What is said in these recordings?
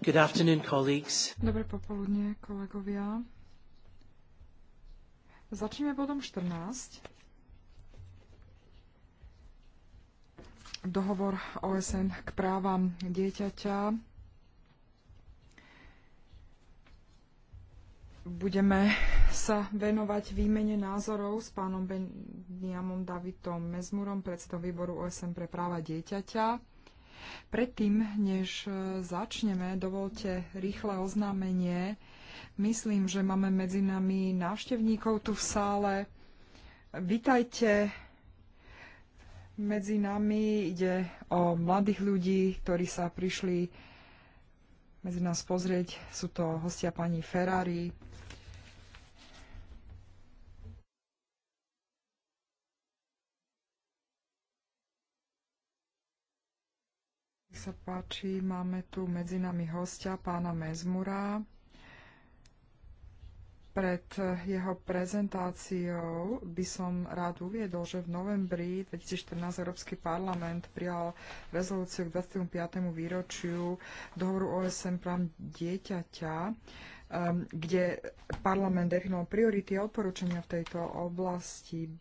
Good afternoon, colleagues. Dobre popoludne, kolegovia. Začneme bodom 14. Dohovor OSN k právam dieťaťa. Budeme sa venovať výmene názorov s pánom Beniamom Davidom Mezmurom, predsedom výboru OSN pre práva dieťaťa. Predtým, než e, začneme, dovolte rýchle oznámenie. Myslím, že máme medzi nami návštevníkov tu v sále. Vítajte medzi nami. Ide o mladých ľudí, ktorí sa prišli medzi nás pozrieť. Sú to hostia pani Ferrari, sa páči, máme tu medzi nami hostia, pána Mezmura. Pred jeho prezentáciou by som rád uviedol, že v novembri 2014 Európsky parlament prijal rezolúciu k 25. výročiu dohovoru OSN prám dieťaťa, um, kde parlament definoval priority a odporúčania v tejto oblasti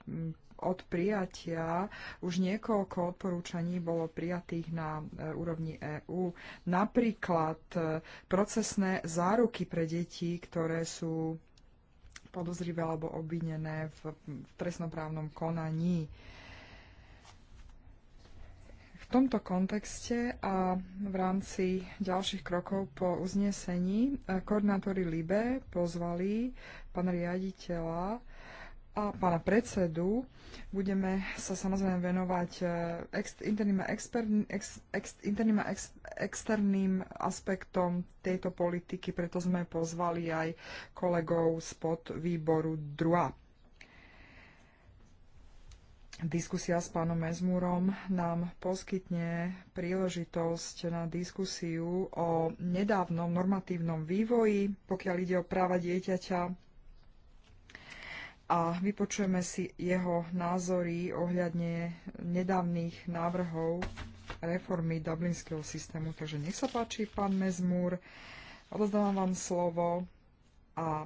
od prijatia už niekoľko odporúčaní bolo prijatých na e, úrovni EÚ. Napríklad e, procesné záruky pre deti, ktoré sú podozrivé alebo obvinené v, trestnoprávnom konaní. V tomto kontexte a v rámci ďalších krokov po uznesení e, koordinátori LIBE pozvali pána riaditeľa a pána predsedu. Budeme sa samozrejme venovať e, ex, interným, a ex, ex, interným a ex, externým aspektom tejto politiky, preto sme pozvali aj kolegov spod výboru DRUA. Diskusia s pánom Mezmúrom nám poskytne príležitosť na diskusiu o nedávnom normatívnom vývoji, pokiaľ ide o práva dieťaťa a vypočujeme si jeho názory ohľadne nedávnych návrhov reformy dublinského systému. Takže nech sa páči, pán Mezmúr, odozdávam vám slovo a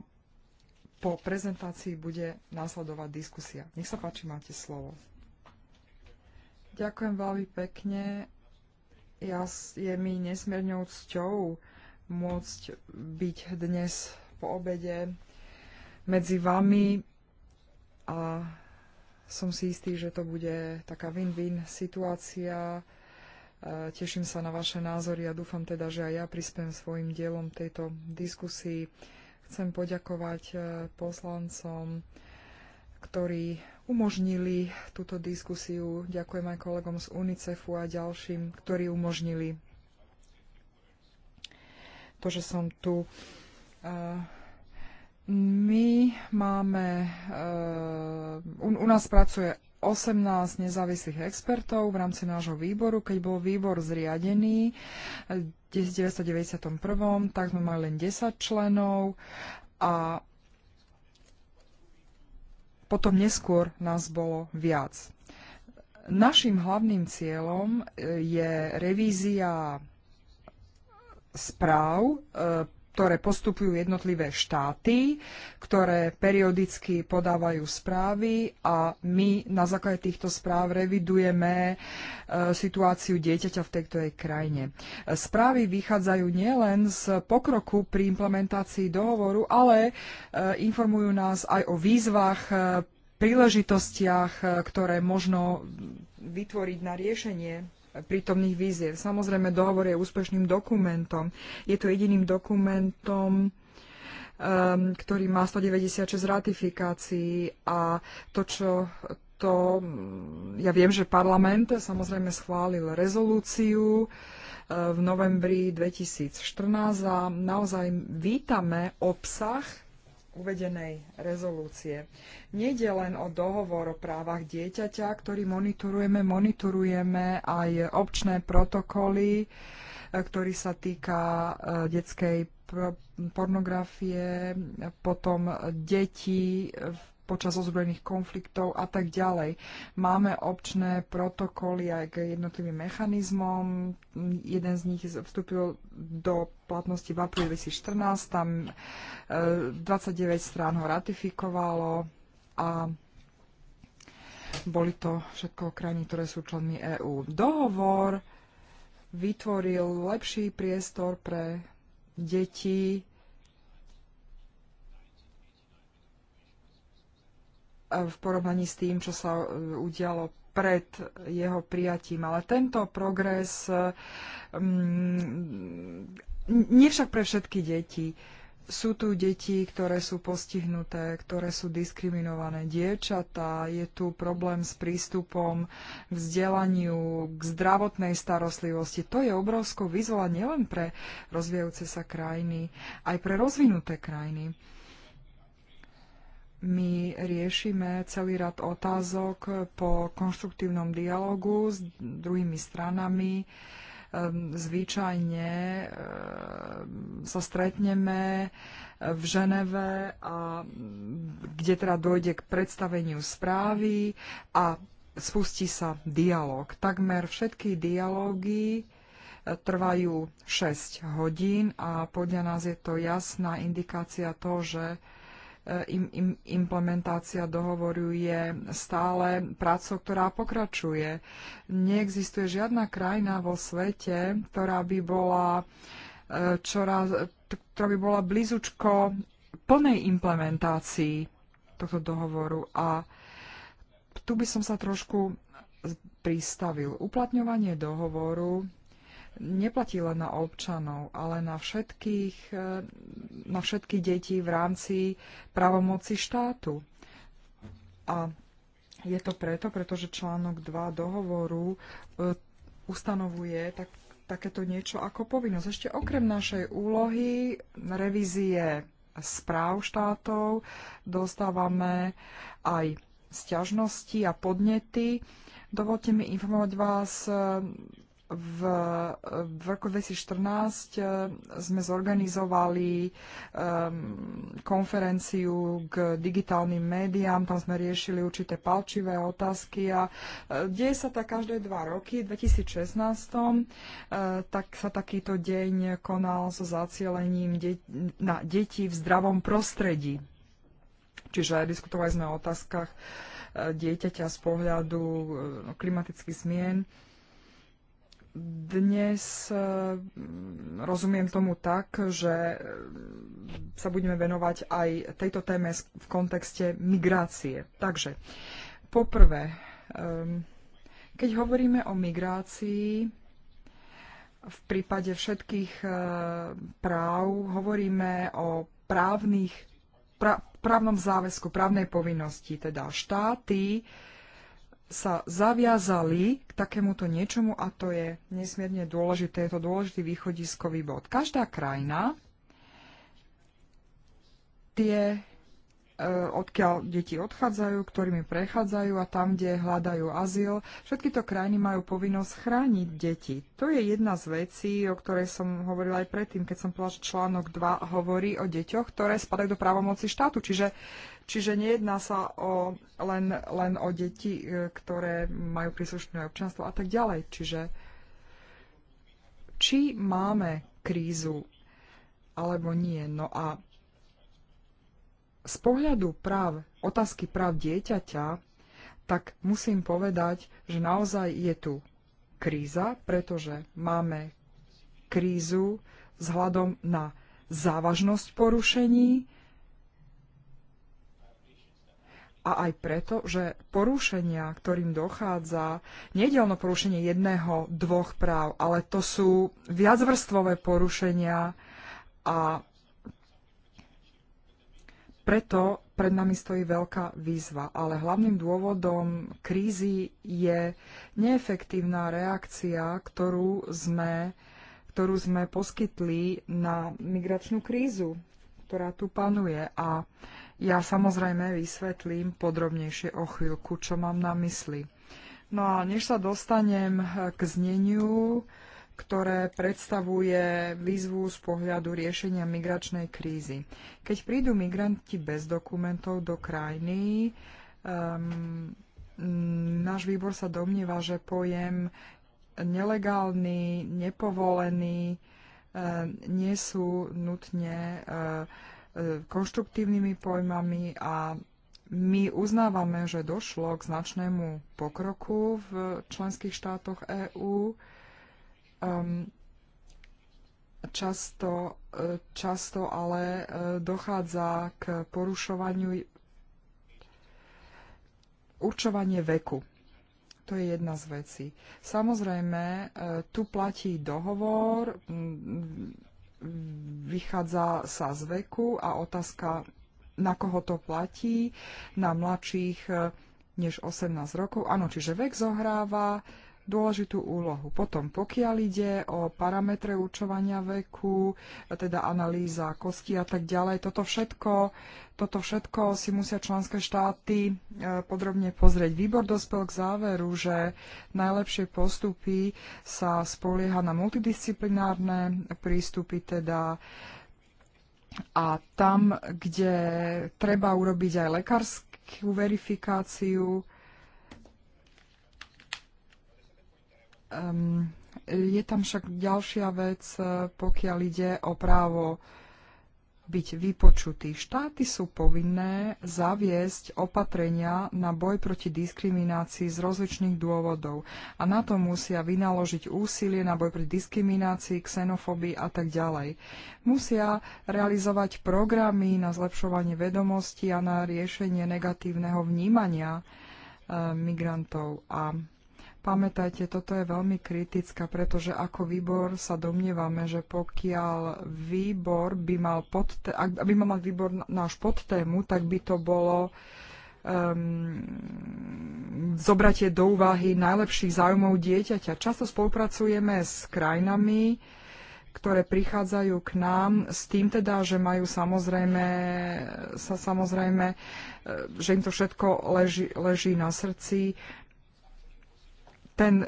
po prezentácii bude následovať diskusia. Nech sa páči, máte slovo. Ďakujem veľmi pekne. Ja, je mi nesmiernou cťou môcť byť dnes po obede medzi vami a som si istý, že to bude taká win-win situácia. E, teším sa na vaše názory a dúfam teda, že aj ja prispiem svojim dielom tejto diskusii. Chcem poďakovať e, poslancom, ktorí umožnili túto diskusiu. Ďakujem aj kolegom z UNICEFu a ďalším, ktorí umožnili to, že som tu. Uh, my máme, eh, u, u nás pracuje 18 nezávislých expertov v rámci nášho výboru. Keď bol výbor zriadený eh, v 1991, tak sme mali len 10 členov a potom neskôr nás bolo viac. Našim hlavným cieľom eh, je revízia správ ktoré postupujú jednotlivé štáty, ktoré periodicky podávajú správy a my na základe týchto správ revidujeme e, situáciu dieťaťa v tejto jej krajine. Správy vychádzajú nielen z pokroku pri implementácii dohovoru, ale e, informujú nás aj o výzvach, e, príležitostiach, ktoré možno vytvoriť na riešenie prítomných víziev. Samozrejme, dohovor je úspešným dokumentom. Je to jediným dokumentom, um, ktorý má 196 ratifikácií a to, čo to, ja viem, že parlament samozrejme schválil rezolúciu uh, v novembri 2014 a naozaj vítame obsah uvedenej rezolúcie. Nejde len o dohovor o právach dieťaťa, ktorý monitorujeme, monitorujeme aj občné protokoly, e, ktorý sa týka e, detskej pornografie, potom detí v počas ozbrojených konfliktov a tak ďalej. Máme občné protokoly aj k jednotlivým mechanizmom. Jeden z nich vstúpil do platnosti v apríli 2014, tam 29 e, strán ho ratifikovalo a boli to všetko krajiny, ktoré sú členmi EÚ. Dohovor vytvoril lepší priestor pre deti v porovnaní s tým, čo sa e, udialo pred jeho prijatím. Ale tento progres mm, nie však pre všetky deti. Sú tu deti, ktoré sú postihnuté, ktoré sú diskriminované, dievčatá, je tu problém s prístupom k vzdelaniu, k zdravotnej starostlivosti. To je obrovskou výzva nielen pre rozvíjajúce sa krajiny, aj pre rozvinuté krajiny my riešime celý rad otázok po konštruktívnom dialogu s druhými stranami. Ehm, zvyčajne ehm, sa stretneme ehm, v Ženeve, a, mm, kde teda dojde k predstaveniu správy a spustí sa dialog. Takmer všetky dialógy trvajú 6 hodín a podľa nás je to jasná indikácia toho, že E, im, im, implementácia dohovoru je stále prácou, ktorá pokračuje. Neexistuje žiadna krajina vo svete, ktorá by bola e, čoraz, ktorá by bola blízučko plnej implementácii tohto dohovoru. A tu by som sa trošku pristavil. Uplatňovanie dohovoru neplatí len na občanov, ale na, všetkých, e, na všetky deti v rámci právomoci štátu. A je to preto, pretože článok 2 dohovoru e, ustanovuje tak, takéto niečo ako povinnosť. Ešte okrem našej úlohy revízie správ štátov dostávame aj sťažnosti a podnety. Dovolte mi informovať vás e, v, v roku 2014 eh, sme zorganizovali um, konferenciu k digitálnym médiám, tam sme riešili určité palčivé otázky a eh, deje sa tak každé dva roky. V 2016 um, eh, tak sa takýto deň konal so zacielením de- na deti v zdravom prostredí. Čiže diskutovali sme o otázkach dieťaťa z pohľadu no, klimatických zmien dnes e, rozumiem tomu tak, že sa budeme venovať aj tejto téme v kontexte migrácie. Takže, poprvé, keď hovoríme o migrácii, v prípade všetkých e, práv hovoríme o právnych, pra, právnom záväzku, právnej povinnosti, teda štáty, sa zaviazali k takémuto niečomu a to je nesmierne dôležité, je to dôležitý východiskový bod. Každá krajina tie E, odkiaľ deti odchádzajú, ktorými prechádzajú a tam, kde hľadajú azyl. Všetky to krajiny majú povinnosť chrániť deti. To je jedna z vecí, o ktorej som hovorila aj predtým, keď som povedala, že článok 2 hovorí o deťoch, ktoré spadajú do právomoci štátu. Čiže, čiže nejedná sa o, len, len o deti, e, ktoré majú príslušné občanstvo a tak ďalej. Čiže či máme krízu alebo nie. No a z pohľadu práv, otázky práv dieťaťa, tak musím povedať, že naozaj je tu kríza, pretože máme krízu vzhľadom na závažnosť porušení a aj preto, že porušenia, ktorým dochádza, nejde len porušenie jedného, dvoch práv, ale to sú viacvrstvové porušenia a preto pred nami stojí veľká výzva, ale hlavným dôvodom krízy je neefektívna reakcia, ktorú sme, ktorú sme poskytli na migračnú krízu, ktorá tu panuje. A ja samozrejme vysvetlím podrobnejšie o chvíľku, čo mám na mysli. No a než sa dostanem k zneniu, ktoré predstavuje výzvu z pohľadu riešenia migračnej krízy. Keď prídu migranti bez dokumentov do krajiny, um, náš výbor sa domnieva, že pojem nelegálny, nepovolený um, nie sú nutne um, konštruktívnymi pojmami a my uznávame, že došlo k značnému pokroku v členských štátoch EÚ. Um, často, eh, často ale eh, dochádza k porušovaniu určovanie veku. To je jedna z vecí. Samozrejme, eh, tu platí dohovor, mm, vychádza sa z veku a otázka, na koho to platí, na mladších než 18 rokov. Áno, čiže vek zohráva dôležitú úlohu. Potom, pokiaľ ide o parametre určovania veku, teda analýza kosti a tak ďalej, toto všetko, toto všetko si musia členské štáty e, podrobne pozrieť. Výbor dospel k záveru, že najlepšie postupy sa spolieha na multidisciplinárne prístupy, teda a tam, kde treba urobiť aj lekárskú verifikáciu, Um, je tam však ďalšia vec, eh, pokiaľ ide o právo byť vypočutý. Štáty sú povinné zaviesť opatrenia na boj proti diskriminácii z rozličných dôvodov a na to musia vynaložiť úsilie na boj proti diskriminácii, xenofóbii a tak ďalej. Musia realizovať programy na zlepšovanie vedomostí a na riešenie negatívneho vnímania e, migrantov a Pamätajte, toto je veľmi kritická, pretože ako výbor sa domnievame, že pokiaľ výbor by mal, pod ak by mal mať výbor náš podtému, tak by to bolo um, zobratie do úvahy najlepších záujmov dieťaťa. Často spolupracujeme s krajinami, ktoré prichádzajú k nám s tým teda, že majú samozrejme, sa samozrejme, e, že im to všetko leží, leží na srdci ten,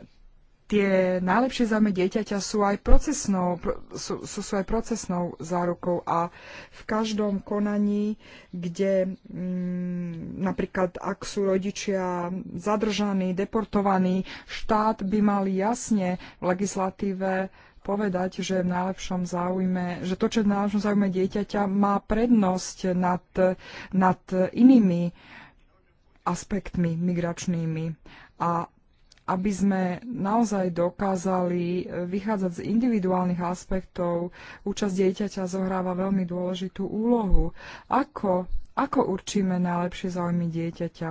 tie najlepšie zájmy dieťaťa sú aj procesnou, sú, sú, sú aj procesnou zárukou a v každom konaní, kde mm, napríklad ak sú rodičia zadržaní, deportovaní, štát by mal jasne v legislatíve povedať, že v najlepšom záujme, že to, čo je v najlepšom záujme dieťaťa, má prednosť nad, nad inými aspektmi migračnými. A aby sme naozaj dokázali e, vychádzať z individuálnych aspektov. Účasť dieťaťa zohráva veľmi dôležitú úlohu. Ako, ako určíme najlepšie záujmy dieťaťa,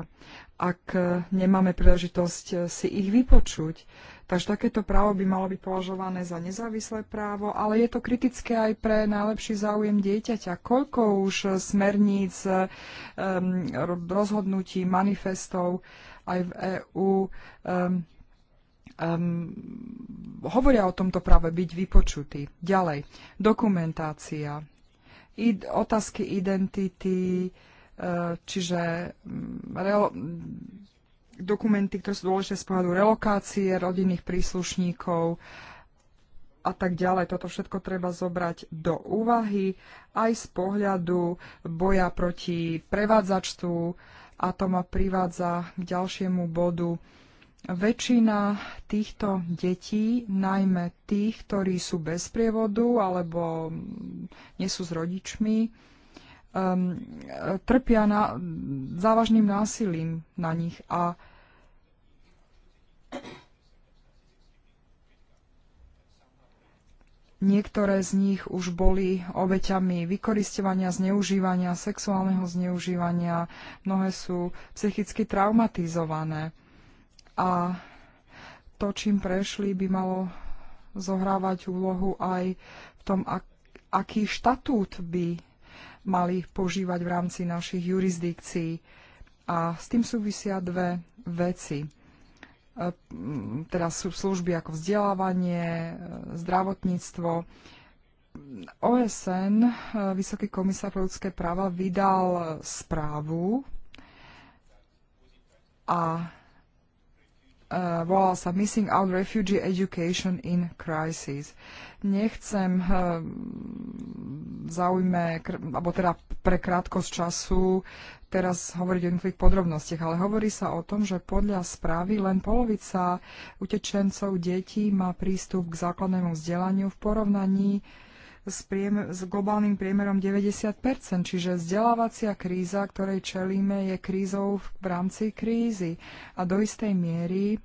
ak e, nemáme príležitosť e, si ich vypočuť? Takže takéto právo by malo byť považované za nezávislé právo, ale je to kritické aj pre najlepší záujem dieťaťa. Koľko už smerníc, rozhodnutí, manifestov aj v EÚ um, um, hovoria o tomto práve byť vypočutí. Ďalej, dokumentácia, id, otázky identity, uh, čiže um, dokumenty, ktoré sú dôležité z pohľadu relokácie rodinných príslušníkov a tak ďalej. Toto všetko treba zobrať do úvahy aj z pohľadu boja proti prevádzačstvu, a to ma privádza k ďalšiemu bodu. Väčšina týchto detí, najmä tých, ktorí sú bez prievodu alebo nie sú s rodičmi, um, trpia na, závažným násilím na nich a Niektoré z nich už boli obeťami vykoristovania, zneužívania, sexuálneho zneužívania. Mnohé sú psychicky traumatizované. A to, čím prešli, by malo zohrávať úlohu aj v tom, aký štatút by mali požívať v rámci našich jurisdikcií. A s tým súvisia dve veci E, teda sú služby ako vzdelávanie, e, zdravotníctvo. OSN, e, Vysoký komisár pre ľudské práva, vydal správu a volal sa Missing Out Refugee Education in Crisis. Nechcem zaujme, alebo teda pre krátkosť času teraz hovoriť o jednotlivých podrobnostiach, ale hovorí sa o tom, že podľa správy len polovica utečencov detí má prístup k základnému vzdelaniu v porovnaní s, priem- s globálnym priemerom 90 čiže vzdelávacia kríza, ktorej čelíme, je krízou v rámci krízy. A do istej miery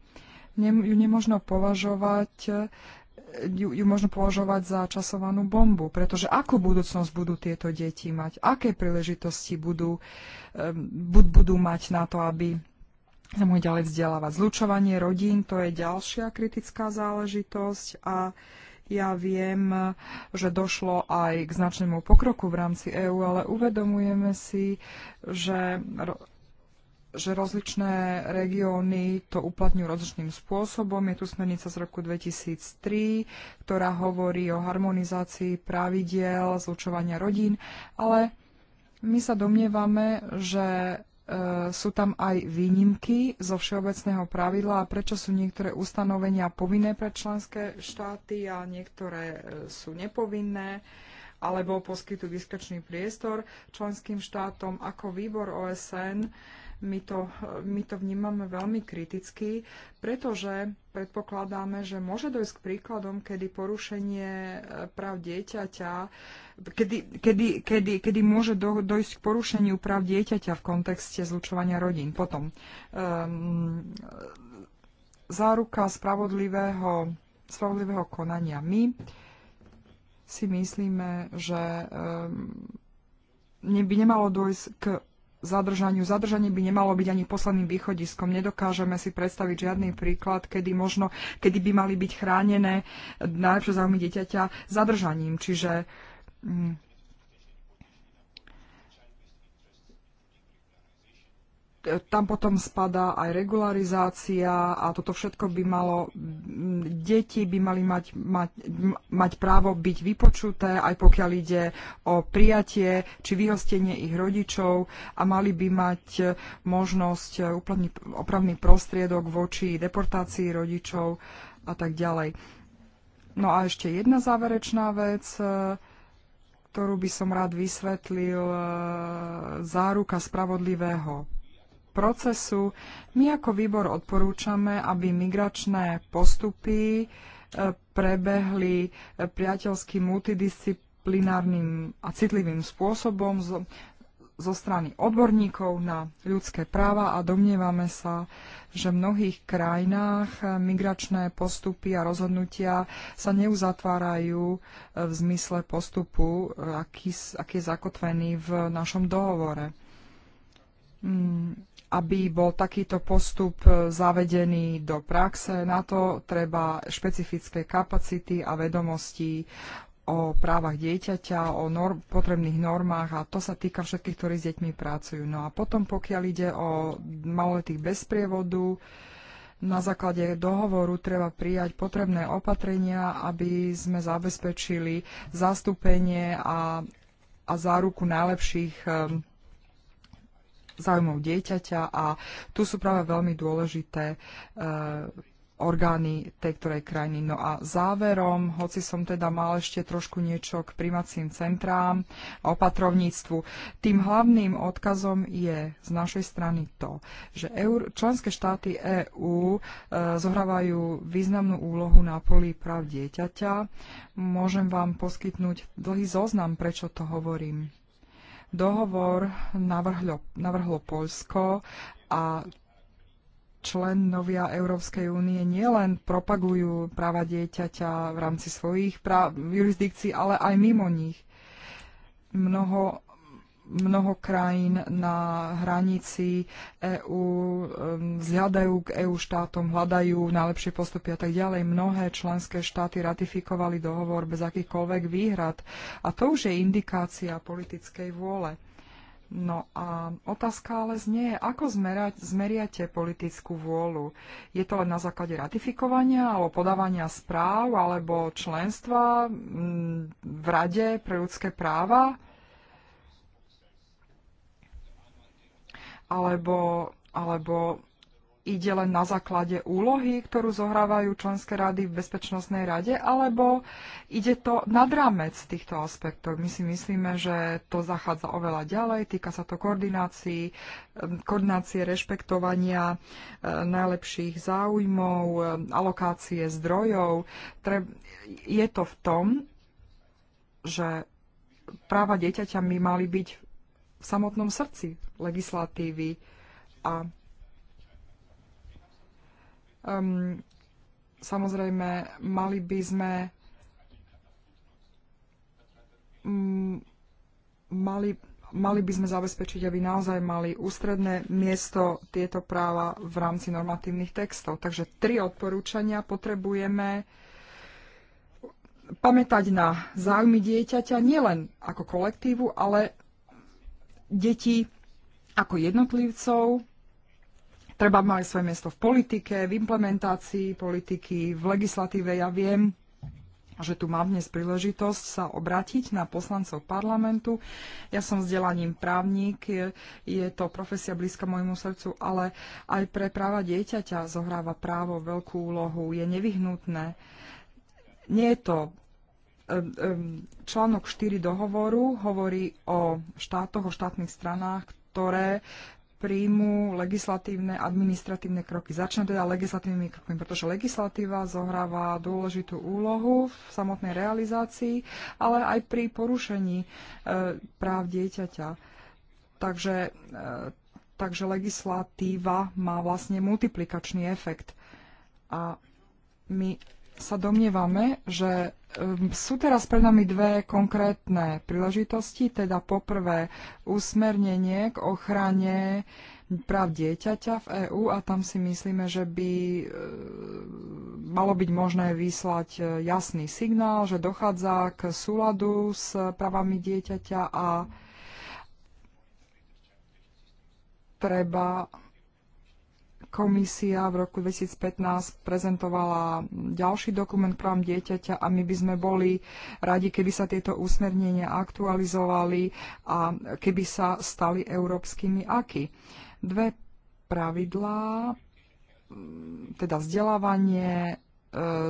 ju nemožno považovať ju, ju možno považovať za časovanú bombu, pretože akú budúcnosť budú tieto deti mať, aké príležitosti budú, bud, budú mať na to, aby sa mohli ďalej vzdelávať. Zlučovanie rodín, to je ďalšia kritická záležitosť a ja viem, že došlo aj k značnému pokroku v rámci EÚ, ale uvedomujeme si, že že rozličné regióny to uplatňujú rozličným spôsobom. Je tu smernica z roku 2003, ktorá hovorí o harmonizácii pravidiel, zlučovania rodín, ale my sa domnievame, že e, sú tam aj výnimky zo všeobecného pravidla a prečo sú niektoré ustanovenia povinné pre členské štáty a niektoré e, sú nepovinné alebo poskytujú diskrečný priestor členským štátom ako výbor OSN. Uh, my to, my to vnímame veľmi kriticky, pretože predpokladáme, že môže dojsť k príkladom, kedy porušenie eh, práv dieťaťa, kedy, kedy, kedy, kedy môže do, dojsť k porušeniu práv dieťaťa v kontexte zlučovania rodín. Potom um, záruka spravodlivého, spravodlivého konania. My si myslíme, že um, by nemalo dojsť k zadržaniu. Zadržanie by nemalo byť ani posledným východiskom. Nedokážeme si predstaviť žiadny príklad, kedy, možno, kedy by mali byť chránené najlepšie záujmy dieťaťa zadržaním. Čiže mm, tam potom spadá aj regularizácia a toto všetko by malo, deti by mali mať, mať, mať právo byť vypočuté, aj pokiaľ ide o prijatie či vyhostenie ich rodičov a mali by mať možnosť úplný opravný prostriedok voči deportácii rodičov a tak ďalej. No a ešte jedna záverečná vec ktorú by som rád vysvetlil, e, záruka spravodlivého procesu. My ako výbor odporúčame, aby migračné postupy e, prebehli e, priateľským multidisciplinárnym a citlivým spôsobom zo, zo strany odborníkov na ľudské práva a domnievame sa, že v mnohých krajinách e, migračné postupy a rozhodnutia sa neuzatvárajú v zmysle postupu, aký, aký je zakotvený v našom dohovore. Mm, aby bol takýto postup e, zavedený do praxe. Na to treba špecifické kapacity a vedomosti o právach dieťaťa, o norm, potrebných normách a to sa týka všetkých, ktorí s deťmi pracujú. No a potom, pokiaľ ide o maloletých bez prievodu, na základe dohovoru treba prijať potrebné opatrenia, aby sme zabezpečili zastúpenie a, a záruku najlepších um, záujmov dieťaťa a tu sú práve veľmi dôležité e, orgány tej ktorej krajiny. No a záverom, hoci som teda mal ešte trošku niečo k primacím centrám a opatrovníctvu, tým hlavným odkazom je z našej strany to, že eur, členské štáty EÚ e, eh, zohrávajú významnú úlohu na poli práv dieťaťa. Môžem vám poskytnúť dlhý zoznam, prečo to hovorím. Dohovor navrhlo, navrhlo Polsko a členovia Európskej únie nielen propagujú práva dieťaťa v rámci svojich práv, jurisdikcií, ale aj mimo nich. Mnoho mnoho krajín na hranici EÚ vzhľadajú k EÚ štátom, hľadajú najlepšie postupy a tak ďalej. Mnohé členské štáty ratifikovali dohovor bez akýchkoľvek výhrad a to už je indikácia politickej vôle. No a otázka ale znie, ako zmerať, zmeriate politickú vôľu? Je to len na základe ratifikovania alebo podávania správ alebo členstva mm, v Rade pre ľudské práva? alebo, alebo ide len na základe úlohy, ktorú zohrávajú členské rady v Bezpečnostnej rade, alebo ide to nad rámec týchto aspektov. My si myslíme, že to zachádza oveľa ďalej, týka sa to koordinácií, koordinácie rešpektovania najlepších záujmov, alokácie zdrojov. Je to v tom, že práva dieťaťa by mali byť v samotnom srdci legislatívy a um, samozrejme mali by sme um, mali, mali by sme zabezpečiť, aby naozaj mali ústredné miesto tieto práva v rámci normatívnych textov. Takže tri odporúčania potrebujeme pamätať na záujmy dieťaťa nielen ako kolektívu, ale Deti ako jednotlivcov. Treba mať svoje miesto v politike, v implementácii politiky, v legislatíve. Ja viem, že tu mám dnes príležitosť sa obrátiť na poslancov parlamentu. Ja som vzdelaním právnik, je, je to profesia blízka môjmu srdcu, ale aj pre práva dieťaťa zohráva právo veľkú úlohu, je nevyhnutné. Nie je to Článok 4 dohovoru hovorí o štátoch, o štátnych stranách, ktoré príjmu legislatívne administratívne kroky. Začne teda legislatívnymi krokmi, pretože legislatíva zohráva dôležitú úlohu v samotnej realizácii, ale aj pri porušení e, práv dieťaťa. Takže, e, takže legislatíva má vlastne multiplikačný efekt. A my sa domnievame, že ehm, sú teraz pred nami dve konkrétne príležitosti, teda poprvé usmernenie k ochrane práv dieťaťa v EÚ a tam si myslíme, že by ehm, malo byť možné vyslať e, jasný signál, že dochádza k súladu s právami dieťaťa a treba Komisia v roku 2015 prezentovala ďalší dokument práv dieťaťa a my by sme boli radi, keby sa tieto usmernenia aktualizovali a keby sa stali európskymi aky. Dve pravidlá, teda vzdelávanie, e,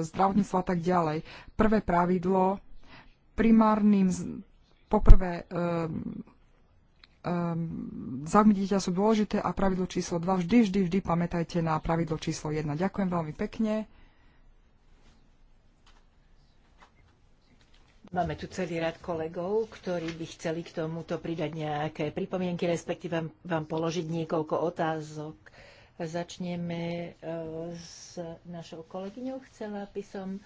zdravotníctvo a tak ďalej. Prvé pravidlo primárnym, poprvé e, um, ehm, zamítenia sú dôležité a pravidlo číslo 2 vždy, vždy, vždy pamätajte na pravidlo číslo 1. Ďakujem veľmi pekne. Máme tu celý rad kolegov, ktorí by chceli k tomuto pridať nejaké pripomienky, respektíve vám, vám položiť niekoľko otázok. Začneme e, s našou kolegyňou. Chcela by som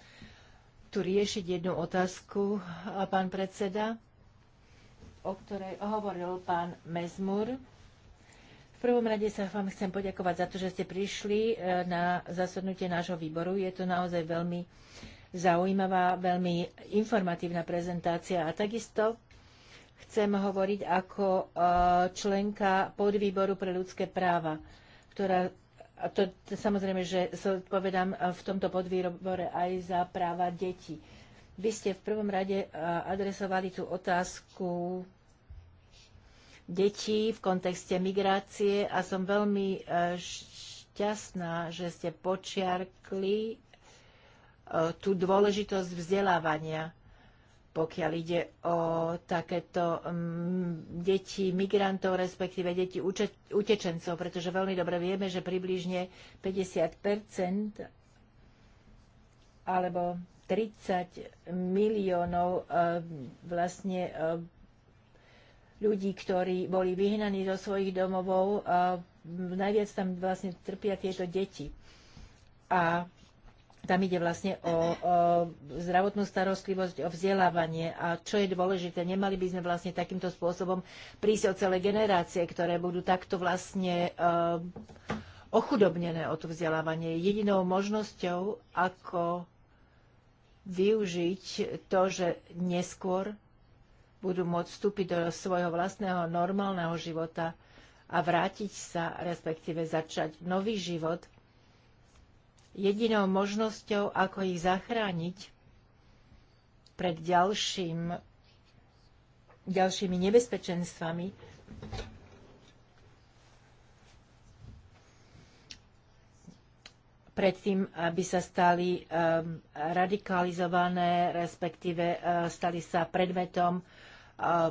tu riešiť jednu otázku, pán predseda o ktorej hovoril pán Mezmur. V prvom rade sa vám chcem poďakovať za to, že ste prišli e, na zasadnutie nášho výboru. Je to naozaj veľmi zaujímavá, veľmi informatívna prezentácia a takisto chcem hovoriť ako e, členka podvýboru pre ľudské práva, ktorá a to, samozrejme, že odpovedám e, v tomto podvýbore aj za práva detí. Vy ste v prvom rade adresovali tú otázku detí v kontexte migrácie a som veľmi e, šťastná, že ste počiarkli e, tú dôležitosť vzdelávania, pokiaľ ide o takéto deti migrantov, respektíve deti utečencov, pretože veľmi dobre vieme, že približne 50 alebo 30 miliónov e, vlastne ľudí, ktorí boli vyhnaní zo svojich domovov. A najviac tam vlastne trpia tieto deti. A tam ide vlastne o, o zdravotnú starostlivosť, o vzdelávanie a čo je dôležité, nemali by sme vlastne takýmto spôsobom prísť o celé generácie, ktoré budú takto vlastne um, ochudobnené o to vzdelávanie. Jedinou možnosťou, ako využiť to, že neskôr budú môcť vstúpiť do svojho vlastného normálneho života a vrátiť sa, respektíve začať nový život. Jedinou možnosťou, ako ich zachrániť pred ďalším, ďalšími nebezpečenstvami, predtým, aby sa stali um, radikalizované, respektíve uh, stali sa predmetom Eh,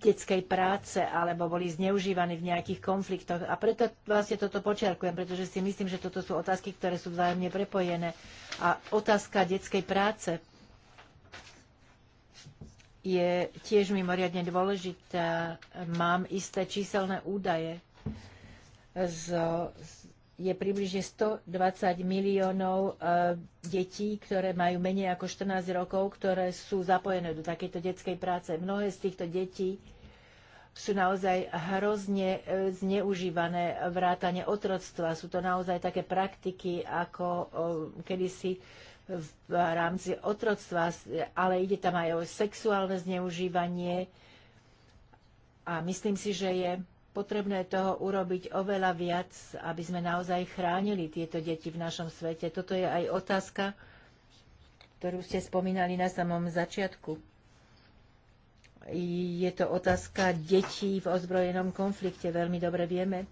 detskej práce alebo boli zneužívaní v nejakých konfliktoch. A preto vlastne toto počiarkujem, pretože si myslím, že toto sú otázky, ktoré sú vzájomne prepojené. A otázka detskej práce je tiež mimoriadne dôležitá. Mám isté číselné údaje z, z je približne 120 miliónov e, detí, ktoré majú menej ako 14 rokov, ktoré sú zapojené do takejto detskej práce. Mnohé z týchto detí sú naozaj hrozne e, zneužívané vrátane otroctva. Sú to naozaj také praktiky, ako kedysi v rámci otroctva, ale ide tam aj o sexuálne zneužívanie. A myslím si, že je potrebné toho urobiť oveľa viac, aby sme naozaj chránili tieto deti v našom svete. Toto je aj otázka, ktorú ste spomínali na samom začiatku. Je to otázka detí v ozbrojenom konflikte. Veľmi dobre vieme,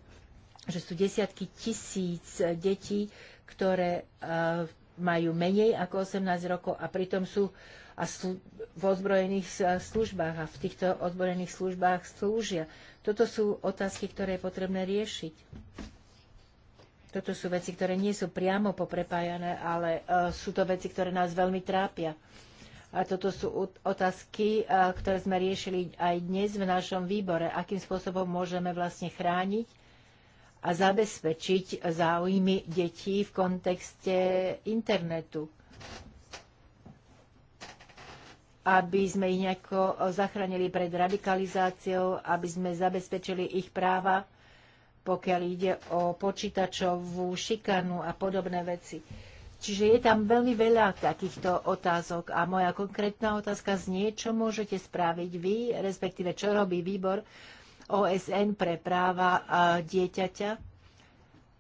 že sú desiatky tisíc detí, ktoré e, majú menej ako 18 rokov a pritom sú a sú v ozbrojených službách a v týchto ozbrojených službách slúžia. Toto sú otázky, ktoré je potrebné riešiť. Toto sú veci, ktoré nie sú priamo poprepájané, ale uh, sú to veci, ktoré nás veľmi trápia. A toto sú otázky, uh, ktoré sme riešili aj dnes v našom výbore. Akým spôsobom môžeme vlastne chrániť a zabezpečiť záujmy detí v kontexte internetu aby sme ich nejako e, zachránili pred radikalizáciou, aby sme zabezpečili ich práva, pokiaľ ide o počítačovú šikanu a podobné veci. Čiže je tam veľmi veľa takýchto otázok a moja konkrétna otázka znie, čo môžete spraviť vy, respektíve čo robí výbor OSN pre práva e, dieťaťa,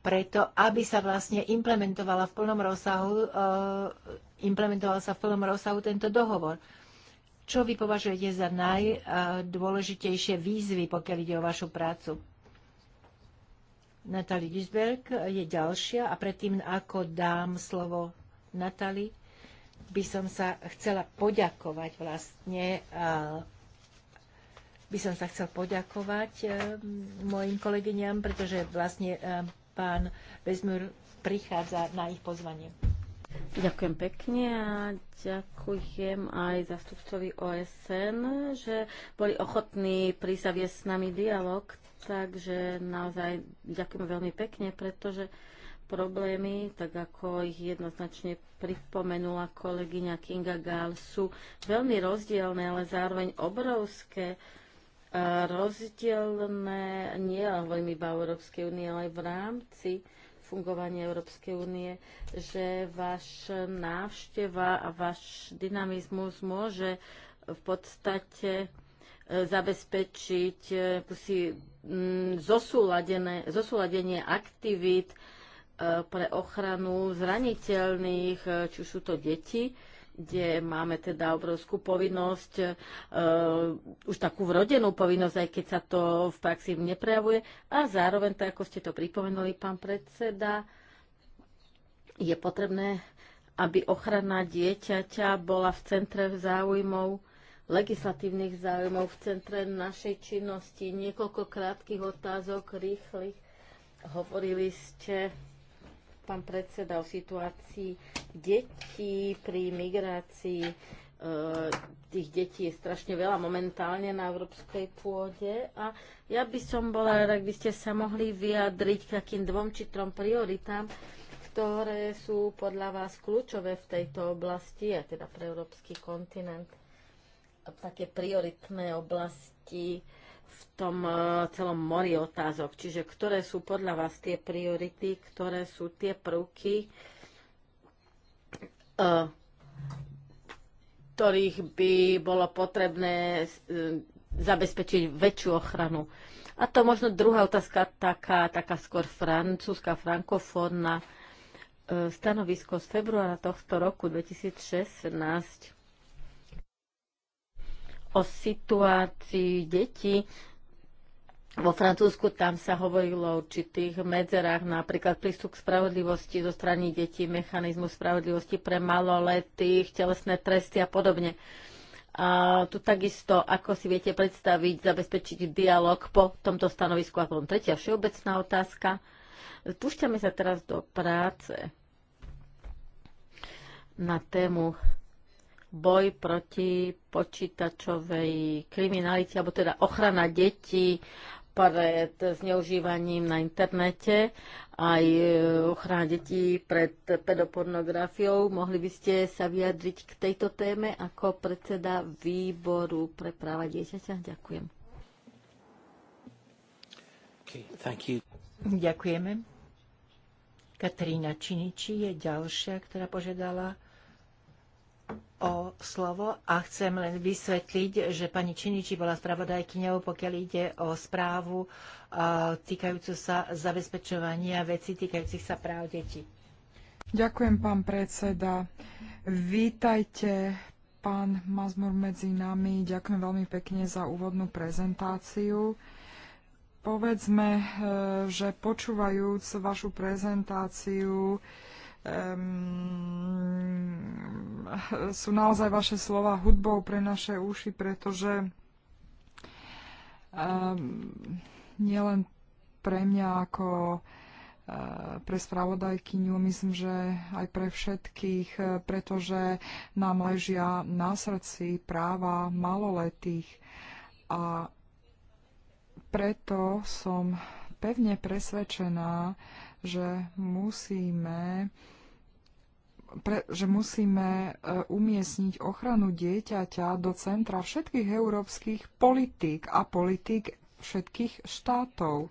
preto aby sa vlastne implementovala v plnom rozsahu, e, implementoval sa v plnom rozsahu tento dohovor. Čo vy považujete za najdôležitejšie výzvy, pokiaľ ide o vašu prácu? Natali Gisberg je ďalšia a predtým, ako dám slovo Natali, by som sa chcela poďakovať vlastne by som sa chcel poďakovať mojim kolegyňam, pretože vlastne pán Bezmur prichádza na ich pozvanie. Ďakujem pekne a ďakujem aj zastupcovi OSN, že boli ochotní prísaviesť s nami dialog, takže naozaj ďakujem veľmi pekne, pretože problémy, tak ako ich jednoznačne pripomenula kolegyňa Kinga Gál, sú veľmi rozdielne, ale zároveň obrovské rozdielne, nie hovorím iba Európskej únie, ale aj v rámci fungovanie Európskej únie, že váš návšteva a váš dynamizmus môže v podstate e, zabezpečiť e, si zosúladenie aktivít e, pre ochranu zraniteľných, či už sú to deti, kde máme teda obrovskú povinnosť, uh, už takú vrodenú povinnosť, aj keď sa to v praxi neprejavuje. A zároveň, tak ako ste to pripomenuli, pán predseda, je potrebné, aby ochrana dieťaťa bola v centre záujmov, legislatívnych záujmov, v centre našej činnosti. Niekoľko krátkých otázok, rýchlych. Hovorili ste pán predseda, o situácii detí pri migrácii. E, tých detí je strašne veľa momentálne na európskej pôde a ja by som bola, ak by ste sa mohli vyjadriť k takým dvom či trom prioritám, ktoré sú podľa vás kľúčové v tejto oblasti, a teda pre európsky kontinent, také prioritné oblasti, v tom e, celom mori otázok. Čiže ktoré sú podľa vás tie priority, ktoré sú tie prvky, e, ktorých by bolo potrebné e, zabezpečiť väčšiu ochranu. A to možno druhá otázka, taká, taká skôr francúzska, frankofónna. Stanovisko z februára tohto roku 2016 o situácii detí. Vo Francúzsku tam sa hovorilo o určitých medzerách, napríklad prístup k spravodlivosti zo strany detí, mechanizmu spravodlivosti pre maloletých, telesné tresty a podobne. A tu takisto, ako si viete predstaviť, zabezpečiť dialog po tomto stanovisku. A potom tretia všeobecná otázka. Púšťame sa teraz do práce na tému boj proti počítačovej kriminalite, alebo teda ochrana detí pred zneužívaním na internete, aj e, ochrana detí pred pedopornografiou. Mohli by ste sa vyjadriť k tejto téme ako predseda výboru pre práva dieťaťa? Ďakujem. Okay, Ďakujeme. Katrína Činiči je ďalšia, ktorá požiadala o slovo a chcem len vysvetliť, že pani Činiči bola spravodajkyňou, pokiaľ ide o správu e, týkajúcu sa zabezpečovania veci týkajúcich sa práv detí. Ďakujem, pán predseda. Vítajte, pán Mazmur, medzi nami. Ďakujem veľmi pekne za úvodnú prezentáciu. Povedzme, e, že počúvajúc vašu prezentáciu, um, sú naozaj vaše slova hudbou pre naše uši, pretože um, nielen pre mňa ako eh, pre spravodajkyňu, myslím, že aj pre všetkých, eh, pretože nám ležia na srdci práva maloletých. A preto som pevne presvedčená, že musíme pre, že musíme e, umiestniť ochranu dieťaťa do centra všetkých európskych politík a politík všetkých štátov.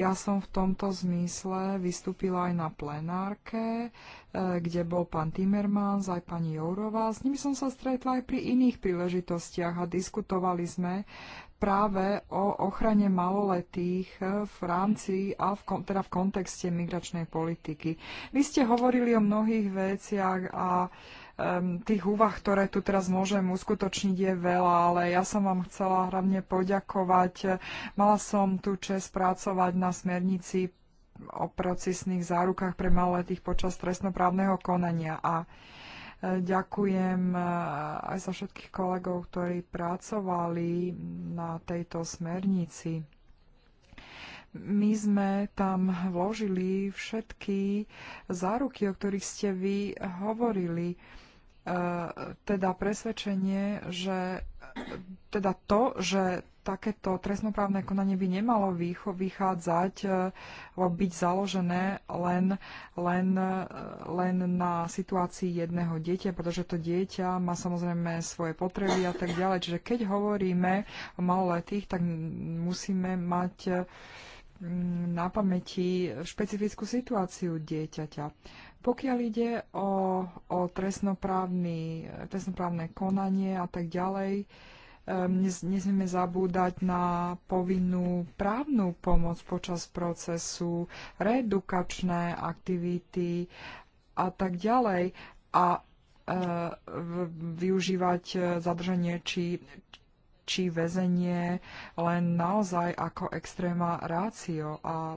Ja som v tomto zmysle vystúpila aj na plenárke, e, kde bol pán Timmermans, aj pani Jourová. S nimi som sa stretla aj pri iných príležitostiach a diskutovali sme práve o ochrane maloletých v rámci a v, teda v kontexte migračnej politiky. Vy ste hovorili o mnohých veciach a um, tých úvah, ktoré tu teraz môžem uskutočniť, je veľa, ale ja som vám chcela hlavne poďakovať. Mala som tu čest pracovať na smernici o procesných zárukách pre maloletých počas trestnoprávneho konania a Ďakujem e, aj za všetkých kolegov, ktorí pracovali na tejto smernici. My sme tam vložili všetky záruky, o ktorých ste vy hovorili. E, teda presvedčenie, že teda to, že takéto trestnoprávne konanie by nemalo vychádzať e, alebo byť založené len, len, e, len na situácii jedného dieťa, pretože to dieťa má samozrejme svoje potreby a tak ďalej. Čiže keď hovoríme o maloletých, tak musíme mať uh, Mm, na pamäti špecifickú situáciu dieťaťa. Pokiaľ ide o, o trestnoprávne konanie a tak ďalej, nesmieme zabúdať na povinnú právnu pomoc počas procesu, reedukačné aktivity a tak ďalej a e, využívať zadržanie či, či väzenie len naozaj ako extréma rácio a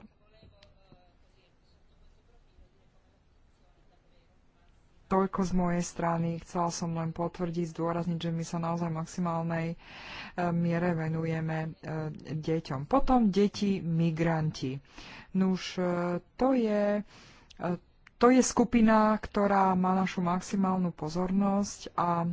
toľko z mojej strany. Chcela som len potvrdiť, zdôrazniť, že my sa naozaj maximálnej e, miere venujeme e, deťom. Potom deti migranti. Nuž, e, to je, to je skupina, ktorá má našu maximálnu pozornosť a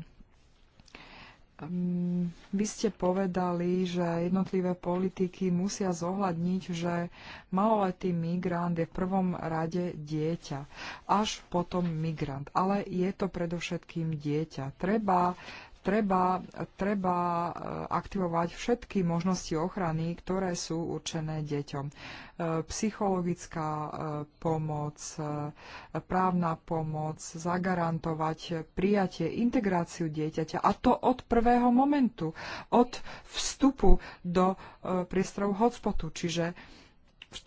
Mm, vy ste povedali, že jednotlivé politiky musia zohľadniť, že maloletý migrant je v prvom rade dieťa, až potom migrant. Ale je to predovšetkým dieťa. Treba treba, treba e, aktivovať všetky možnosti ochrany, ktoré sú určené deťom. E, psychologická e, pomoc, právna pomoc, zagarantovať prijatie, integráciu dieťaťa a to od prvého momentu, od vstupu do priestorov hotspotu. Čiže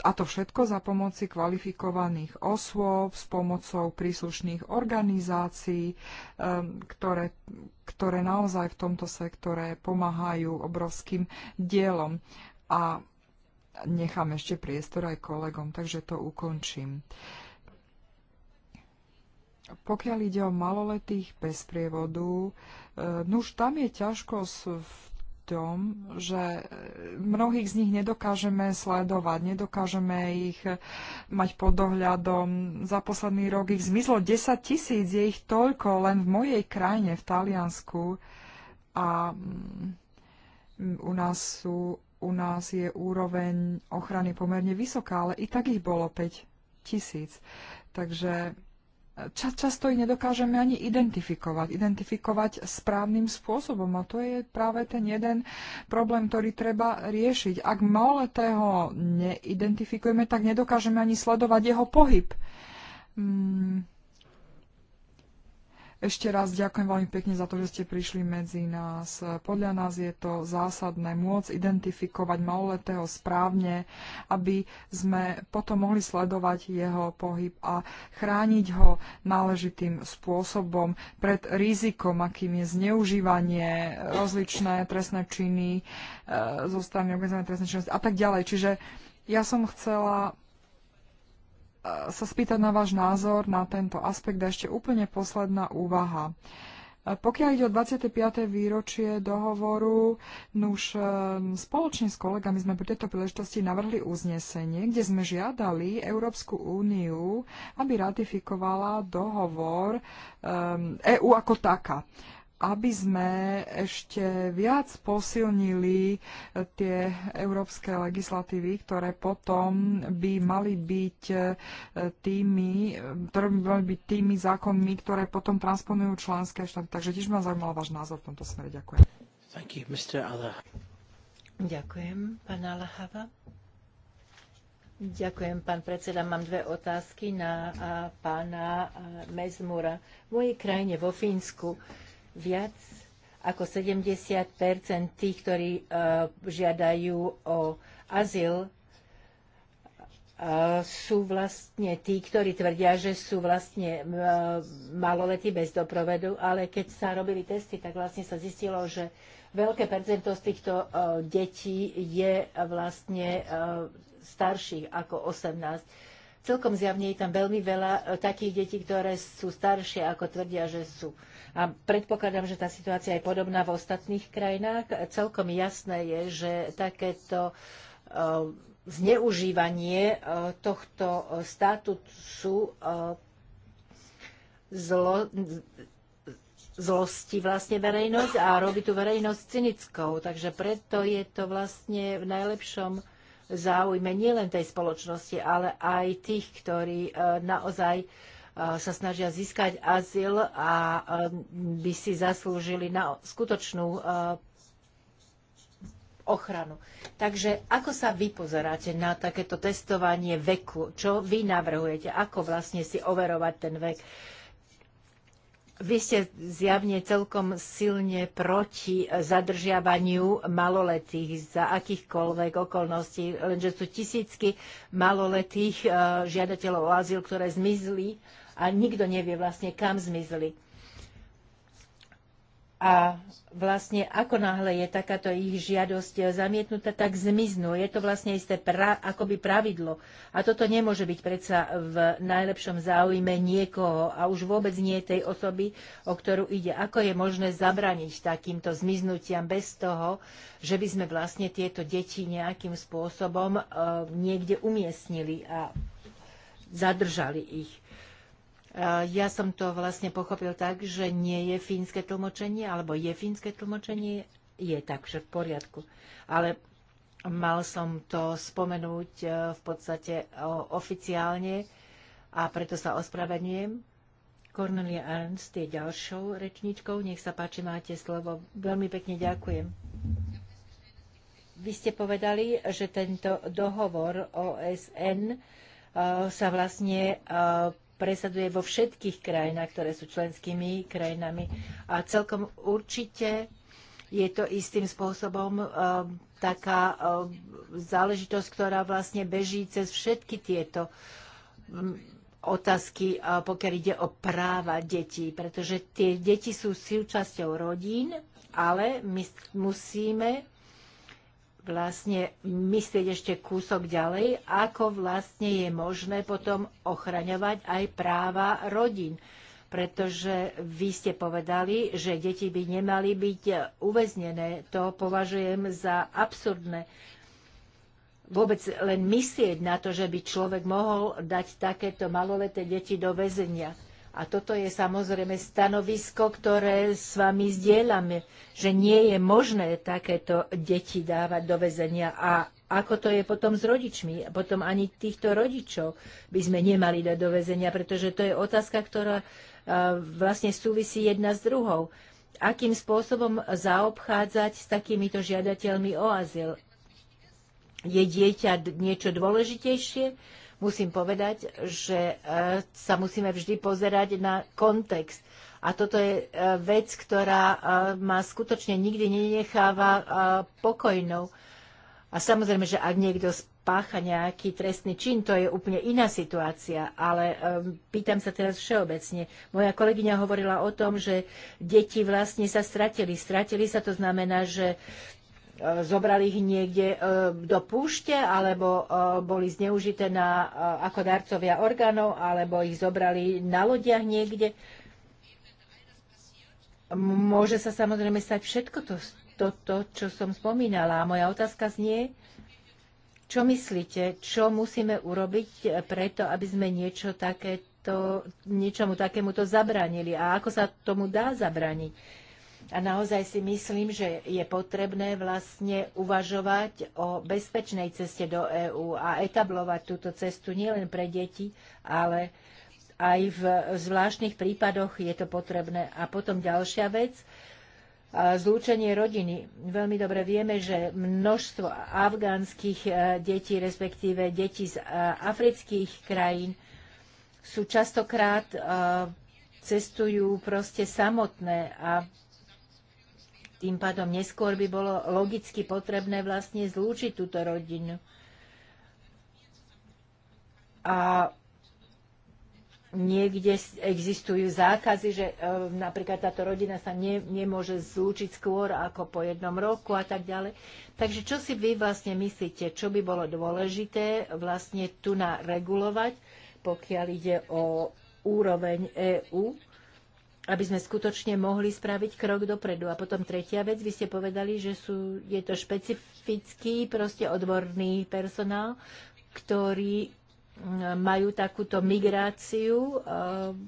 a to všetko za pomoci kvalifikovaných osôb, s pomocou príslušných organizácií, ktoré, ktoré naozaj v tomto sektore pomáhajú obrovským dielom. A nechám ešte priestor aj kolegom, takže to ukončím. Pokiaľ ide o maloletých bez prievodu, e, no už tam je ťažkosť v tom, že e, mnohých z nich nedokážeme sledovať, nedokážeme ich e, mať pod dohľadom. Za posledný rok ich zmizlo 10 tisíc, je ich toľko len v mojej krajine, v Taliansku. A mm, u nás, sú, u nás je úroveň ochrany pomerne vysoká, ale i tak ich bolo 5 tisíc. Takže často ich nedokážeme ani identifikovať. Identifikovať správnym spôsobom. A to je práve ten jeden problém, ktorý treba riešiť. Ak maloletého neidentifikujeme, tak nedokážeme ani sledovať jeho pohyb. Mm, ešte raz ďakujem veľmi pekne za to, že ste prišli medzi nás. Podľa nás je to zásadné môcť identifikovať maloletého správne, aby sme potom mohli sledovať jeho pohyb a chrániť ho náležitým spôsobom pred rizikom, akým je zneužívanie, rozličné trestné činy e, zo strany organizovanej trestnej činnosti a tak ďalej. Čiže ja som chcela sa spýtať na váš názor na tento aspekt a ešte úplne posledná úvaha. Pokiaľ ide o 25. výročie dohovoru, nuž ehm, spoločne s kolegami sme pri tejto príležitosti navrhli uznesenie, kde sme žiadali Európsku úniu, aby ratifikovala dohovor EÚ ehm, e ako taká aby sme ešte viac posilnili eh, tie európske legislatívy, ktoré potom by mali byť eh, tými, eh, ktoré by mali byť tými zákonmi, ktoré potom transponujú členské štáty. Takže tiež ma zaujímal váš názor v tomto smere. Ďakujem. Thank you, Mr. Allah. Ďakujem, pán Alahava. Ďakujem, pán predseda. Mám dve otázky na pána Mezmura. V mojej krajine, vo Fínsku, Viac ako 70 tých, ktorí e, žiadajú o azyl, e, sú vlastne tí, ktorí tvrdia, že sú vlastne e, maloletí bez doprovedu, ale keď sa robili testy, tak vlastne sa zistilo, že veľké percento z týchto detí je vlastne starších ako 18. Celkom zjavne je tam veľmi veľa takých detí, ktoré sú staršie, ako tvrdia, že sú. A predpokladám, že tá situácia je podobná v ostatných krajinách. Celkom jasné je, že takéto eh, zneužívanie eh, tohto statusu eh, zlo, zlosti vlastne verejnosť a robí tú verejnosť cynickou. Takže preto je to vlastne v najlepšom záujme nielen tej spoločnosti, ale aj tých, ktorí naozaj sa snažia získať azyl a by si zaslúžili na skutočnú e, ochranu. Takže ako sa vy pozeráte na takéto testovanie veku? Čo vy navrhujete? Ako vlastne si overovať ten vek? Vy ste zjavne celkom silne proti zadržiavaniu maloletých za akýchkoľvek okolností, lenže sú tisícky maloletých e, žiadateľov o azyl, ktoré zmizli a nikto nevie vlastne, kam zmizli. A vlastne ako náhle je takáto ich žiadosť zamietnutá, tak zmiznú. Je to vlastne isté pra, akoby pravidlo. A toto nemôže byť predsa v najlepšom záujme niekoho a už vôbec nie tej osoby, o ktorú ide. Ako je možné zabraniť takýmto zmiznutiam bez toho, že by sme vlastne tieto deti nejakým spôsobom e, niekde umiestnili a zadržali ich. Eh, ja som to vlastne pochopil tak, že nie je fínske tlmočenie, alebo je fínske tlmočenie, je že v poriadku. Ale mal som to spomenúť eh, v podstate oficiálne a preto sa ospravedňujem. Cornelia Ernst je ďalšou rečničkou. Nech sa páči, máte slovo. Veľmi pekne ďakujem. Vy ste povedali, že tento dohovor OSN eh, sa vlastne presaduje vo všetkých krajinách, ktoré sú členskými krajinami. A celkom určite je to istým spôsobom e, taká e, záležitosť, ktorá vlastne beží cez všetky tieto m, um, otázky, e, pokiaľ ide o práva detí, pretože tie deti sú súčasťou rodín, ale my musíme vlastne myslieť ešte kúsok ďalej, ako vlastne je možné potom ochraňovať aj práva rodín. Pretože vy ste povedali, že deti by nemali byť uväznené. To považujem za absurdné. Vôbec len myslieť na to, že by človek mohol dať takéto maloleté deti do väzenia a toto je samozrejme stanovisko, ktoré s vami zdieľame, že nie je možné takéto deti dávať do väzenia. A ako to je potom s rodičmi? Potom ani týchto rodičov by sme nemali dať do väzenia, pretože to je otázka, ktorá e, vlastne súvisí jedna s druhou. Akým spôsobom zaobchádzať s takýmito žiadateľmi o azyl? Je dieťa niečo dôležitejšie? musím povedať, že e, sa musíme vždy pozerať na kontext. A toto je e, vec, ktorá e, ma skutočne nikdy nenecháva pokojnou. A samozrejme, že ak niekto spácha nejaký trestný čin, to je úplne iná situácia, ale pýtam sa teraz všeobecne. Moja kolegyňa hovorila o tom, že deti vlastne sa stratili. Stratili sa to znamená, že E, zobrali ich niekde e, do púšte, alebo e, boli zneužité na, ako darcovia orgánov, alebo ich zobrali na lodiach niekde. Môže sa samozrejme stať všetko to, to, to čo som spomínala. A moja otázka znie, čo myslíte, čo musíme urobiť preto, aby sme niečo takéto, niečomu takémuto zabránili a ako sa tomu dá zabrániť? A naozaj si myslím, že je potrebné vlastne uvažovať o bezpečnej ceste do EÚ a etablovať túto cestu nielen pre deti, ale aj v zvláštnych prípadoch je to potrebné. A potom ďalšia vec, zlúčenie rodiny. Veľmi dobre vieme, že množstvo afgánskych e, detí, respektíve detí z e, afrických krajín, sú častokrát e, cestujú proste samotné a tým pádom neskôr by bolo logicky potrebné vlastne zlúčiť túto rodinu. A niekde existujú zákazy, že e, napríklad táto rodina sa ne, nemôže zlúčiť skôr ako po jednom roku a tak ďalej. Takže čo si vy vlastne myslíte, čo by bolo dôležité vlastne tu naregulovať, pokiaľ ide o úroveň EÚ? aby sme skutočne mohli spraviť krok dopredu. A potom tretia vec, vy ste povedali, že sú, je to špecifický, proste odborný personál, ktorí majú takúto migráciu ehm,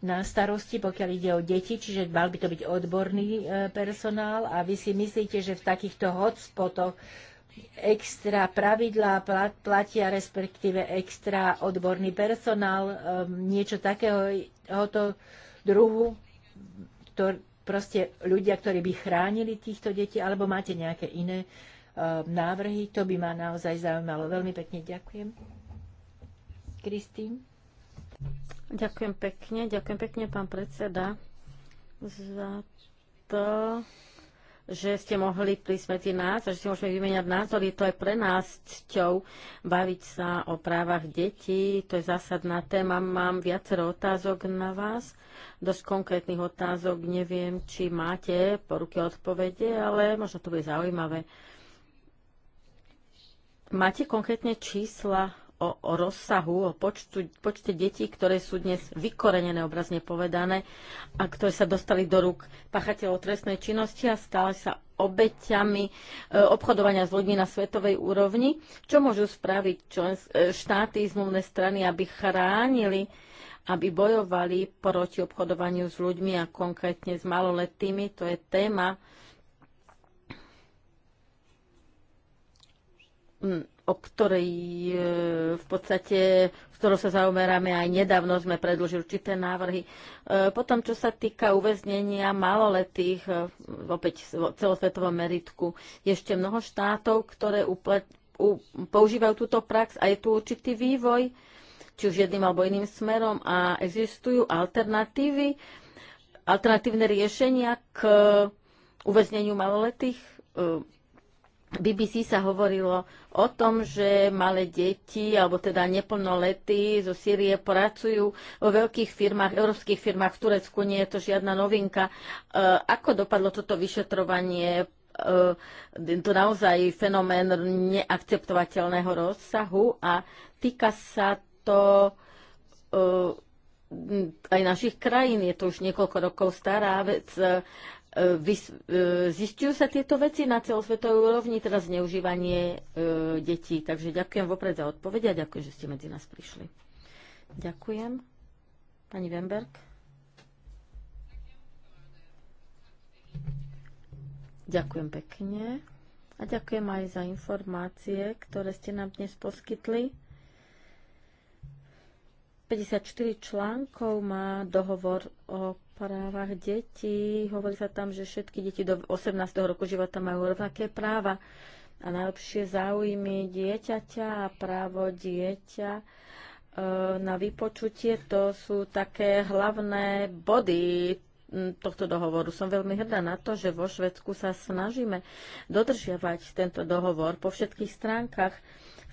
na starosti, pokiaľ ide o deti, čiže mal by to byť odborný e, personál a vy si myslíte, že v takýchto hotspotoch extra pravidlá platia, respektíve extra odborný personál, ehm, niečo takého to druhu, to, proste ľudia, ktorí by chránili týchto detí, alebo máte nejaké iné uh, návrhy, to by ma naozaj zaujímalo. Veľmi pekne ďakujem. Kristýn. Ďakujem pekne, ďakujem pekne, pán predseda, za to, že ste mohli prísť medzi nás a že si môžeme vymeniať názory. To je pre nás cťou baviť sa o právach detí. To je zásadná téma. Mám viacero otázok na vás. Dosť konkrétnych otázok. Neviem, či máte po ruke odpovede, ale možno to bude zaujímavé. Máte konkrétne čísla o, o rozsahu, o počtu, počte detí, ktoré sú dnes vykorenené, obrazne povedané, a ktoré sa dostali do rúk pachateľov trestnej činnosti a stále sa obeťami e, obchodovania s ľuďmi na svetovej úrovni. Čo môžu spraviť člen, e, štáty, zmluvné strany, aby chránili, aby bojovali proti obchodovaniu s ľuďmi a konkrétne s maloletými? To je téma o ktorej e, v podstate, v ktorou sa zaoberáme aj nedávno, sme predložili určité návrhy. E, potom, čo sa týka uväznenia maloletých, e, opäť v celosvetovom meritku, je ešte mnoho štátov, ktoré uplet, u, používajú túto prax a je tu určitý vývoj, či už jedným alebo iným smerom a existujú alternatívy, alternatívne riešenia k uväzneniu maloletých BBC sa hovorilo o tom, že malé deti, alebo teda neplnolety zo Sýrie pracujú vo veľkých firmách, európskych firmách v Turecku. Nie je to žiadna novinka. E, ako dopadlo toto vyšetrovanie? E, je to naozaj fenomén neakceptovateľného rozsahu a týka sa to e, aj našich krajín. Je to už niekoľko rokov stará vec. E, e, zistujú sa tieto veci na celosvetovej úrovni, teda zneužívanie e, detí. Takže ďakujem vopred za odpovede a ďakujem, že ste medzi nás prišli. Ďakujem. Pani Wemberg. Ďakujem pekne a ďakujem aj za informácie, ktoré ste nám dnes poskytli. 54 článkov má dohovor o právach detí. Hovorí sa tam, že všetky deti do 18. roku života majú rovnaké práva a najlepšie záujmy dieťaťa a právo dieťa e, na vypočutie. To sú také hlavné body tohto dohovoru. Som veľmi hrdá na to, že vo Švedsku sa snažíme dodržiavať tento dohovor po všetkých stránkach.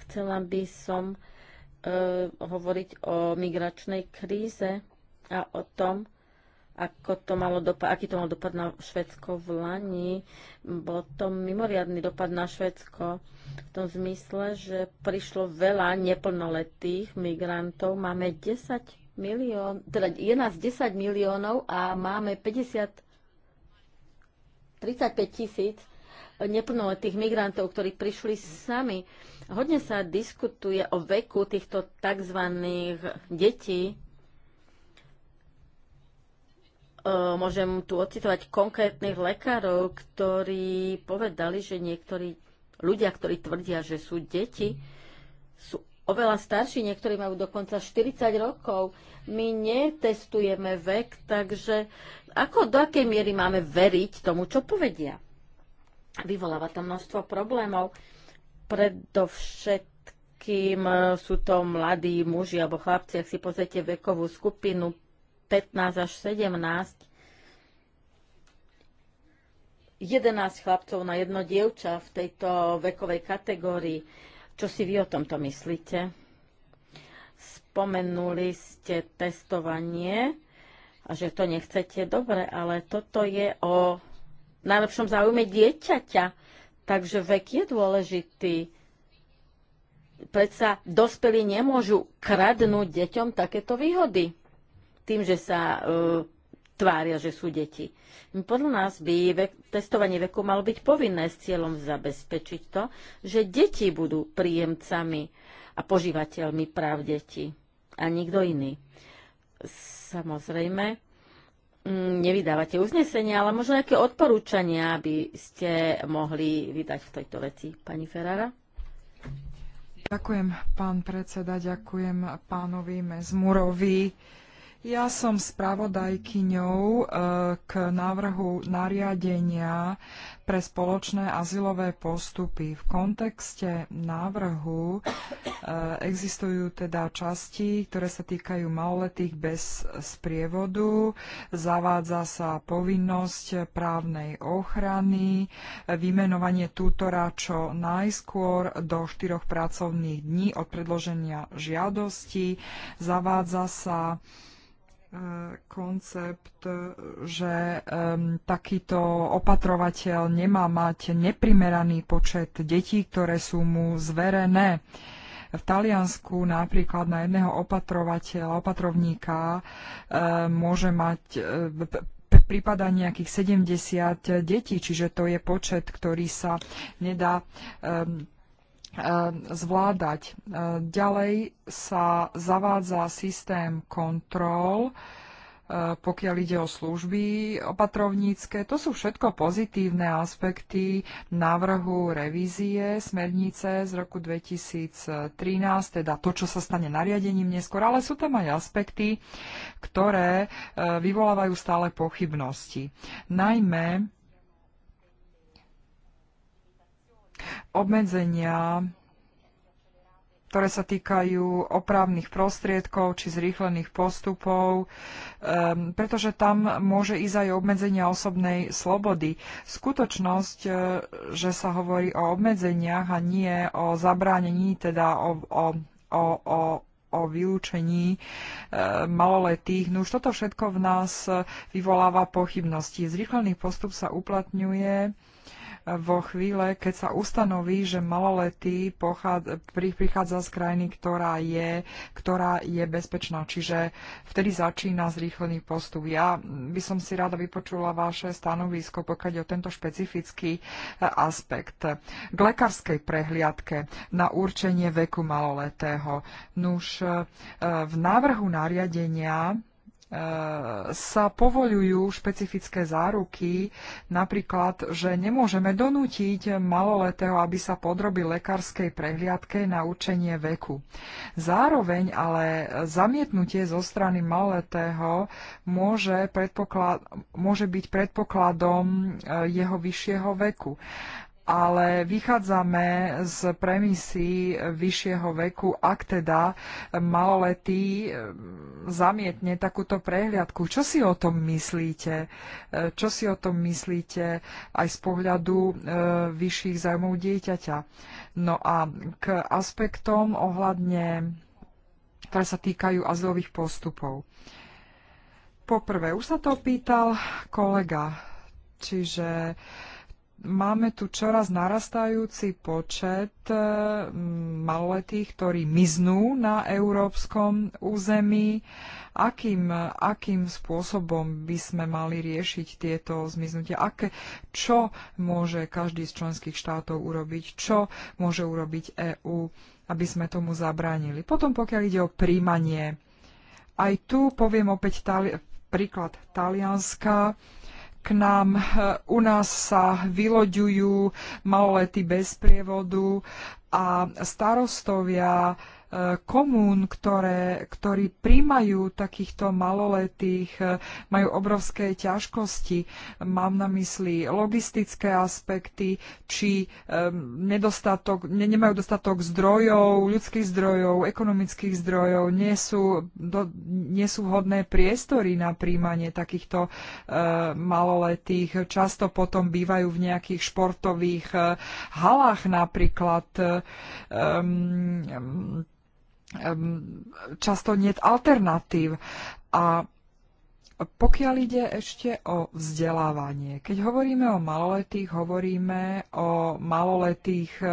Chcela by som e, hovoriť o migračnej kríze a o tom, ako to malo dopad, aký to mal dopad na Švedsko v Lani. Bol to mimoriadný dopad na Švedsko v tom zmysle, že prišlo veľa neplnoletých migrantov. Máme 10 milión, teda je nás 10 miliónov a máme 50, 35 tisíc neplnoletých migrantov, ktorí prišli sami. Hodne sa diskutuje o veku týchto tzv. detí, E, môžem tu ocitovať konkrétnych lekárov, ktorí povedali, že niektorí ľudia, ktorí tvrdia, že sú deti, sú oveľa starší, niektorí majú dokonca 40 rokov. My netestujeme vek, takže ako do akej miery máme veriť tomu, čo povedia? Vyvoláva to množstvo problémov. Predovšetkým e, sú to mladí muži alebo chlapci, ak si pozrite vekovú skupinu 15 až 17 11 chlapcov na jedno dievča v tejto vekovej kategórii. Čo si vy o tomto myslíte? Spomenuli ste testovanie a že to nechcete. Dobre, ale toto je o najlepšom záujme dieťaťa. Takže vek je dôležitý. Predsa dospelí nemôžu kradnúť deťom takéto výhody tým, že sa uh, tvária, že sú deti. Podľa nás by vek, testovanie veku malo byť povinné s cieľom zabezpečiť to, že deti budú príjemcami a požívateľmi práv detí a nikto iný. Samozrejme, mm, nevydávate uznesenia, ale možno nejaké odporúčania by ste mohli vydať v tejto veci, pani Ferrara? Ďakujem, pán predseda, ďakujem pánovi Mezmurovi ja som spravodajkyňou e, k návrhu nariadenia pre spoločné azylové postupy. V kontexte návrhu e, existujú teda časti, ktoré sa týkajú maloletých bez sprievodu. Zavádza sa povinnosť právnej ochrany, vymenovanie tutora čo najskôr do štyroch pracovných dní od predloženia žiadosti. Zavádza sa E, koncept, e, že um, takýto opatrovateľ nemá mať neprimeraný počet detí, ktoré sú mu zverené. V Taliansku napríklad na jedného opatrovateľa, opatrovníka um, môže mať um, prípada nejakých 70 detí, čiže to je počet, ktorý sa nedá Eh, zvládať. Eh, ďalej sa zavádza systém kontrol, eh, pokiaľ ide o služby opatrovnícke. To sú všetko pozitívne aspekty návrhu revízie smernice z roku 2013, teda to, čo sa stane nariadením neskôr, ale sú tam aj aspekty, ktoré vyvolávajú stále pochybnosti. Najmä obmedzenia, ktoré sa týkajú opravných prostriedkov či zrýchlených postupov, pretože tam môže ísť aj obmedzenia osobnej slobody. Skutočnosť, e, že sa hovorí o obmedzeniach a nie o zabránení, teda o, o, o, o o vylúčení e, maloletých. No už toto všetko v nás vyvoláva pochybnosti. Zrýchlený postup sa uplatňuje vo chvíle, keď sa ustanoví, že maloletý prichádza z krajiny, ktorá je, ktorá je bezpečná. Čiže vtedy začína zrýchlený postup. Ja by som si rada vypočula vaše stanovisko, pokiaľ o tento špecifický e, aspekt. K lekárskej prehliadke na určenie veku maloletého. Nuž e, v návrhu nariadenia E, sa povolujú špecifické záruky, napríklad, že nemôžeme donútiť maloletého, aby sa podrobil lekárskej prehliadke na určenie veku. Zároveň ale zamietnutie zo strany maloletého môže, môže byť predpokladom e, jeho vyššieho veku ale vychádzame z premisy vyššieho veku, ak teda maloletý eh, zamietne takúto prehliadku. Čo si o tom myslíte? Eh, čo si o tom myslíte aj z pohľadu eh, vyšších zájmov dieťaťa? No a k aspektom ohľadne, ktoré sa týkajú azylových postupov. Poprvé, už sa to pýtal kolega, čiže máme tu čoraz narastajúci počet e, maloletých, ktorí miznú na európskom území. Akým, akým spôsobom by sme mali riešiť tieto zmiznutia? Aké, čo môže každý z členských štátov urobiť? Čo môže urobiť EÚ, aby sme tomu zabránili? Potom, pokiaľ ide o príjmanie, aj tu poviem opäť tali- príklad Talianska k nám. U nás sa vyloďujú maloletí bez prievodu a starostovia E, komún, ktoré, ktorí príjmajú takýchto maloletých, e, majú obrovské ťažkosti. Mám na mysli logistické aspekty, či e, nedostatok, ne, nemajú dostatok zdrojov, ľudských zdrojov, ekonomických zdrojov, nie sú, do, nie sú vhodné priestory na príjmanie takýchto maloletých. Často potom bývajú v nejakých športových halách napríklad. Um, často nie alternatív. A pokiaľ ide ešte o vzdelávanie, keď hovoríme o maloletých, hovoríme o maloletých, e,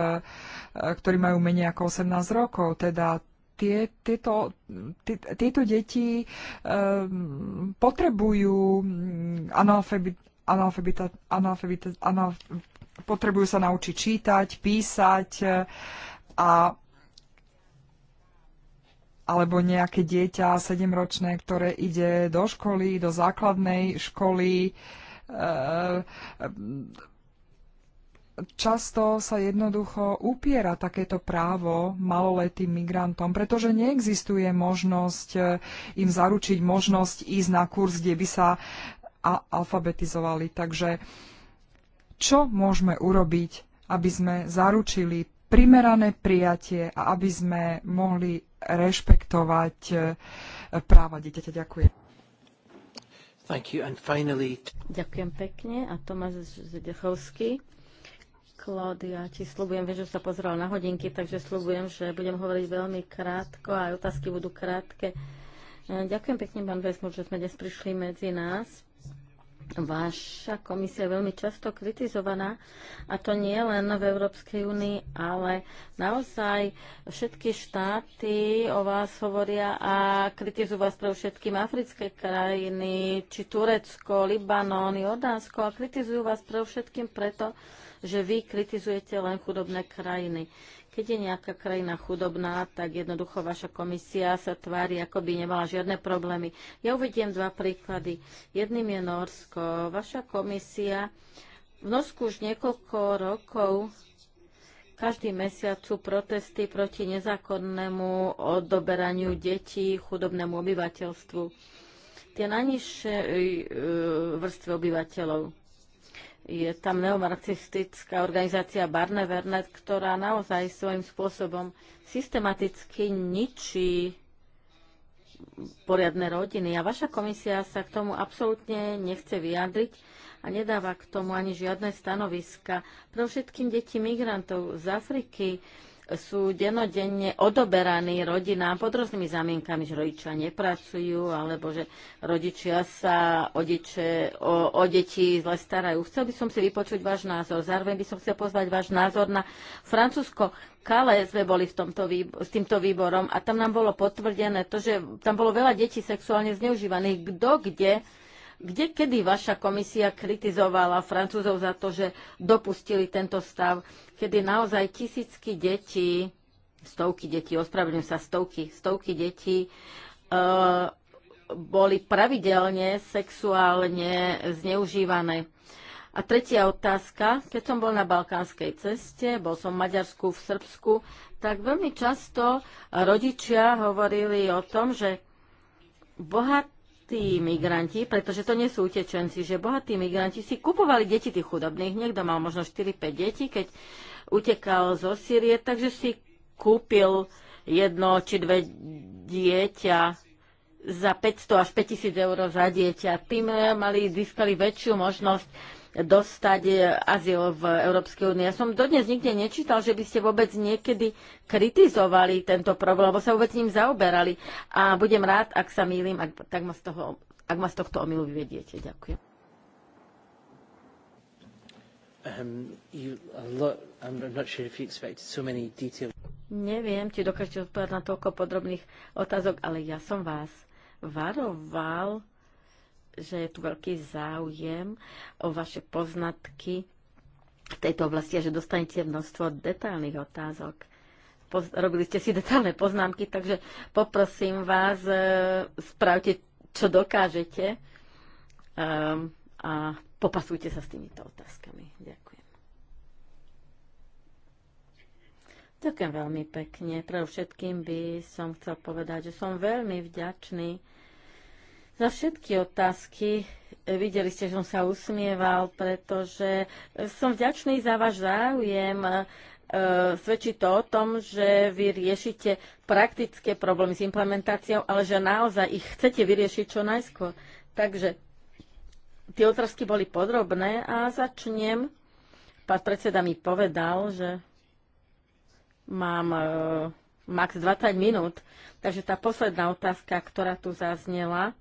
ktorí majú menej ako 18 rokov, teda tie, tieto, tieto deti potrebujú mm, analfabet, analfabet, analfabet, analf, potrebujú sa naučiť čítať, písať e, a alebo nejaké dieťa 7-ročné, ktoré ide do školy, do základnej školy. Eh, často sa jednoducho upiera takéto právo maloletým migrantom, pretože neexistuje možnosť eh, im zaručiť možnosť ísť na kurz, kde by sa alfabetizovali. Takže čo môžeme urobiť, aby sme zaručili primerané prijatie a aby sme mohli rešpektovať e, práva dieťaťa. Ďakujem. Thank you. And finally... Ďakujem pekne. A Tomáš Zdechovský. Klaudia, ti slúbujem, viem, že sa pozeral na hodinky, takže slúbujem, že budem hovoriť veľmi krátko a aj otázky budú krátke. E, ďakujem pekne, pán Vesmur, že sme dnes prišli medzi nás Vaša komisia je veľmi často kritizovaná a to nie len v Európskej únii, ale naozaj všetky štáty o vás hovoria a kritizujú vás pre všetkým africké krajiny, či Turecko, Libanon, Jordánsko a kritizujú vás pre všetkým preto, že vy kritizujete len chudobné krajiny. Keď je nejaká krajina chudobná, tak jednoducho vaša komisia sa tvári, ako by nemala žiadne problémy. Ja uvediem dva príklady. Jedným je Norsko. Vaša komisia v Norsku už niekoľko rokov každý mesiac sú protesty proti nezákonnému odoberaniu detí chudobnému obyvateľstvu. Tie najnižšie e, e, vrstvy obyvateľov. Je tam neomarxistická organizácia Barne Vernet, ktorá naozaj svojím spôsobom systematicky ničí poriadne rodiny. A vaša komisia sa k tomu absolútne nechce vyjadriť a nedáva k tomu ani žiadne stanoviska. Pre všetkým deti migrantov z Afriky, sú denodenne odoberaní rodinám pod rôznymi zamienkami, že rodičia nepracujú, alebo že rodičia sa o, deče, o, o deti zle starajú. Chcel by som si vypočuť váš názor. Zároveň by som chcel pozvať váš názor na Francúzsko. Kale sme boli v tomto s týmto výborom a tam nám bolo potvrdené to, že tam bolo veľa detí sexuálne zneužívaných. Kto kde kde kedy vaša komisia kritizovala Francúzov za to, že dopustili tento stav, kedy naozaj tisícky detí, stovky detí, ospravedlňujem sa, stovky, stovky detí, uh, boli pravidelne sexuálne zneužívané. A tretia otázka. Keď som bol na balkánskej ceste, bol som v Maďarsku, v Srbsku, tak veľmi často rodičia hovorili o tom, že bohat bohatí migranti, pretože to nie sú utečenci, že bohatí migranti si kupovali deti tých chudobných. Niekto mal možno 4-5 detí, keď utekal zo Sýrie, takže si kúpil jedno či dve dieťa za 500 až 5000 eur za dieťa. Tým eh, mali, získali väčšiu možnosť dostať eh, azyl v Európskej únii. Ja som dodnes nikde nečítal, že by ste vôbec niekedy kritizovali tento problém, lebo sa vôbec ním zaoberali. A budem rád, ak sa mýlim, ak, tak ma z toho, ak ma z tohto omilu vyvediete. Ďakujem. Um, you, sure so Neviem, či dokážete odpovedať na toľko podrobných otázok, ale ja som vás varoval že je tu veľký záujem o vaše poznatky v tejto oblasti a že dostanete množstvo detailných otázok. Poz, robili ste si detailné poznámky, takže poprosím vás, e, spravte, čo dokážete e, a popasujte sa s týmito otázkami. Ďakujem. Ďakujem veľmi pekne. Pre všetkým by som chcel povedať, že som veľmi vďačný za všetky otázky. E, videli ste, že som sa usmieval, pretože e, som vďačný za váš záujem. E, svedčí to o tom, že vy riešite praktické problémy s implementáciou, ale že naozaj ich chcete vyriešiť čo najskôr. Takže tie otázky boli podrobné a začnem. Pán predseda mi povedal, že mám max 20 minút. Takže tá posledná otázka, ktorá tu zaznela,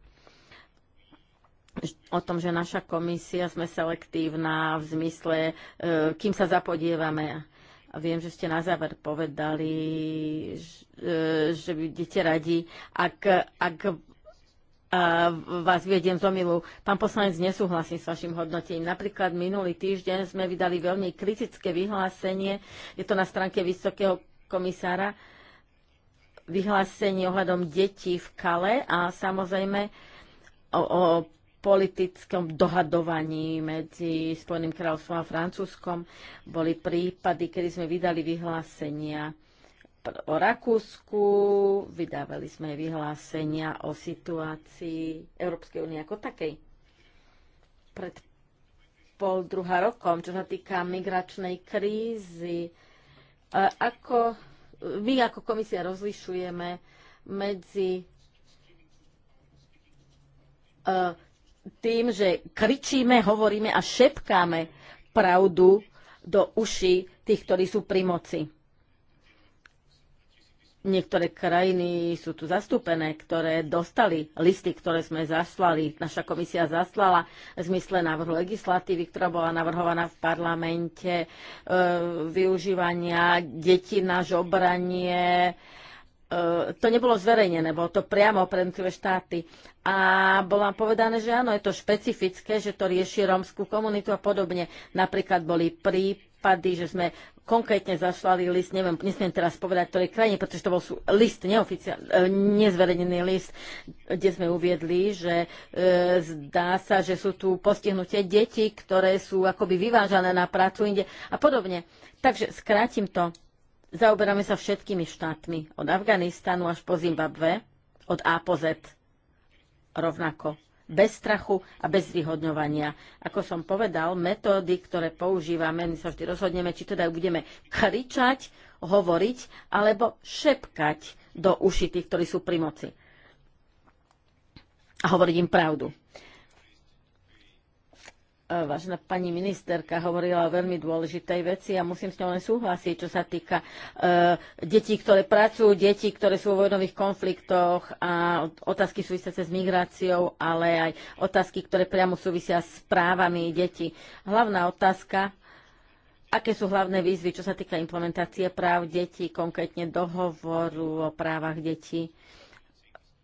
o tom, že naša komisia sme selektívna v zmysle, e, kým sa zapodievame. A viem, že ste na záver povedali, e, že budete radi, ak, ak e, vás vediem z omilu. Pán poslanec, nesúhlasím s vašim hodnotením. Napríklad minulý týždeň sme vydali veľmi kritické vyhlásenie, je to na stránke Vysokého komisára, vyhlásenie ohľadom detí v Kale a samozrejme o, o politickom dohadovaní medzi Spojeným kráľovstvom a Francúzskom. Boli prípady, kedy sme vydali vyhlásenia o Rakúsku, vydávali sme vyhlásenia o situácii Európskej únie ako takej. Pred pol druhá rokom, čo sa týka migračnej krízy, ako my ako komisia rozlišujeme medzi e, tým, že kričíme, hovoríme a šepkáme pravdu do uši tých, ktorí sú pri moci. Niektoré krajiny sú tu zastúpené, ktoré dostali listy, ktoré sme zaslali, naša komisia zaslala v zmysle návrhu legislatívy, ktorá bola navrhovaná v parlamente, e, využívania detí na žobranie, e, E, to nebolo zverejnené, bolo to priamo pre jednotlivé štáty. A bolo vám povedané, že áno, je to špecifické, že to rieši rómskú komunitu a podobne. Napríklad boli prípady, že sme konkrétne zaslali list, neviem, nesmiem teraz povedať ktorej krajine, pretože to bol list, e, nezverejnený list, kde sme uviedli, že e, zdá sa, že sú tu postihnutie deti, ktoré sú akoby vyvážané na prácu inde a podobne. Takže skrátim to Zaoberáme sa všetkými štátmi, od Afganistanu až po Zimbabve, od A po Z. Rovnako. Bez strachu a bez vyhodňovania. Ako som povedal, metódy, ktoré používame, my sa vždy rozhodneme, či teda budeme kričať, hovoriť, alebo šepkať do uši tých, ktorí sú pri moci. A hovoriť im pravdu. E, vážená pani ministerka hovorila o veľmi dôležitej veci a musím s ňou len súhlasiť, čo sa týka uh, detí, ktoré pracujú, detí, ktoré sú vo vojnových konfliktoch a otázky súvisiace s migráciou, ale aj otázky, ktoré priamo súvisia s právami detí. Hlavná otázka, aké sú hlavné výzvy, čo sa týka implementácie práv detí, konkrétne dohovoru o právach detí? Uh,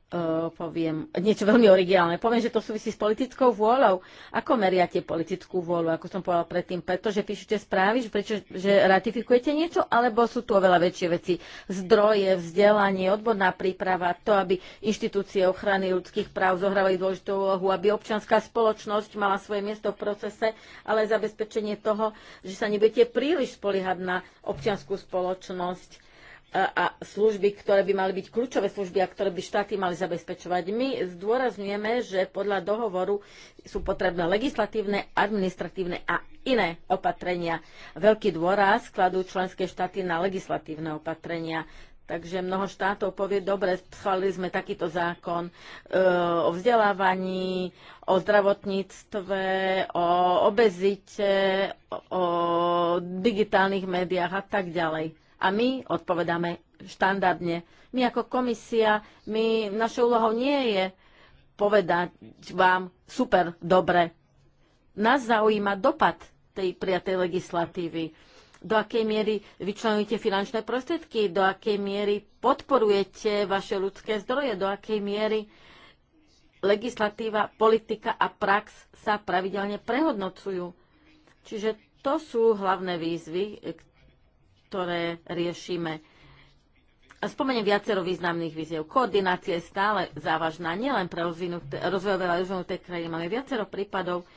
Eh, poviem niečo veľmi originálne. Poviem, že to súvisí s politickou vôľou. Ako meriate politickú vôľu, ako som povedal predtým? Pretože píšete správy, že, prečo, že ratifikujete niečo, alebo sú tu oveľa väčšie veci? Zdroje, vzdelanie, odborná príprava, to, aby inštitúcie ochrany ľudských práv zohrávali dôležitú úlohu, aby občianská spoločnosť mala svoje miesto v procese, ale zabezpečenie toho, že sa nebudete príliš spoliehať na občianskú spoločnosť a služby, ktoré by mali byť kľúčové služby a ktoré by štáty mali zabezpečovať. My zdôrazňujeme, že podľa dohovoru sú potrebné legislatívne, administratívne a iné opatrenia. Veľký dôraz skladujú členské štáty na legislatívne opatrenia. Takže mnoho štátov povie, dobre, schválili sme takýto zákon e, o vzdelávaní, o zdravotníctve, o obezite, o, o digitálnych médiách a tak ďalej a my odpovedáme štandardne. My ako komisia, my, našou úlohou nie je povedať vám super, dobre. Nás zaujíma dopad tej prijatej legislatívy. Do akej miery vyčlenujete finančné prostriedky, do akej miery podporujete vaše ľudské zdroje, do akej miery legislatíva, politika a prax sa pravidelne prehodnocujú. Čiže to sú hlavné výzvy, ktoré riešime. Spomeniem viacero významných víziev. Koordinácia je stále závažná, nielen pre rozvojové, a rozvinuté krajiny. Máme viacero prípadov,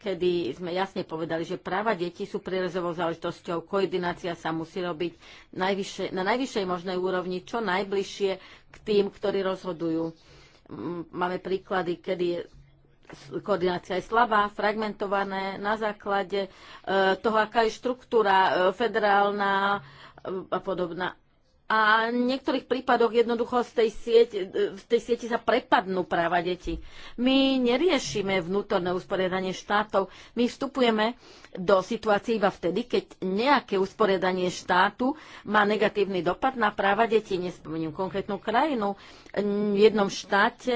kedy sme jasne povedali, že práva detí sú prirezovou záležitosťou, koordinácia sa musí robiť najvyššie, na najvyššej možnej úrovni, čo najbližšie k tým, ktorí rozhodujú. Máme príklady, kedy koordinácia je slabá, fragmentované na základe e, toho, aká je štruktúra e, federálna e, a podobná. A v niektorých prípadoch jednoducho z tej, siete, z tej sieti sa prepadnú práva detí. My neriešime vnútorné usporiadanie štátov. My vstupujeme do situácií iba vtedy, keď nejaké usporiadanie štátu má negatívny dopad na práva detí. Nespomeniem konkrétnu krajinu. V jednom štáte,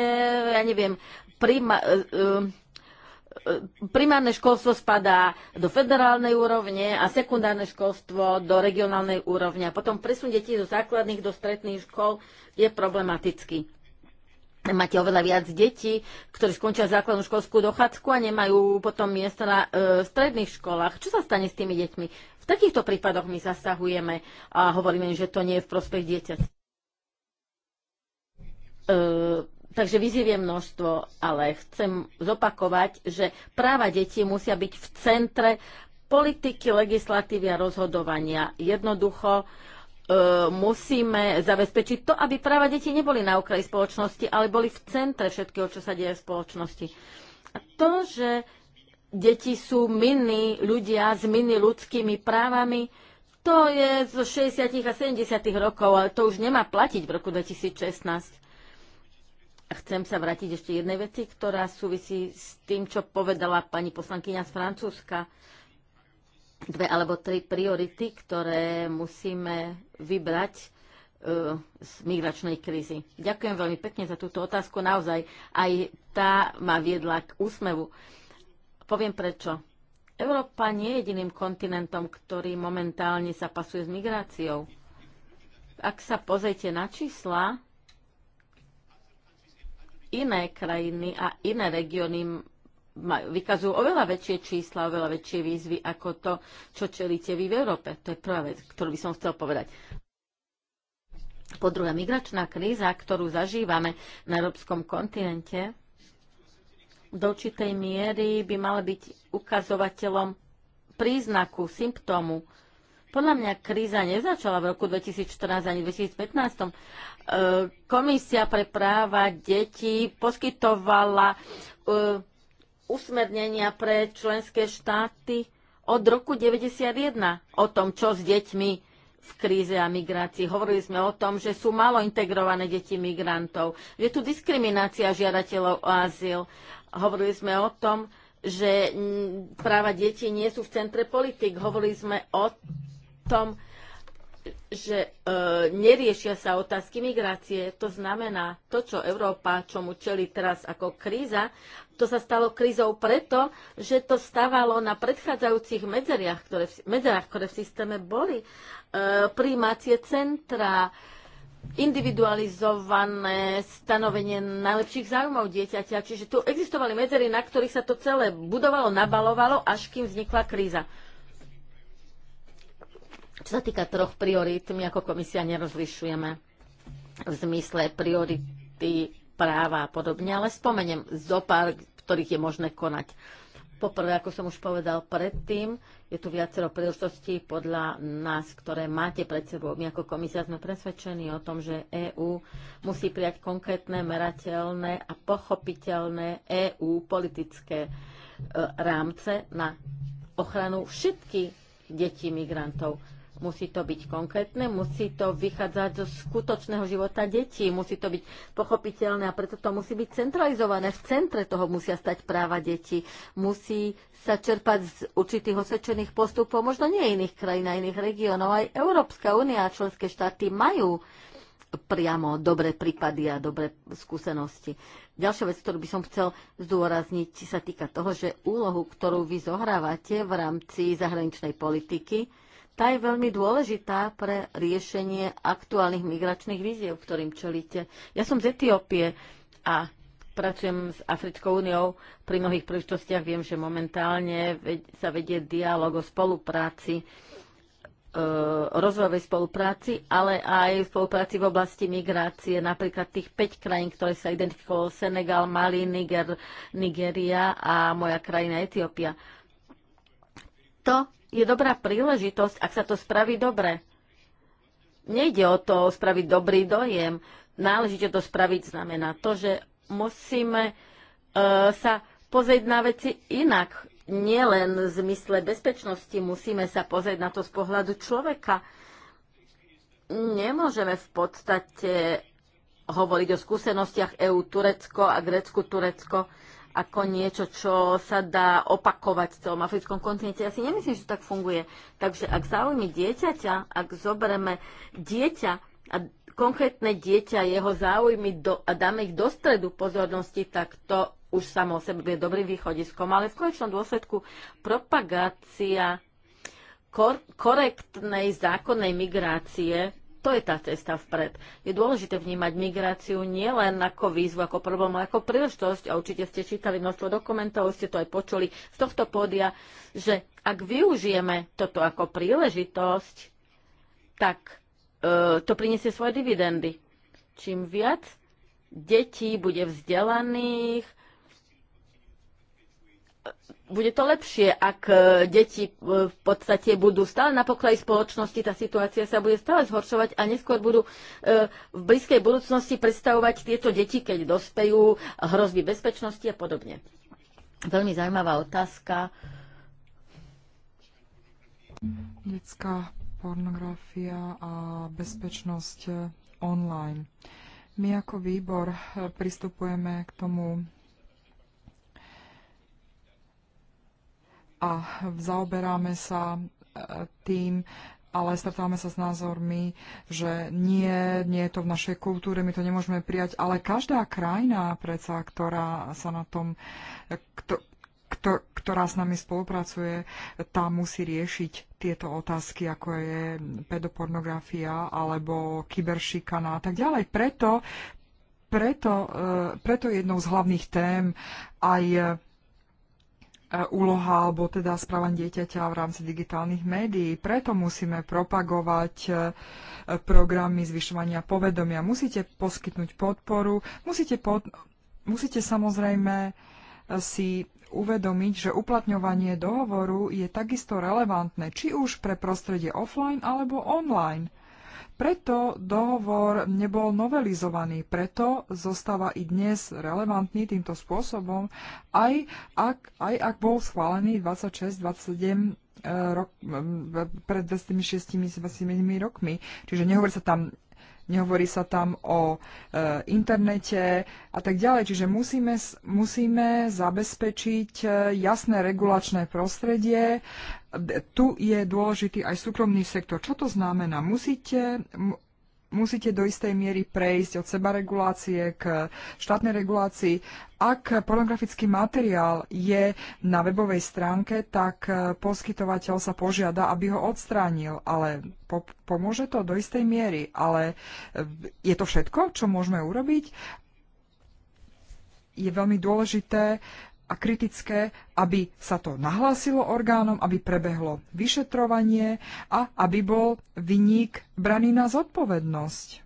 ja neviem, prima, e, e, e, primárne školstvo spadá do federálnej úrovne a sekundárne školstvo do regionálnej úrovne. A potom presun detí zo základných do stredných škol je problematický. Máte oveľa viac detí, ktorí skončia základnú školskú dochádzku a nemajú potom miesta na e, stredných školách. Čo sa stane s tými deťmi? V takýchto prípadoch my zasahujeme a hovoríme, že to nie je v prospech dieťa. E, Takže výziev je množstvo, ale chcem zopakovať, že práva detí musia byť v centre politiky, legislatívy a rozhodovania. Jednoducho e, musíme zabezpečiť to, aby práva detí neboli na okraji spoločnosti, ale boli v centre všetkého, čo sa deje v spoločnosti. A to, že deti sú miny ľudia s miny ľudskými právami, to je zo 60. a 70. rokov, ale to už nemá platiť v roku 2016 Chcem sa vrátiť ešte jednej veci, ktorá súvisí s tým, čo povedala pani poslankyňa z Francúzska. Dve alebo tri priority, ktoré musíme vybrať e, z migračnej krízy. Ďakujem veľmi pekne za túto otázku. Naozaj aj tá ma viedla k úsmevu. Poviem prečo. Európa nie je jediným kontinentom, ktorý momentálne sa pasuje s migráciou. Ak sa pozrite na čísla, iné krajiny a iné regióny vykazujú oveľa väčšie čísla, oveľa väčšie výzvy ako to, čo čelíte vy v Európe. To je prvá vec, ktorú by som chcel povedať. Po druhé, migračná kríza, ktorú zažívame na európskom kontinente, do určitej miery by mala byť ukazovateľom príznaku, symptómu podľa mňa kríza nezačala v roku 2014 ani 2015. E, Komisia pre práva detí poskytovala e, usmernenia pre členské štáty od roku 1991 o tom, čo s deťmi v kríze a migrácii. Hovorili sme o tom, že sú málo integrované deti migrantov, že tu diskriminácia žiadateľov o azyl. Hovorili sme o tom, že práva detí nie sú v centre politik. Hovorili sme o tom, že e, neriešia sa otázky migrácie. To znamená, to, čo Európa, čomu čeli teraz ako kríza, to sa stalo krízou preto, že to stávalo na predchádzajúcich medzeriach, ktoré v, medzerách, ktoré v systéme boli. E, príjmacie centra, individualizované stanovenie najlepších záujmov dieťaťa. Čiže tu existovali medzery, na ktorých sa to celé budovalo, nabalovalo, až kým vznikla kríza. Čo sa týka troch priorít, my ako komisia nerozlišujeme v zmysle priority práva a podobne, ale spomeniem zo pár, ktorých je možné konať. Poprvé, ako som už povedal predtým, je tu viacero príležitostí podľa nás, ktoré máte pred sebou. My ako komisia sme presvedčení o tom, že EÚ musí prijať konkrétne, merateľné a pochopiteľné EÚ politické e, rámce na ochranu všetkých detí migrantov. Musí to byť konkrétne, musí to vychádzať zo skutočného života detí, musí to byť pochopiteľné a preto to musí byť centralizované. V centre toho musia stať práva detí. Musí sa čerpať z určitých osvedčených postupov, možno nie iných krajín a iných regiónov. Aj Európska únia a členské štáty majú priamo dobré prípady a dobré skúsenosti. Ďalšia vec, ktorú by som chcel zdôrazniť, sa týka toho, že úlohu, ktorú vy zohrávate v rámci zahraničnej politiky, tá je veľmi dôležitá pre riešenie aktuálnych migračných víziev, ktorým čelíte. Ja som z Etiópie a pracujem s Africkou úniou. Pri mnohých príležitostiach viem, že momentálne sa vedie dialog o spolupráci e, rozvojovej spolupráci, ale aj spolupráci v oblasti migrácie, napríklad tých 5 krajín, ktoré sa identifikovalo Senegal, Mali, Niger, Nigeria a moja krajina Etiópia. To je dobrá príležitosť, ak sa to spraví dobre. Nejde o to spraviť dobrý dojem. Náležite to spraviť znamená to, že musíme uh, sa pozrieť na veci inak. Nielen v zmysle bezpečnosti musíme sa pozrieť na to z pohľadu človeka. Nemôžeme v podstate hovoriť o skúsenostiach EU Turecko a Grécku Turecko ako niečo, čo sa dá opakovať v celom africkom kontinente. Ja si nemyslím, že to tak funguje. Takže ak záujmy dieťaťa, ak zoberieme dieťa a konkrétne dieťa, jeho záujmy do, a dáme ich do stredu pozornosti, tak to už samo o sebe bude dobrým východiskom. Ale v konečnom dôsledku propagácia kor- korektnej zákonnej migrácie to je tá cesta vpred. Je dôležité vnímať migráciu nielen ako výzvu, ako problém, ale ako príležitosť. A určite ste čítali množstvo dokumentov, ste to aj počuli z tohto pódia, že ak využijeme toto ako príležitosť, tak e, to priniesie svoje dividendy. Čím viac detí bude vzdelaných, bude to lepšie, ak e, deti e, v podstate budú stále na pokraji spoločnosti, tá situácia sa bude stále zhoršovať a neskôr budú e, v blízkej budúcnosti predstavovať tieto deti, keď dospejú hrozby bezpečnosti a podobne. Veľmi zaujímavá otázka. Detská pornografia a bezpečnosť online. My ako výbor pristupujeme k tomu a zaoberáme sa e, tým, ale stretávame sa s názormi, že nie, nie je to v našej kultúre, my to nemôžeme prijať, ale každá krajina predsa, ktorá sa na tom, kto, kto, ktorá s nami spolupracuje, tá musí riešiť tieto otázky, ako je pedopornografia alebo kyberšikana a tak ďalej. Preto, preto, e, preto jednou z hlavných tém aj E, úloha alebo teda správanie dieťaťa v rámci digitálnych médií. Preto musíme propagovať e, programy zvyšovania povedomia. Musíte poskytnúť podporu, musíte, pod, musíte samozrejme e, si uvedomiť, že uplatňovanie dohovoru je takisto relevantné, či už pre prostredie offline alebo online. Preto dohovor nebol novelizovaný, preto zostáva i dnes relevantný týmto spôsobom, aj ak, aj ak bol schválený 26-27 eh, rok, eh, pred 26 rokmi. Čiže nehovorí sa tam nehovorí sa tam o e, internete a tak ďalej. Čiže musíme, musíme zabezpečiť e, jasné regulačné prostredie. E, tu je dôležitý aj súkromný sektor. Čo to znamená? Musíte, musíte do istej miery prejsť od sebaregulácie k štátnej regulácii. Ak pornografický materiál je na webovej stránke, tak e, poskytovateľ sa požiada, aby ho odstránil, ale po- pomôže to do istej miery. Ale e, je to všetko, čo môžeme urobiť? Je veľmi dôležité a kritické, aby sa to nahlásilo orgánom, aby prebehlo vyšetrovanie a aby bol vyník braný na zodpovednosť.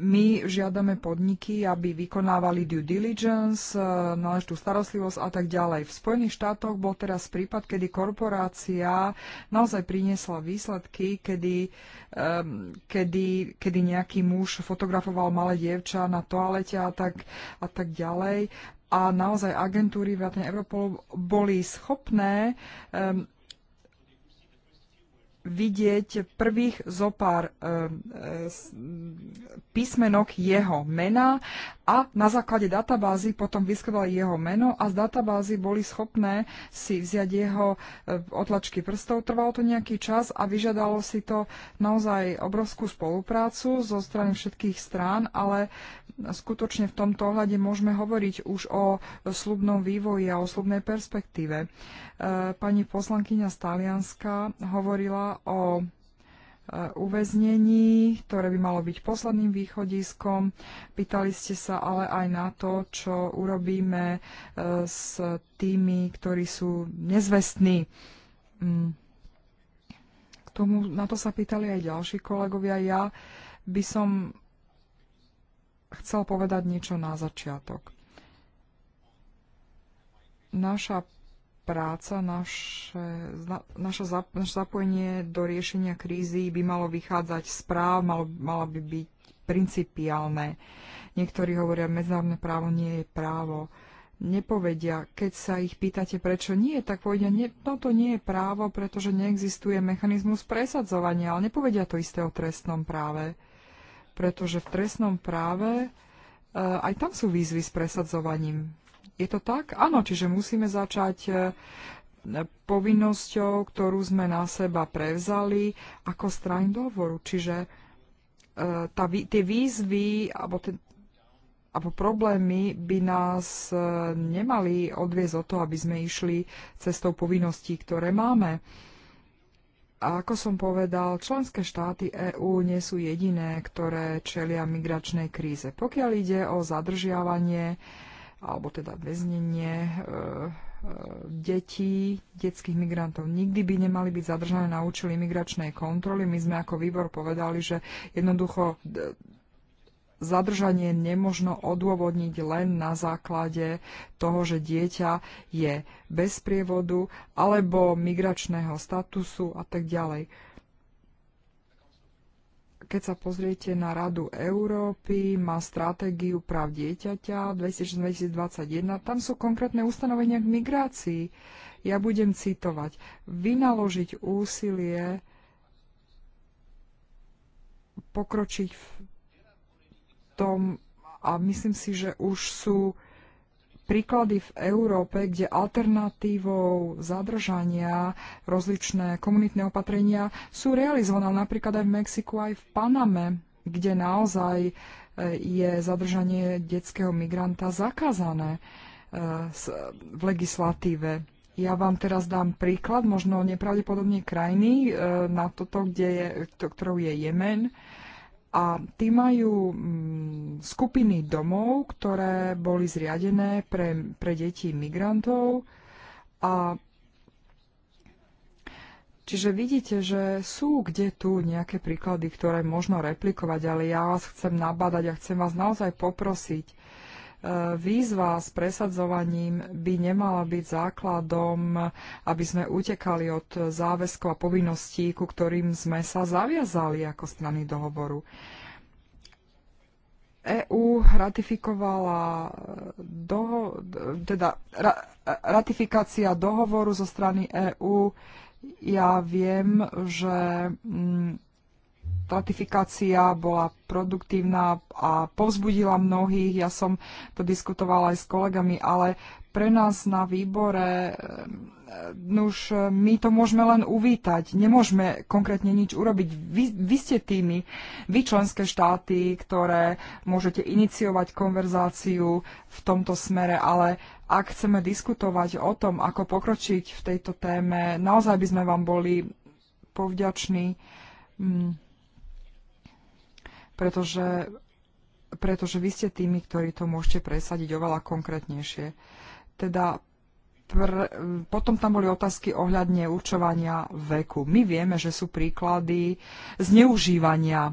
My žiadame podniky, aby vykonávali due diligence, eh, náležitú starostlivosť a tak ďalej. V Spojených štátoch bol teraz prípad, kedy korporácia naozaj priniesla výsledky, kedy, um, kedy, kedy nejaký muž fotografoval malé dievča na toalete a tak, a tak ďalej a naozaj agentúry vrátane Europolu boli schopné um, vidieť prvých zopár e, e, písmenok jeho mena a na základe databázy potom vyskladali jeho meno a z databázy boli schopné si vziať jeho e, otlačky prstov. Trvalo to nejaký čas a vyžadalo si to naozaj obrovskú spoluprácu zo strany všetkých strán, ale skutočne v tomto ohľade môžeme hovoriť už o slubnom vývoji a o slubnej perspektíve. E, pani poslankyňa Stalianska hovorila o uväznení, ktoré by malo byť posledným východiskom. Pýtali ste sa ale aj na to, čo urobíme e, s tými, ktorí sú nezvestní. Mm. K tomu, na to sa pýtali aj ďalší kolegovia. Ja by som chcel povedať niečo na začiatok. Naša práca, naše, naša, naše zapojenie do riešenia krízy by malo vychádzať z práv, malo, malo by byť principiálne. Niektorí hovoria, medzinárodné právo nie je právo nepovedia. Keď sa ich pýtate, prečo nie, tak povedia, nie, no to nie je právo, pretože neexistuje mechanizmus presadzovania, ale nepovedia to isté o trestnom práve. Pretože v trestnom práve e, aj tam sú výzvy s presadzovaním. Je to tak? Áno, čiže musíme začať e, povinnosťou, ktorú sme na seba prevzali ako strany dohovoru. Čiže e, tá, tie výzvy alebo, ten, alebo problémy by nás e, nemali odviezť o to, aby sme išli cestou povinností, ktoré máme. A ako som povedal, členské štáty EÚ nie sú jediné, ktoré čelia migračnej kríze. Pokiaľ ide o zadržiavanie, alebo teda väznenie e, e, detí, detských migrantov nikdy by nemali byť zadržané na účely imigračnej kontroly. My sme ako výbor povedali, že jednoducho zadržanie nemožno odôvodniť len na základe toho, že dieťa je bez prievodu alebo migračného statusu a tak ďalej keď sa pozriete na Radu Európy, má stratégiu práv dieťaťa 2021, tam sú konkrétne ustanovenia k migrácii. Ja budem citovať. Vynaložiť úsilie pokročiť v tom a myslím si, že už sú príklady v Európe, kde alternatívou zadržania rozličné komunitné opatrenia sú realizované napríklad aj v Mexiku, aj v Paname, kde naozaj e, je zadržanie detského migranta zakázané e, v legislatíve. Ja vám teraz dám príklad možno nepravdepodobne krajiny e, na toto, kde je, to, ktorou je Jemen a tí majú mm, skupiny domov, ktoré boli zriadené pre, pre deti migrantov. A čiže vidíte, že sú kde tu nejaké príklady, ktoré možno replikovať, ale ja vás chcem nabadať a chcem vás naozaj poprosiť, E, výzva s presadzovaním by nemala byť základom, aby sme utekali od záväzkov a povinností, ku ktorým sme sa zaviazali ako strany dohovoru. EU ratifikovala e, doho- teda ra- e, ratifikácia dohovoru zo strany EÚ. Ja viem, že mm, ratifikácia bola produktívna a povzbudila mnohých. Ja som to diskutovala aj s kolegami, ale pre nás na výbore eh, už my to môžeme len uvítať. Nemôžeme konkrétne nič urobiť. Vy, vy ste tými, vy členské štáty, ktoré môžete iniciovať konverzáciu v tomto smere, ale ak chceme diskutovať o tom, ako pokročiť v tejto téme, naozaj by sme vám boli povďační. Mm pretože, pretože vy ste tými, ktorí to môžete presadiť oveľa konkrétnejšie. Teda pr- potom tam boli otázky ohľadne určovania veku. My vieme, že sú príklady zneužívania e,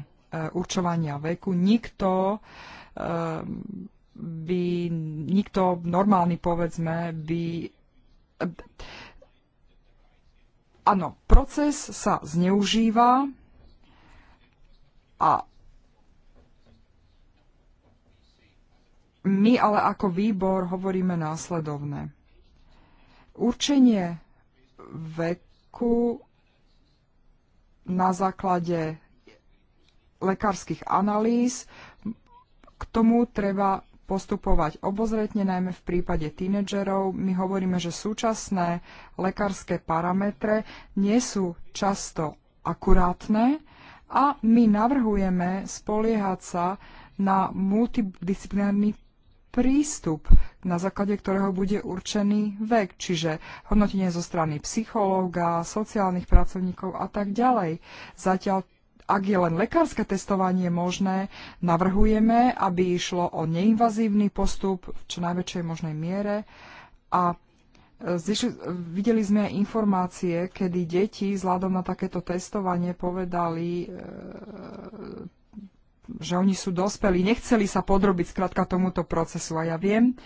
určovania veku. Nikto e, by, nikto normálny, povedzme, by e, áno, proces sa zneužíva a My ale ako výbor hovoríme následovné. Určenie veku na základe lekárskych analýz k tomu treba postupovať obozretne, najmä v prípade tínedžerov. My hovoríme, že súčasné lekárske parametre nie sú často akurátne a my navrhujeme spoliehať sa na multidisciplinárny prístup, na základe ktorého bude určený vek, čiže hodnotenie zo strany psychológa, sociálnych pracovníkov a tak ďalej. Zatiaľ ak je len lekárske testovanie možné, navrhujeme, aby išlo o neinvazívny postup v čo najväčšej možnej miere a e, videli sme aj informácie, kedy deti vzhľadom na takéto testovanie povedali, e, že oni sú dospelí, nechceli sa podrobiť skrátka tomuto procesu. A ja viem,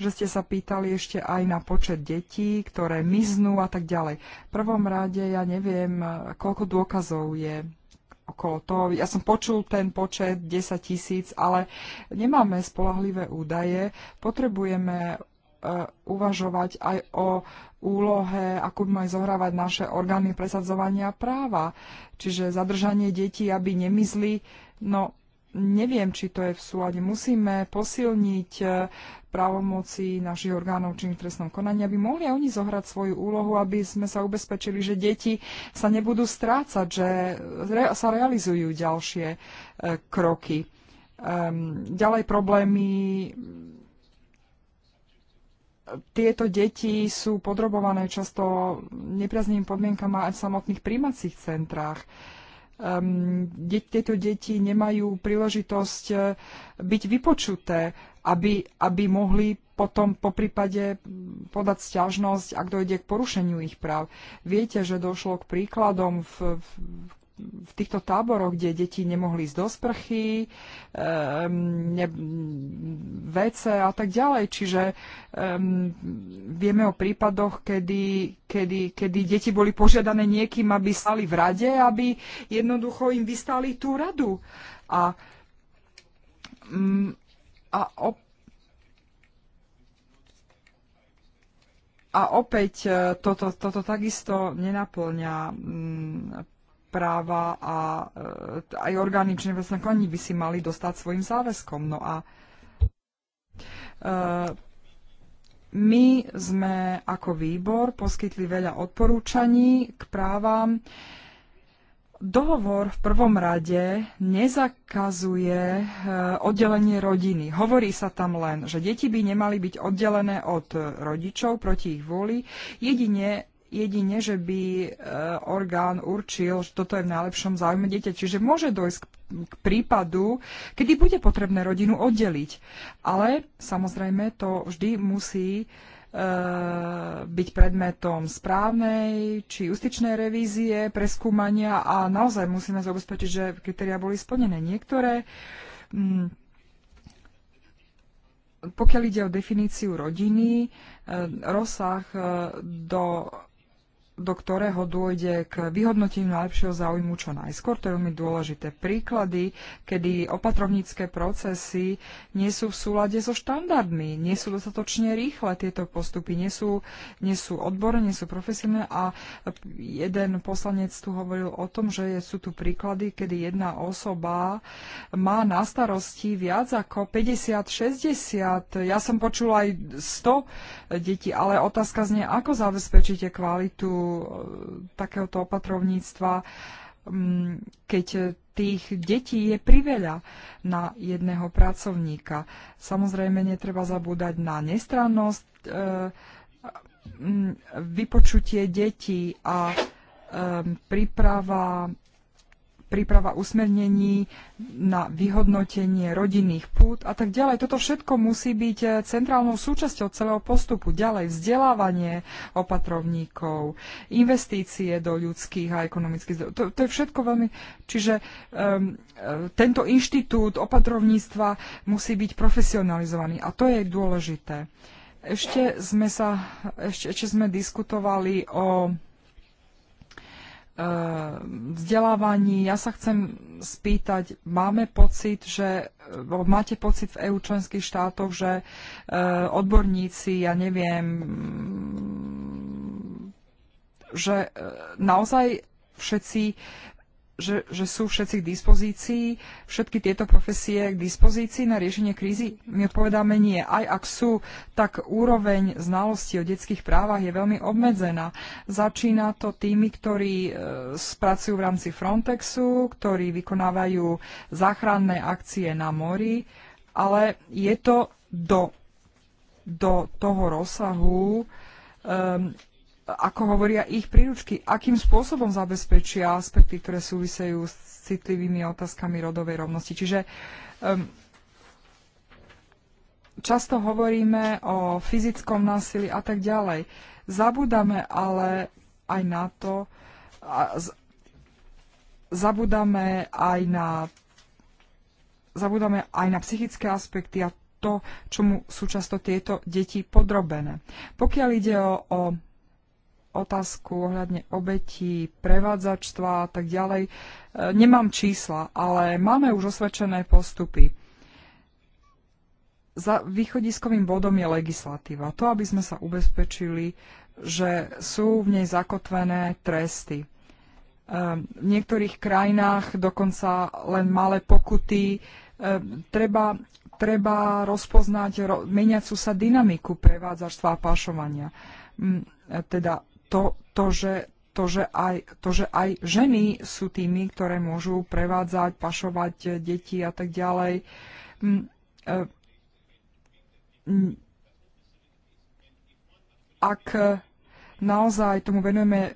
že ste sa pýtali ešte aj na počet detí, ktoré miznú a tak ďalej. V prvom rade ja neviem, koľko dôkazov je okolo toho. Ja som počul ten počet 10 tisíc, ale nemáme spolahlivé údaje. Potrebujeme e, uvažovať aj o úlohe, akú majú zohrávať naše orgány presadzovania práva. Čiže zadržanie detí, aby nemizli, no neviem, či to je v súlade. Musíme posilniť eh, právomoci našich orgánov či v trestnom konaní, aby mohli aj oni zohrať svoju úlohu, aby sme sa ubezpečili, že deti sa nebudú strácať, že sa realizujú ďalšie eh, kroky. Ehm, ďalej problémy tieto deti sú podrobované často nepriazným podmienkama aj v samotných príjmacích centrách um, de- tieto deti nemajú príležitosť eh, byť vypočuté, aby, aby mohli potom po prípade podať stiažnosť, ak dojde k porušeniu ich práv. Viete, že došlo k príkladom v, v, v týchto táboroch, kde deti nemohli ísť do sprchy, vece a tak ďalej. Čiže um, vieme o prípadoch, kedy, kedy, kedy deti boli požiadané niekým, aby stali v rade, aby jednoducho im vystali tú radu. A, um, a op- a opäť e, toto, toto takisto nenaplňa mm, práva a e, aj orgány činné koní by si mali dostať svojim záväzkom. No a e, my sme ako výbor poskytli veľa odporúčaní k právam. Dohovor v prvom rade nezakazuje e, oddelenie rodiny. Hovorí sa tam len, že deti by nemali byť oddelené od rodičov proti ich vôli, jedine jedine, že by e, orgán určil, že toto je v najlepšom záujme dieťa. Čiže môže dojsť k prípadu, kedy bude potrebné rodinu oddeliť. Ale samozrejme to vždy musí e, byť predmetom správnej či justičnej revízie, preskúmania a naozaj musíme zabezpečiť, že kritéria boli splnené. Niektoré, mm, pokiaľ ide o definíciu rodiny, e, rozsah do do ktorého dôjde k vyhodnoteniu najlepšieho záujmu čo najskôr. To je veľmi dôležité. Príklady, kedy opatrovnícke procesy nie sú v súlade so štandardmi, nie sú dostatočne rýchle tieto postupy, nie sú, nie sú odborné, nie sú profesionálne a jeden poslanec tu hovoril o tom, že sú tu príklady, kedy jedna osoba má na starosti viac ako 50-60. Ja som počula aj 100 detí, ale otázka znie, ako zabezpečíte kvalitu E, takéhoto opatrovníctva, keď tých detí je priveľa na jedného pracovníka. Samozrejme, netreba zabúdať na nestrannosť, e, vypočutie detí a e, príprava príprava usmernení na vyhodnotenie rodinných pút a tak ďalej. Toto všetko musí byť eh, centrálnou súčasťou celého postupu. Ďalej vzdelávanie opatrovníkov, investície do ľudských a ekonomických. To, to je všetko veľmi... Čiže um, tento inštitút opatrovníctva musí byť profesionalizovaný a to je dôležité. Ešte sme, sa, ešte, ešte sme diskutovali o Eh, vzdelávaní. Ja sa chcem spýtať, máme pocit, že máte pocit v EU členských štátoch, že eh, odborníci, ja neviem, že eh, naozaj všetci že, že sú všetci k dispozícii, všetky tieto profesie k dispozícii na riešenie krízy? My odpovedáme nie. Aj ak sú, tak úroveň znalosti o detských právach je veľmi obmedzená. Začína to tými, ktorí e, spracujú v rámci Frontexu, ktorí vykonávajú záchranné akcie na mori, ale je to do, do toho rozsahu um, ako hovoria ich príručky, akým spôsobom zabezpečia aspekty, ktoré súvisejú s citlivými otázkami rodovej rovnosti. Čiže um, často hovoríme o fyzickom násilí a tak ďalej. Zabúdame ale aj na to, a z, zabúdame aj na zabúdame aj na psychické aspekty a to, čomu sú často tieto deti podrobené. Pokiaľ ide o, o otázku ohľadne obetí, prevádzačstva a tak ďalej. E, nemám čísla, ale máme už osvedčené postupy. Za východiskovým bodom je legislatíva. To, aby sme sa ubezpečili, že sú v nej zakotvené tresty. E, v niektorých krajinách dokonca len malé pokuty. E, treba, treba rozpoznať meniacu sa dynamiku prevádzačstva a pašovania. Teda to, to, že, to, že aj, to, že aj ženy sú tými, ktoré môžu prevádzať, pašovať eh, deti a tak ďalej. Mm, eh, ak eh, naozaj tomu venujeme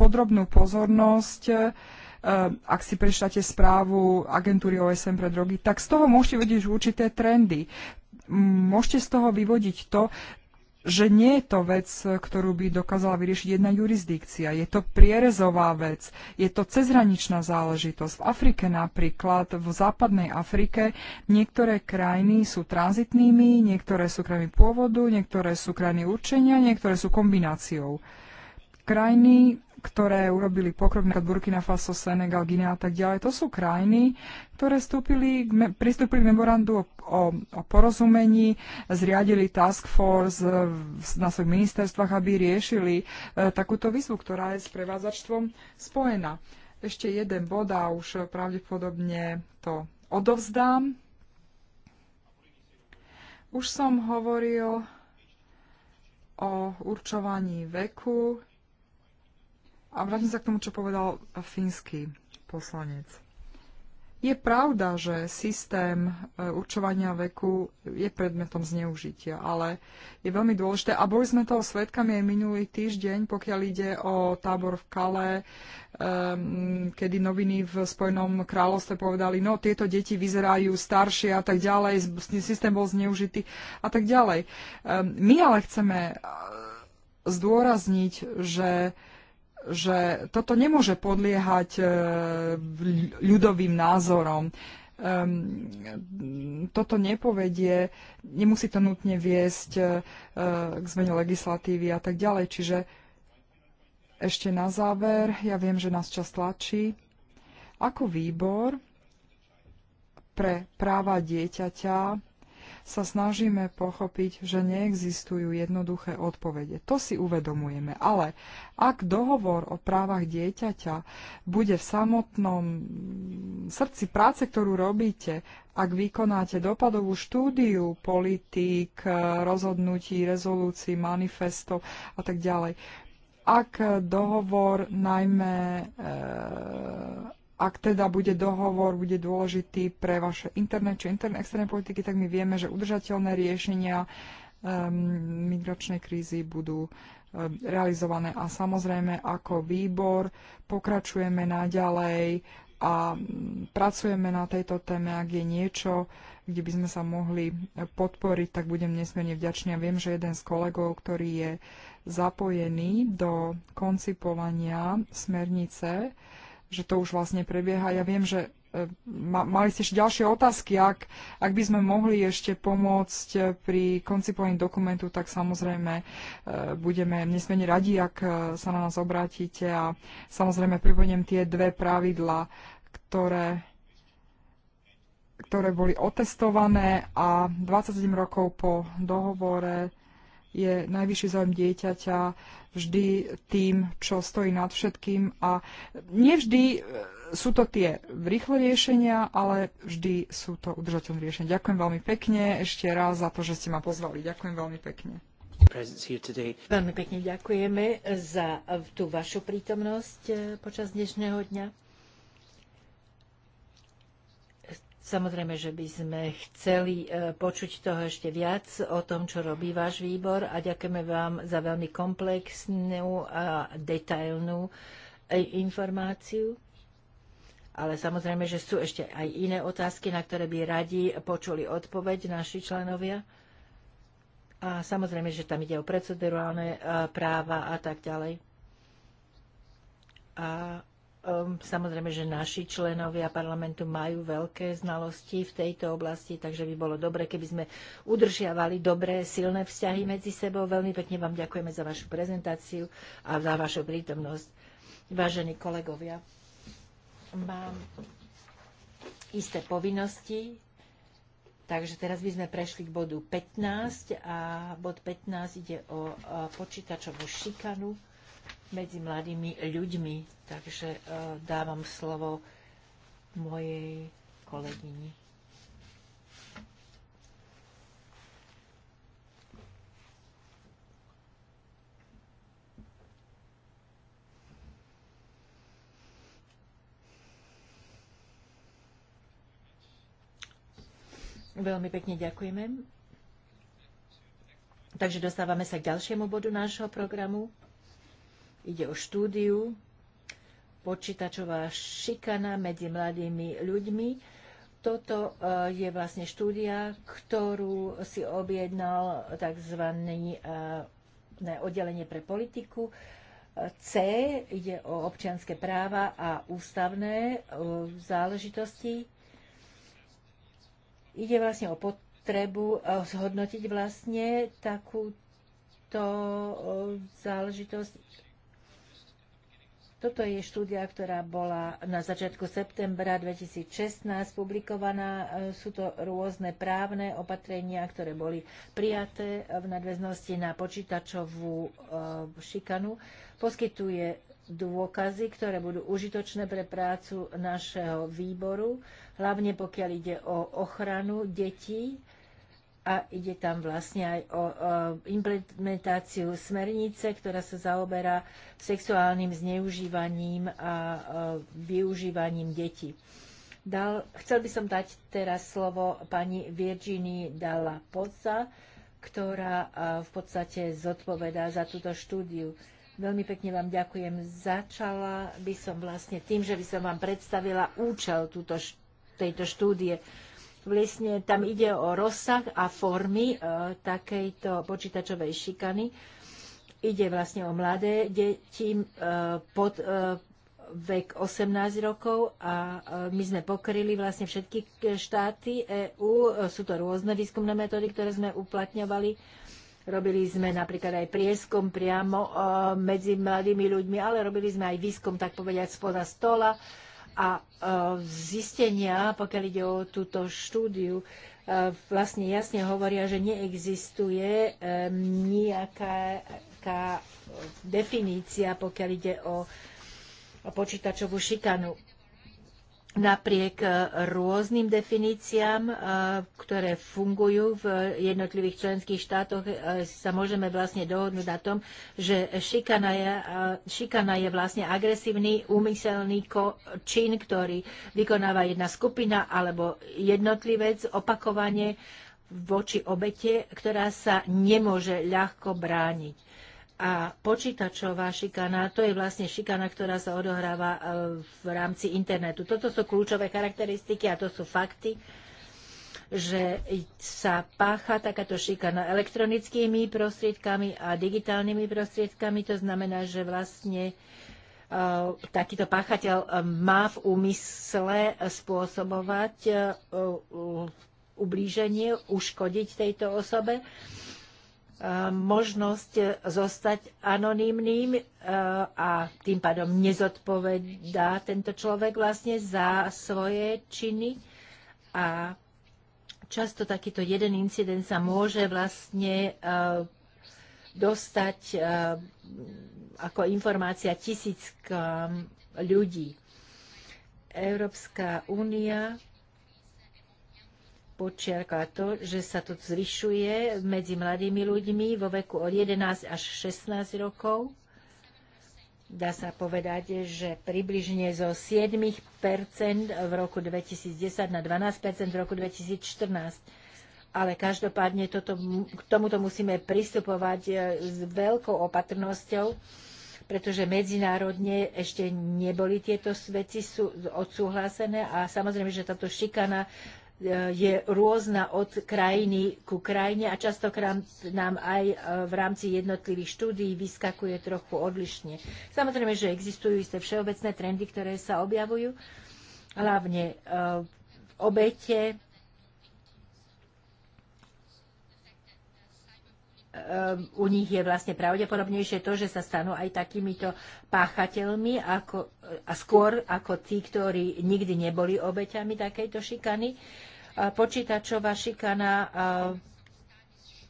podrobnú pozornosť, ak si prečítate správu agentúry OSN pre drogy, tak z toho môžete vidieť určité trendy môžete z toho vyvodiť to, že nie je to vec, ktorú by dokázala vyriešiť jedna jurisdikcia. Je to prierezová vec, je to cezhraničná záležitosť. V Afrike napríklad, v západnej Afrike, niektoré krajiny sú tranzitnými, niektoré sú krajiny pôvodu, niektoré sú krajiny určenia, niektoré sú kombináciou. Krajiny ktoré urobili pokrok na Burkina Faso, Senegal, Guinea a tak ďalej. To sú krajiny, ktoré vstúpili, pristúpili k memorandu o, o, o porozumení, zriadili task force e, na svojich ministerstvách, aby riešili e, takúto výzvu, ktorá je s prevádzačstvom spojená. Ešte jeden bod a už pravdepodobne to odovzdám. Už som hovoril o určovaní veku a vrátim sa k tomu, čo povedal fínsky poslanec. Je pravda, že systém e, určovania veku je predmetom zneužitia, ale je veľmi dôležité, a boli sme toho svetkami aj minulý týždeň, pokiaľ ide o tábor v Kale, um, kedy noviny v Spojenom kráľovstve povedali, no tieto deti vyzerajú staršie a tak ďalej, systém bol zneužitý a tak ďalej. Um, my ale chceme zdôrazniť, že že toto nemôže podliehať e, ľudovým názorom. Ehm, toto nepovedie, nemusí to nutne viesť e, k zmene legislatívy a tak ďalej. Čiže ešte na záver, ja viem, že nás čas tlačí. Ako výbor pre práva dieťaťa sa snažíme pochopiť, že neexistujú jednoduché odpovede. To si uvedomujeme. Ale ak dohovor o právach dieťaťa bude v samotnom srdci práce, ktorú robíte, ak vykonáte dopadovú štúdiu politík, rozhodnutí, rezolúcií, manifestov a tak ďalej, ak dohovor najmä e, ak teda bude dohovor, bude dôležitý pre vaše internet či interné externé politiky, tak my vieme, že udržateľné riešenia um, migračnej krízy budú um, realizované. A samozrejme, ako výbor pokračujeme naďalej a mm, pracujeme na tejto téme. Ak je niečo, kde by sme sa mohli podporiť, tak budem nesmierne vďačný. A viem, že jeden z kolegov, ktorý je zapojený do koncipovania smernice, že to už vlastne prebieha. Ja viem, že e, mali ste ešte ďalšie otázky. Ak, ak by sme mohli ešte pomôcť e, pri koncipovaní dokumentu, tak samozrejme e, budeme nesmierne radi, ak sa na nás obrátite a samozrejme pripomeniem tie dve pravidla, ktoré ktoré boli otestované a 27 rokov po dohovore je najvyšší záujem dieťaťa vždy tým, čo stojí nad všetkým a nevždy e, sú to tie rýchle riešenia, ale vždy sú to udržateľné riešenia. Ďakujem veľmi pekne ešte raz za to, že ste ma pozvali. Ďakujem veľmi pekne. Veľmi pekne ďakujeme za tú vašu prítomnosť e, počas dnešného dňa. Samozrejme, že by sme chceli e, počuť toho ešte viac o tom, čo robí váš výbor a ďakujeme vám za veľmi komplexnú a detailnú e, informáciu. Ale samozrejme, že sú ešte aj iné otázky, na ktoré by radi počuli odpoveď naši členovia. A samozrejme, že tam ide o procedurálne e, práva a tak ďalej. A Ehm, samozrejme, že naši členovia parlamentu majú veľké znalosti v tejto oblasti, takže by bolo dobre, keby sme udržiavali dobré, silné vzťahy medzi sebou. Veľmi pekne vám ďakujeme za vašu prezentáciu a za vašu prítomnosť. Vážení kolegovia, mám isté povinnosti, takže teraz by sme prešli k bodu 15 a bod 15 ide o e, počítačovú šikanu medzi mladými ľuďmi. Takže e, dávam slovo mojej kolegyni. Veľmi pekne ďakujeme. Takže dostávame sa k ďalšiemu bodu nášho programu. Ide o štúdiu počítačová šikana medzi mladými ľuďmi. Toto eh, je vlastne štúdia, ktorú si objednal tzv. Eh, oddelenie pre politiku. C ide o občianské práva a ústavné eh, záležitosti. Ide vlastne o potrebu zhodnotiť vlastne takúto záležitosť toto je štúdia, ktorá bola na začiatku septembra 2016 publikovaná. E, sú to rôzne právne opatrenia, ktoré boli prijaté v nadväznosti na počítačovú e, šikanu. Poskytuje dôkazy, ktoré budú užitočné pre prácu našeho výboru, hlavne pokiaľ ide o ochranu detí a ide tam vlastne aj o, implementáciu smernice, ktorá sa zaoberá sexuálnym zneužívaním a využívaním detí. Dal, chcel by som dať teraz slovo pani Virginii Dalla Pozza, ktorá v podstate zodpovedá za túto štúdiu. Veľmi pekne vám ďakujem. Začala by som vlastne tým, že by som vám predstavila účel túto, tejto štúdie. Vlastne tam ide o rozsah a formy e, takejto počítačovej šikany. Ide vlastne o mladé deti e, pod e, vek 18 rokov a my sme pokryli vlastne všetky štáty EÚ. Sú to rôzne výskumné metódy, ktoré sme uplatňovali. Robili sme napríklad aj prieskum priamo medzi mladými ľuďmi, ale robili sme aj výskum, tak povediať, spoda stola a e, zistenia, pokiaľ ide o túto štúdiu, e, vlastne jasne hovoria, že neexistuje e, nejaká definícia, pokiaľ ide o počítačovú šikanu napriek e, rôznym definíciám, e, ktoré fungujú v jednotlivých členských štátoch, e, sa môžeme vlastne dohodnúť na tom, že šikana je, šikana je vlastne agresívny, úmyselný čin, ktorý vykonáva jedna skupina alebo jednotlivec opakovane voči obete, ktorá sa nemôže ľahko brániť. A počítačová šikana, to je vlastne šikana, ktorá sa odohráva e, v rámci internetu. Toto sú kľúčové charakteristiky a to sú fakty, že sa pácha takáto šikana elektronickými prostriedkami a digitálnymi prostriedkami. To znamená, že vlastne e, takýto páchateľ e, má v úmysle spôsobovať ublíženie, uškodiť tejto osobe možnosť zostať anonymným e, a tým pádom nezodpovedá tento človek vlastne za svoje činy. A často takýto jeden incident sa môže vlastne e, dostať e, ako informácia tisíc ľudí. Európska únia počiarka to, že sa to zvyšuje medzi mladými ľuďmi vo veku od 11 až 16 rokov. Dá sa povedať, že približne zo 7 v roku 2010 na 12 v roku 2014. Ale každopádne toto, k tomuto musíme pristupovať e, s veľkou opatrnosťou, pretože medzinárodne ešte neboli tieto veci odsúhlasené a samozrejme, že táto šikana je rôzna od krajiny ku krajine a častokrát nám aj e, v rámci jednotlivých štúdií vyskakuje trochu odlišne. Samozrejme, že existujú isté všeobecné trendy, ktoré sa objavujú, hlavne v e, obete, e, u nich je vlastne pravdepodobnejšie to, že sa stanú aj takýmito páchateľmi ako, a skôr ako tí, ktorí nikdy neboli obeťami takejto šikany. Uh, Počítačová šikana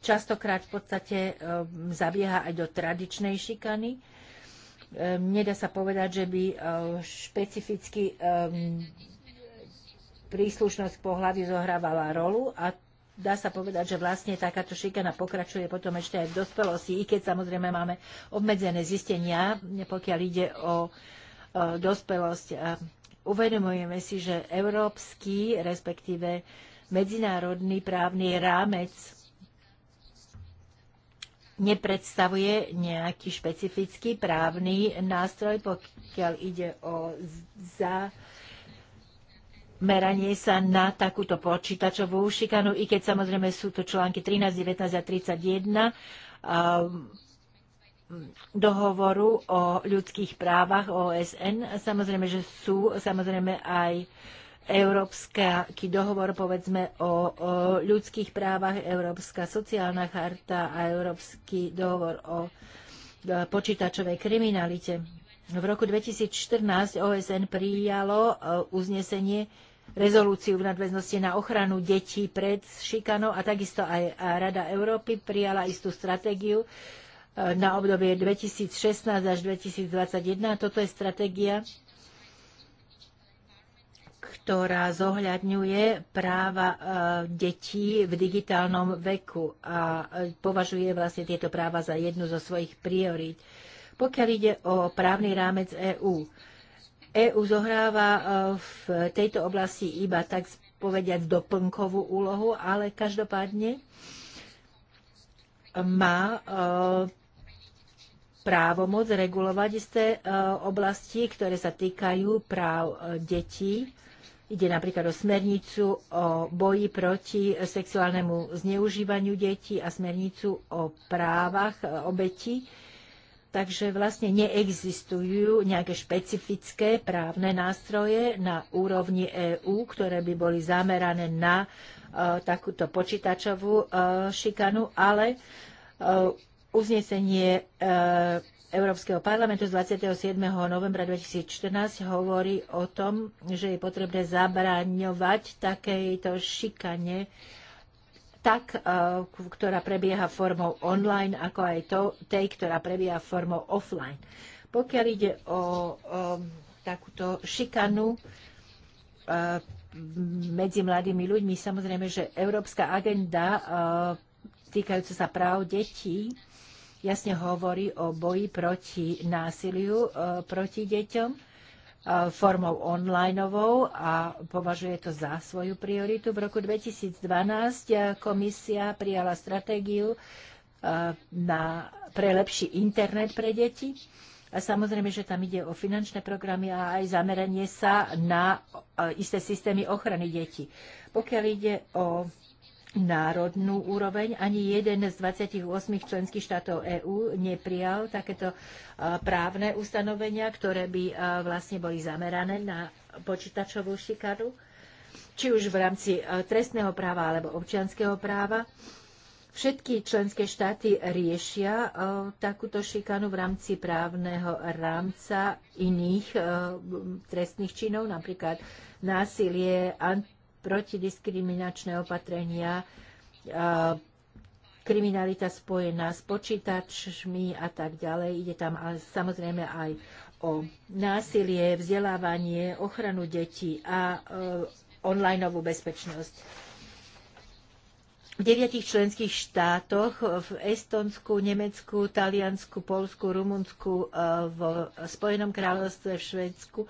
častokrát v podstate um, zabieha aj do tradičnej šikany. Ehm, nedá sa povedať, že by uh, špecificky ehm, príslušnosť po hlavi zohrávala rolu a dá sa povedať, že vlastne takáto šikana pokračuje potom ešte aj v dospelosti, i keď samozrejme máme obmedzené zistenia, pokiaľ ide o uh, dospelosť uvedomujeme si, že európsky, respektíve medzinárodný právny rámec nepredstavuje nejaký špecifický právny nástroj, pokiaľ ide o zameranie sa na takúto počítačovú šikanu, i keď samozrejme sú to články 13, 19 a 31, dohovoru o ľudských právach OSN. Samozrejme, že sú samozrejme aj Európsky dohovor, povedzme, o, o ľudských právach, Európska sociálna charta a Európsky dohovor o počítačovej kriminalite. V roku 2014 OSN prijalo e, uznesenie rezolúciu v nadväznosti na ochranu detí pred šikanou a takisto aj Rada Európy prijala istú stratégiu na obdobie 2016 až 2021. Toto je stratégia, ktorá zohľadňuje práva e, detí v digitálnom veku a e, považuje vlastne tieto práva za jednu zo svojich priorít. Pokiaľ ide o právny rámec EÚ, EÚ zohráva e, v tejto oblasti iba tak povediať doplnkovú úlohu, ale každopádne má právomoc regulovať isté e, oblasti, ktoré sa týkajú práv e, detí. Ide napríklad o smernicu o boji proti sexuálnemu zneužívaniu detí a smernicu o právach e, obetí. Takže vlastne neexistujú nejaké špecifické právne nástroje na úrovni EÚ, ktoré by boli zamerané na takúto počítačovú šikanu, ale uznesenie e, Európskeho parlamentu z 27. novembra 2014 hovorí o tom, že je potrebné zabraňovať takejto šikane, tak, e, ktorá prebieha formou online, ako aj to, tej, ktorá prebieha formou offline. Pokiaľ ide o, o takúto šikanu, e, medzi mladými ľuďmi. Samozrejme, že Európska agenda týkajúca sa práv detí jasne hovorí o boji proti násiliu e, proti deťom e, formou onlineovou a považuje to za svoju prioritu. V roku 2012 e, komisia prijala stratégiu na, pre lepší internet pre deti. A samozrejme, že tam ide o finančné programy a aj zameranie sa na isté systémy ochrany detí. Pokiaľ ide o národnú úroveň. Ani jeden z 28 členských štátov EÚ neprijal takéto e, právne ustanovenia, ktoré by e, vlastne boli zamerané na počítačovú šikanu, či už v rámci e, trestného práva alebo občianského práva. Všetky členské štáty riešia takúto šikanu v rámci právneho rámca iných trestných činov, napríklad násilie, anti protidiskriminačné opatrenia, kriminalita spojená s počítačmi a tak ďalej. Ide tam ale samozrejme aj o násilie, vzdelávanie, ochranu detí a e, online bezpečnosť. V deviatich členských štátoch, v Estonsku, Nemecku, Taliansku, Polsku, Rumunsku, e, v Spojenom kráľovstve, v Švedsku,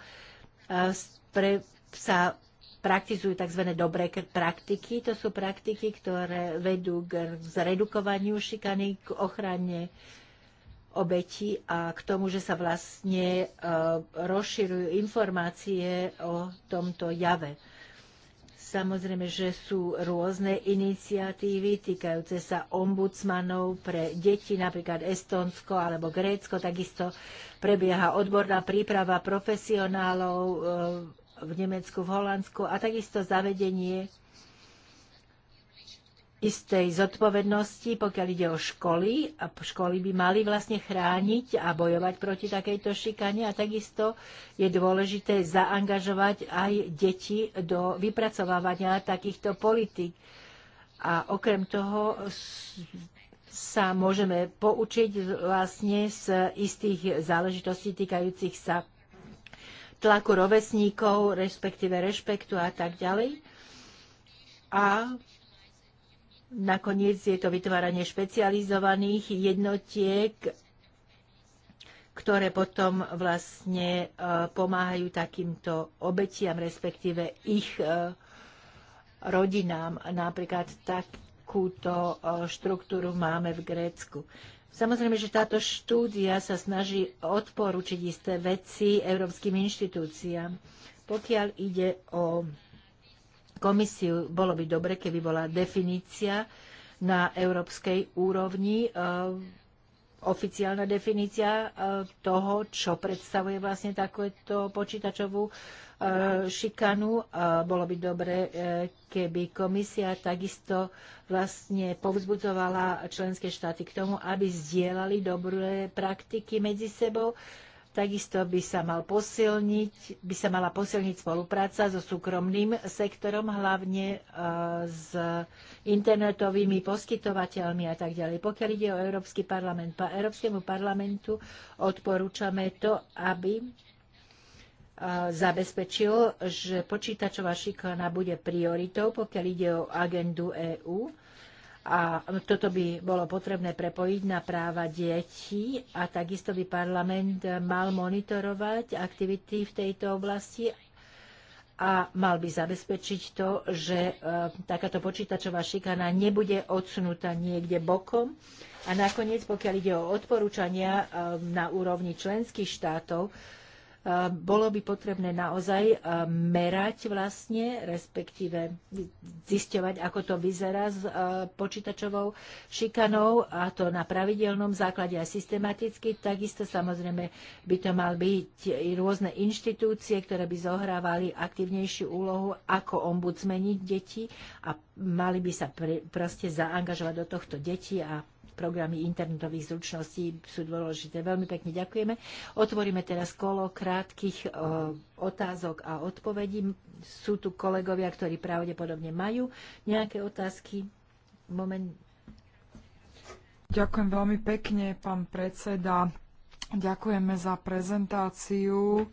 e, sa praktizujú tzv. dobré praktiky. To sú praktiky, ktoré vedú k zredukovaniu šikany, k ochrane obeti a k tomu, že sa vlastne e, rozširujú informácie o tomto jave. Samozrejme, že sú rôzne iniciatívy týkajúce sa ombudsmanov pre deti, napríklad Estonsko alebo Grécko. Takisto prebieha odborná príprava profesionálov e, v Nemecku, v Holandsku a takisto zavedenie istej zodpovednosti, pokiaľ ide o školy. A školy by mali vlastne chrániť a bojovať proti takejto šikane. A takisto je dôležité zaangažovať aj deti do vypracovávania takýchto politik. A okrem toho sa môžeme poučiť vlastne z istých záležitostí týkajúcich sa tlaku rovesníkov, respektíve rešpektu a tak ďalej. A nakoniec je to vytváranie špecializovaných jednotiek, ktoré potom vlastne e, pomáhajú takýmto obetiam, respektíve ich e, rodinám. Napríklad takúto e, štruktúru máme v Grécku. Samozrejme, že táto štúdia sa snaží odporučiť isté veci európskym inštitúciám. Pokiaľ ide o komisiu, bolo by dobre, keby bola definícia na európskej úrovni, e, oficiálna definícia e, toho, čo predstavuje vlastne takúto počítačovú Eh, šikanu a bolo by dobre, eh, keby komisia takisto vlastne povzbudzovala členské štáty k tomu, aby zdieľali dobré praktiky medzi sebou. Takisto by sa, mal posilniť, by sa mala posilniť spolupráca so súkromným sektorom, hlavne eh, s internetovými poskytovateľmi a tak ďalej. Pokiaľ ide o Európsky parlament, pa Európskemu parlamentu odporúčame to, aby zabezpečil, že počítačová šikana bude prioritou, pokiaľ ide o agendu EÚ. A toto by bolo potrebné prepojiť na práva detí a takisto by parlament mal monitorovať aktivity v tejto oblasti a mal by zabezpečiť to, že e, takáto počítačová šikana nebude odsunutá niekde bokom. A nakoniec, pokiaľ ide o odporúčania e, na úrovni členských štátov, Eh, bolo by potrebné naozaj eh, merať vlastne, respektíve zisťovať, ako to vyzerá s eh, počítačovou šikanou a to na pravidelnom základe a systematicky. Takisto samozrejme by to mal byť i rôzne inštitúcie, ktoré by zohrávali aktívnejšiu úlohu ako ombudsmeniť deti a mali by sa pr- proste zaangažovať do tohto detí a programy internetových zručností sú dôležité. Veľmi pekne ďakujeme. Otvoríme teraz kolo krátkých e, otázok a odpovedí. Sú tu kolegovia, ktorí pravdepodobne majú nejaké otázky. Moment. Ďakujem veľmi pekne, pán predseda. Ďakujeme za prezentáciu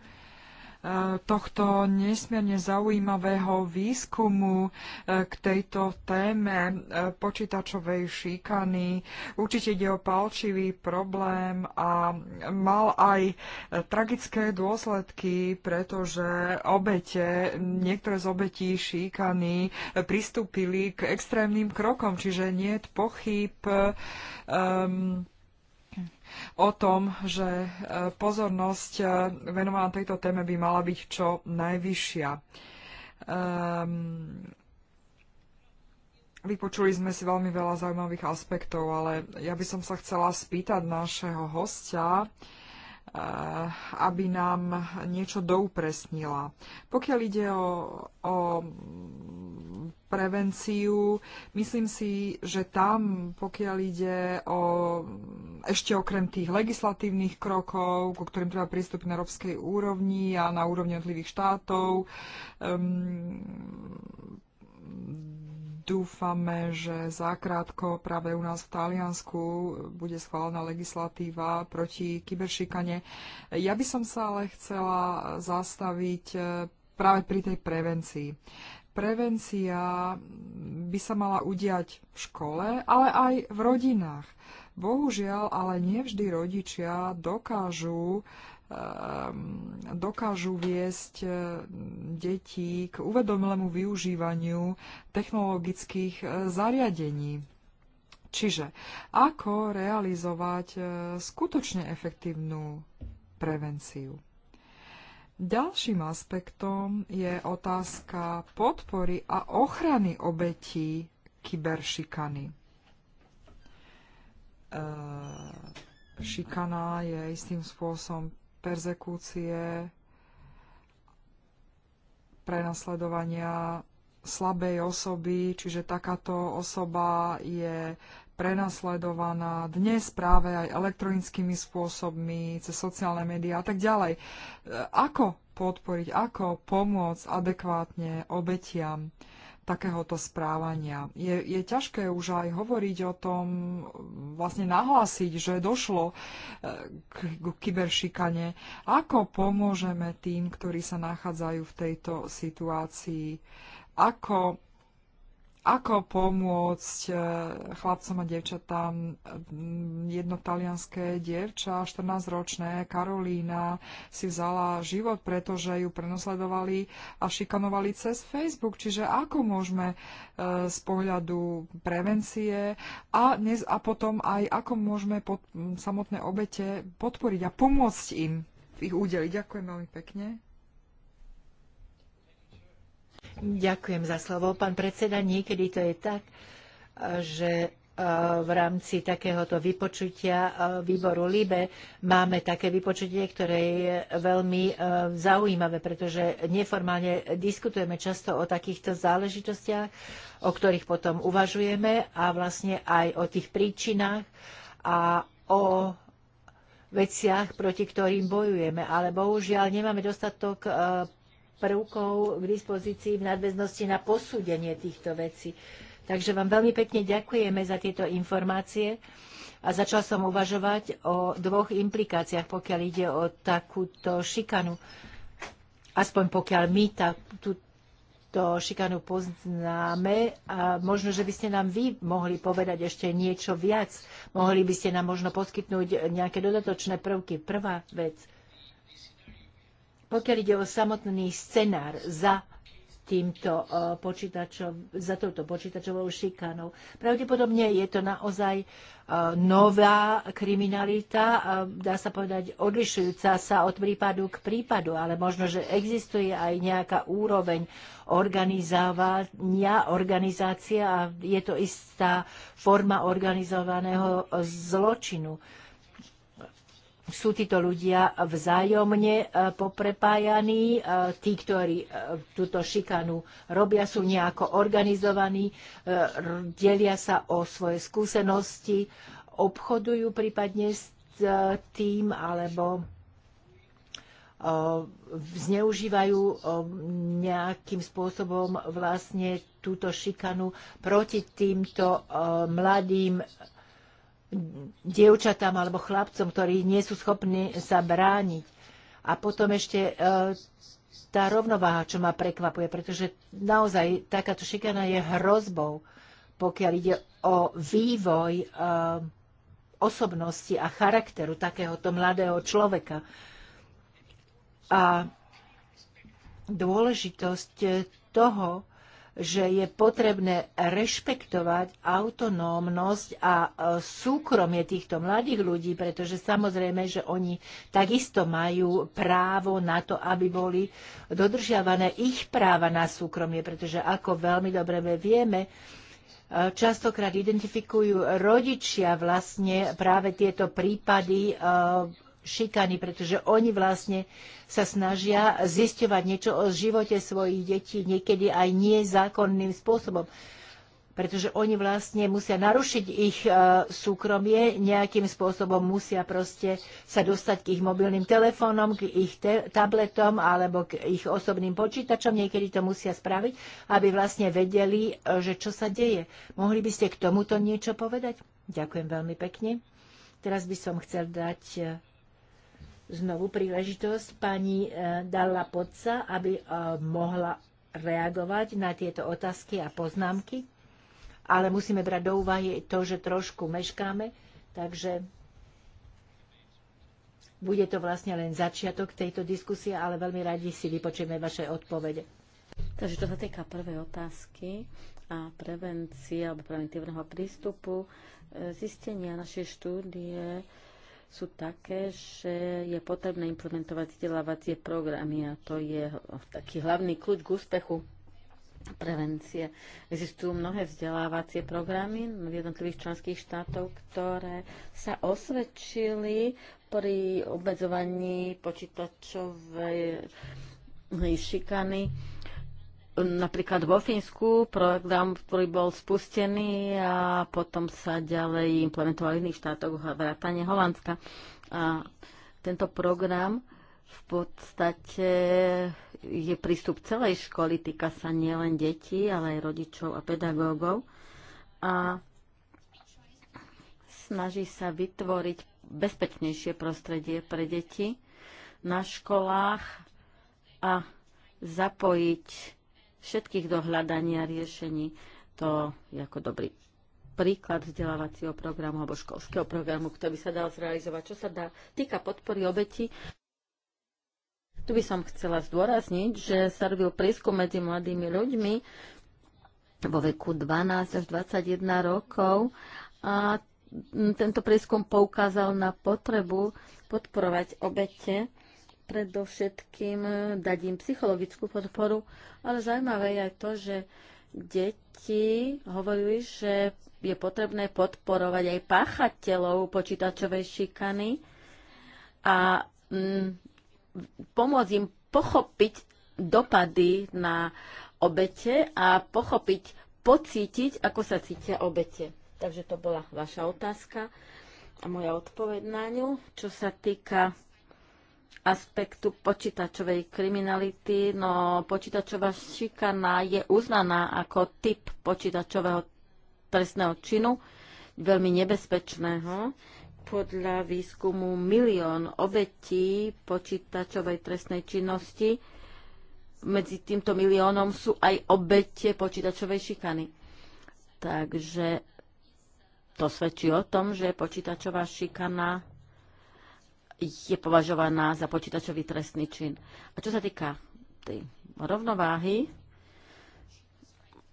tohto nesmierne zaujímavého výskumu e, k tejto téme e, počítačovej šikany. Určite ide o palčivý problém a mal aj e, tragické dôsledky, pretože obete, niektoré z obetí šikany pristúpili k extrémnym krokom, čiže nie je pochyb um, o tom, že e, pozornosť e, venovaná tejto téme by mala byť čo najvyššia. Um, vypočuli sme si veľmi veľa zaujímavých aspektov, ale ja by som sa chcela spýtať nášho hostia, e, aby nám niečo doupresnila. Pokiaľ ide o, o prevenciu. Myslím si, že tam, pokiaľ ide o ešte okrem tých legislatívnych krokov, ku ktorým treba prístup na európskej úrovni a na úrovni jednotlivých štátov, um, dúfame, že zakrátko práve u nás v Taliansku bude schválená legislatíva proti kyberšikane. Ja by som sa ale chcela zastaviť eh, práve pri tej prevencii prevencia by sa mala udiať v škole, ale aj v rodinách. Bohužiaľ, ale nevždy rodičia dokážu ehm, dokážu viesť e, deti k uvedomlému využívaniu technologických e, zariadení. Čiže ako realizovať e, skutočne efektívnu prevenciu? Ďalším aspektom je otázka podpory a ochrany obetí kyberšikany. E, šikana je istým spôsobom perzekúcie, prenasledovania slabej osoby, čiže takáto osoba je prenasledovaná dnes práve aj elektronickými spôsobmi, cez sociálne médiá a tak ďalej. E, ako podporiť, ako pomôcť adekvátne obetiam takéhoto správania. Je, je ťažké už aj hovoriť o tom, vlastne nahlásiť, že došlo e, k, k kyberšikane. Ako pomôžeme tým, ktorí sa nachádzajú v tejto situácii? Ako ako pomôcť eh, chlapcom a devčatám. Mm, jedno talianské dievča, 14-ročné, Karolína, si vzala život, pretože ju prenosledovali a šikanovali cez Facebook. Čiže ako môžeme eh, z pohľadu prevencie a, dnes, a potom aj ako môžeme pod, mm, samotné obete podporiť a pomôcť im v ich údeli. Ďakujem veľmi pekne. Ďakujem za slovo. Pán predseda, niekedy to je tak, že e, v rámci takéhoto vypočutia e, výboru LIBE máme také vypočutie, ktoré je veľmi e, zaujímavé, pretože neformálne diskutujeme často o takýchto záležitostiach, o ktorých potom uvažujeme a vlastne aj o tých príčinách a o veciach, proti ktorým bojujeme. Ale bohužiaľ nemáme dostatok prvkov k dispozícii v nadväznosti na posúdenie týchto vecí. Takže vám veľmi pekne ďakujeme za tieto informácie a začal som uvažovať o dvoch implikáciách, pokiaľ ide o takúto šikanu. Aspoň pokiaľ my tá, túto šikanu poznáme, a možno, že by ste nám vy mohli povedať ešte niečo viac. Mohli by ste nám možno poskytnúť nejaké dodatočné prvky. Prvá vec – pokiaľ ide o samotný scenár za týmto eh, počítačom, za touto počítačovou šikanou. Pravdepodobne je to naozaj eh, nová kriminalita, eh, dá sa povedať odlišujúca sa od prípadu k prípadu, ale možno, že existuje aj nejaká úroveň organizovania, organizácia a je to istá forma organizovaného zločinu sú títo ľudia vzájomne e, poprepájaní. E, tí, ktorí e, túto šikanu robia, sú nejako organizovaní, delia sa o svoje skúsenosti, obchodujú prípadne s tým alebo zneužívajú nejakým spôsobom vlastne túto šikanu proti týmto mladým dievčatám alebo chlapcom, ktorí nie sú schopní sa brániť. A potom ešte e, tá rovnováha, čo ma prekvapuje, pretože naozaj takáto šikana je hrozbou, pokiaľ ide o vývoj e, osobnosti a charakteru takéhoto mladého človeka. A dôležitosť toho, že je potrebné rešpektovať autonómnosť a e, súkromie týchto mladých ľudí, pretože samozrejme, že oni takisto majú právo na to, aby boli dodržiavané ich práva na súkromie, pretože ako veľmi dobre vieme, e, častokrát identifikujú rodičia vlastne práve tieto prípady e, šikany, pretože oni vlastne sa snažia zisťovať niečo o živote svojich detí, niekedy aj nezákonným spôsobom pretože oni vlastne musia narušiť ich e, súkromie, nejakým spôsobom musia proste sa dostať k ich mobilným telefónom, k ich te- tabletom alebo k ich osobným počítačom. Niekedy to musia spraviť, aby vlastne vedeli, e, že čo sa deje. Mohli by ste k tomuto niečo povedať? Ďakujem veľmi pekne. Teraz by som chcel dať e, znovu príležitosť pani e, Dalla Podca, aby e, mohla reagovať na tieto otázky a poznámky. Ale musíme brať do úvahy to, že trošku meškáme, takže bude to vlastne len začiatok tejto diskusie, ale veľmi radi si vypočujeme vaše odpovede. Takže to sa týka prvej otázky a prevencie alebo preventívneho prístupu, e, zistenia našej štúdie sú také, že je potrebné implementovať vzdelávacie programy a to je taký hlavný kľúč k úspechu prevencie. Existujú mnohé vzdelávacie programy v jednotlivých členských štátov, ktoré sa osvedčili pri obmedzovaní počítačovej šikany napríklad vo Fínsku program, ktorý bol spustený a potom sa ďalej implementoval v iných štátoch vrátane Holandska. A tento program v podstate je prístup celej školy, týka sa nielen detí, ale aj rodičov a pedagógov. A snaží sa vytvoriť bezpečnejšie prostredie pre deti na školách a zapojiť všetkých do hľadania riešení. To je ako dobrý príklad vzdelávacieho programu alebo školského programu, ktorý by sa dal zrealizovať. Čo sa dá týka podpory obeti, tu by som chcela zdôrazniť, že sa robil prieskum medzi mladými ľuďmi vo veku 12 až 21 rokov a tento prieskum poukázal na potrebu podporovať obete predovšetkým e, dať im psychologickú podporu, ale zaujímavé je aj to, že deti hovorili, že je potrebné podporovať aj páchateľov počítačovej šikany a mm, pomôcť im pochopiť dopady na obete a pochopiť, pocítiť, ako sa cítia obete. Takže to bola vaša otázka a moja odpoveď na ňu. Čo sa týka aspektu počítačovej kriminality, no počítačová šikana je uznaná ako typ počítačového trestného činu, veľmi nebezpečného. Podľa výskumu milión obetí počítačovej trestnej činnosti medzi týmto miliónom sú aj obete počítačovej šikany. Takže to svedčí o tom, že počítačová šikana je považovaná za počítačový trestný čin. A čo sa týka tej rovnováhy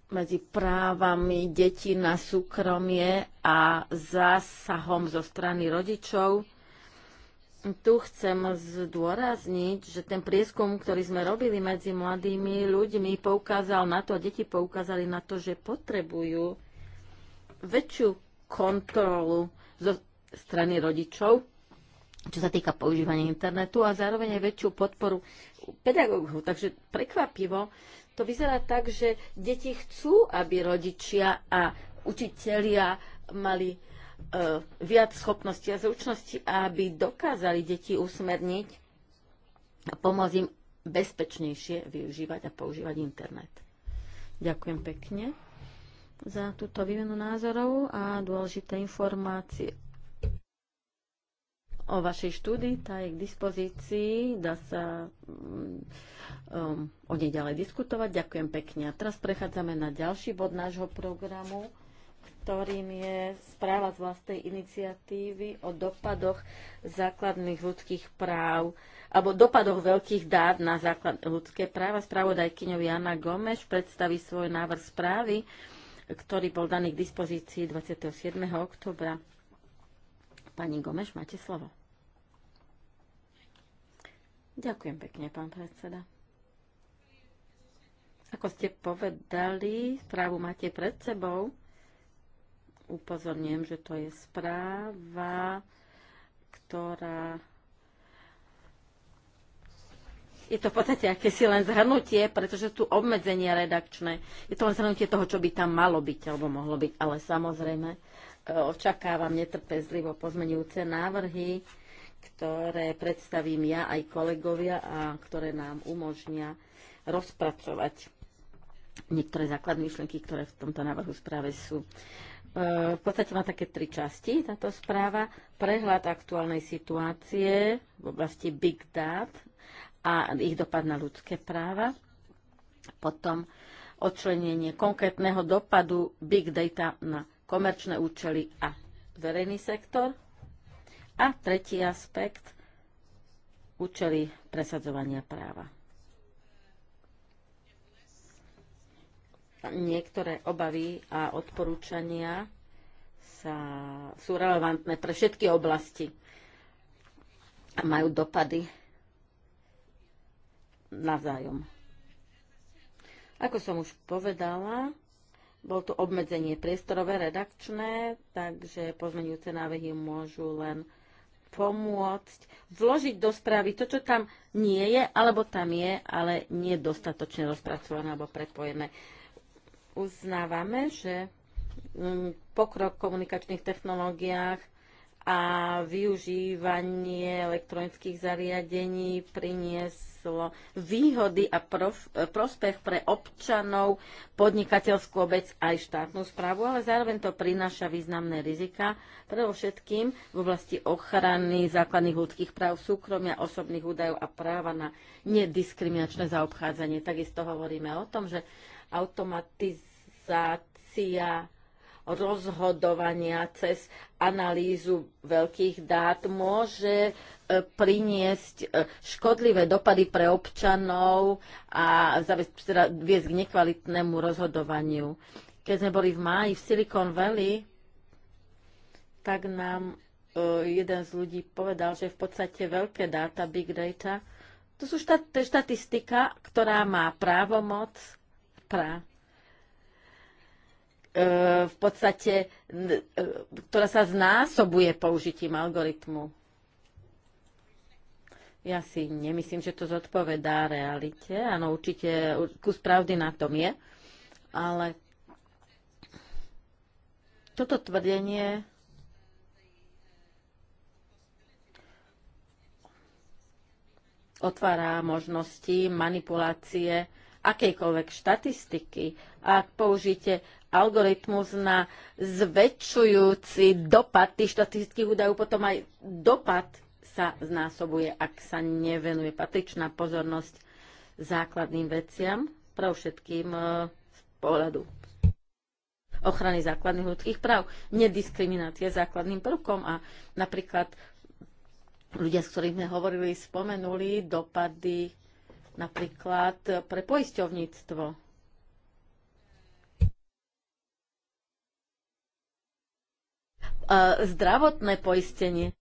medzi právami detí na súkromie a zásahom zo strany rodičov, tu chcem zdôrazniť, že ten prieskum, ktorý sme robili medzi mladými ľuďmi, poukázal na to, a deti poukázali na to, že potrebujú väčšiu kontrolu zo strany rodičov čo sa týka používania internetu a zároveň aj väčšiu podporu pedagógov. Takže prekvapivo to vyzerá tak, že deti chcú, aby rodičia a učitelia mali e, viac schopností a zručností, aby dokázali deti usmerniť a pomôcť im bezpečnejšie využívať a používať internet. Ďakujem pekne za túto výmenu názorov a dôležité informácie o vašej štúdii, tá je k dispozícii, dá sa mm, um, o nej ďalej diskutovať. Ďakujem pekne. A teraz prechádzame na ďalší bod nášho programu, ktorým je správa z vlastnej iniciatívy o dopadoch základných ľudských práv alebo dopadoch veľkých dát na základ ľudské práva. Spravodajkyňou Jana Gomeš predstaví svoj návrh správy, ktorý bol daný k dispozícii 27. oktobra Pani Gomeš, máte slovo. Ďakujem pekne, pán predseda. Ako ste povedali, správu máte pred sebou. Upozorňujem, že to je správa, ktorá je to v podstate akési len zhrnutie, pretože sú obmedzenia redakčné. Je to len zhrnutie toho, čo by tam malo byť alebo mohlo byť. Ale samozrejme, očakávam netrpezlivo pozmenujúce návrhy, ktoré predstavím ja aj kolegovia a ktoré nám umožnia rozpracovať niektoré základné myšlenky, ktoré v tomto návrhu správe sú. E, v podstate má také tri časti táto správa. Prehľad aktuálnej situácie v oblasti Big Data a ich dopad na ľudské práva. Potom odčlenenie konkrétneho dopadu Big Data na komerčné účely a verejný sektor. A tretí aspekt, účely presadzovania práva. Niektoré obavy a odporúčania sa, sú relevantné pre všetky oblasti a majú dopady navzájom. Ako som už povedala, bol tu obmedzenie priestorové, redakčné, takže pozmenujúce návrhy môžu len pomôcť vložiť do správy to, čo tam nie je, alebo tam je, ale nie je dostatočne rozpracované alebo prepojené. Uznávame, že mm, pokrok v komunikačných technológiách a využívanie elektronických zariadení priniesť prinieslo výhody a prof, prospech pre občanov, podnikateľskú obec aj štátnu správu, ale zároveň to prináša významné rizika, predovšetkým v oblasti ochrany základných ľudských práv, súkromia, osobných údajov a práva na nediskriminačné zaobchádzanie. Takisto hovoríme o tom, že automatizácia rozhodovania cez analýzu veľkých dát môže e, priniesť e, škodlivé dopady pre občanov a teda viesť k nekvalitnému rozhodovaniu. Keď sme boli v máji v Silicon Valley, tak nám e, jeden z ľudí povedal, že v podstate veľké dáta, big data, to sú štat, to je štatistika, ktorá má právomoc, prá, E, v podstate, e, ktorá sa znásobuje použitím algoritmu. Ja si nemyslím, že to zodpovedá realite. Áno, určite kus pravdy na tom je. Ale toto tvrdenie otvára možnosti manipulácie akejkoľvek štatistiky. Ak použijete algoritmus na zväčšujúci dopad tých štatistických údajov, potom aj dopad sa znásobuje, ak sa nevenuje patričná pozornosť základným veciam, pre všetkým e, z pohľadu ochrany základných ľudských práv, nediskriminácie základným prvkom a napríklad ľudia, s ktorými sme hovorili, spomenuli dopady napríklad pre poisťovníctvo zdravotné poistenie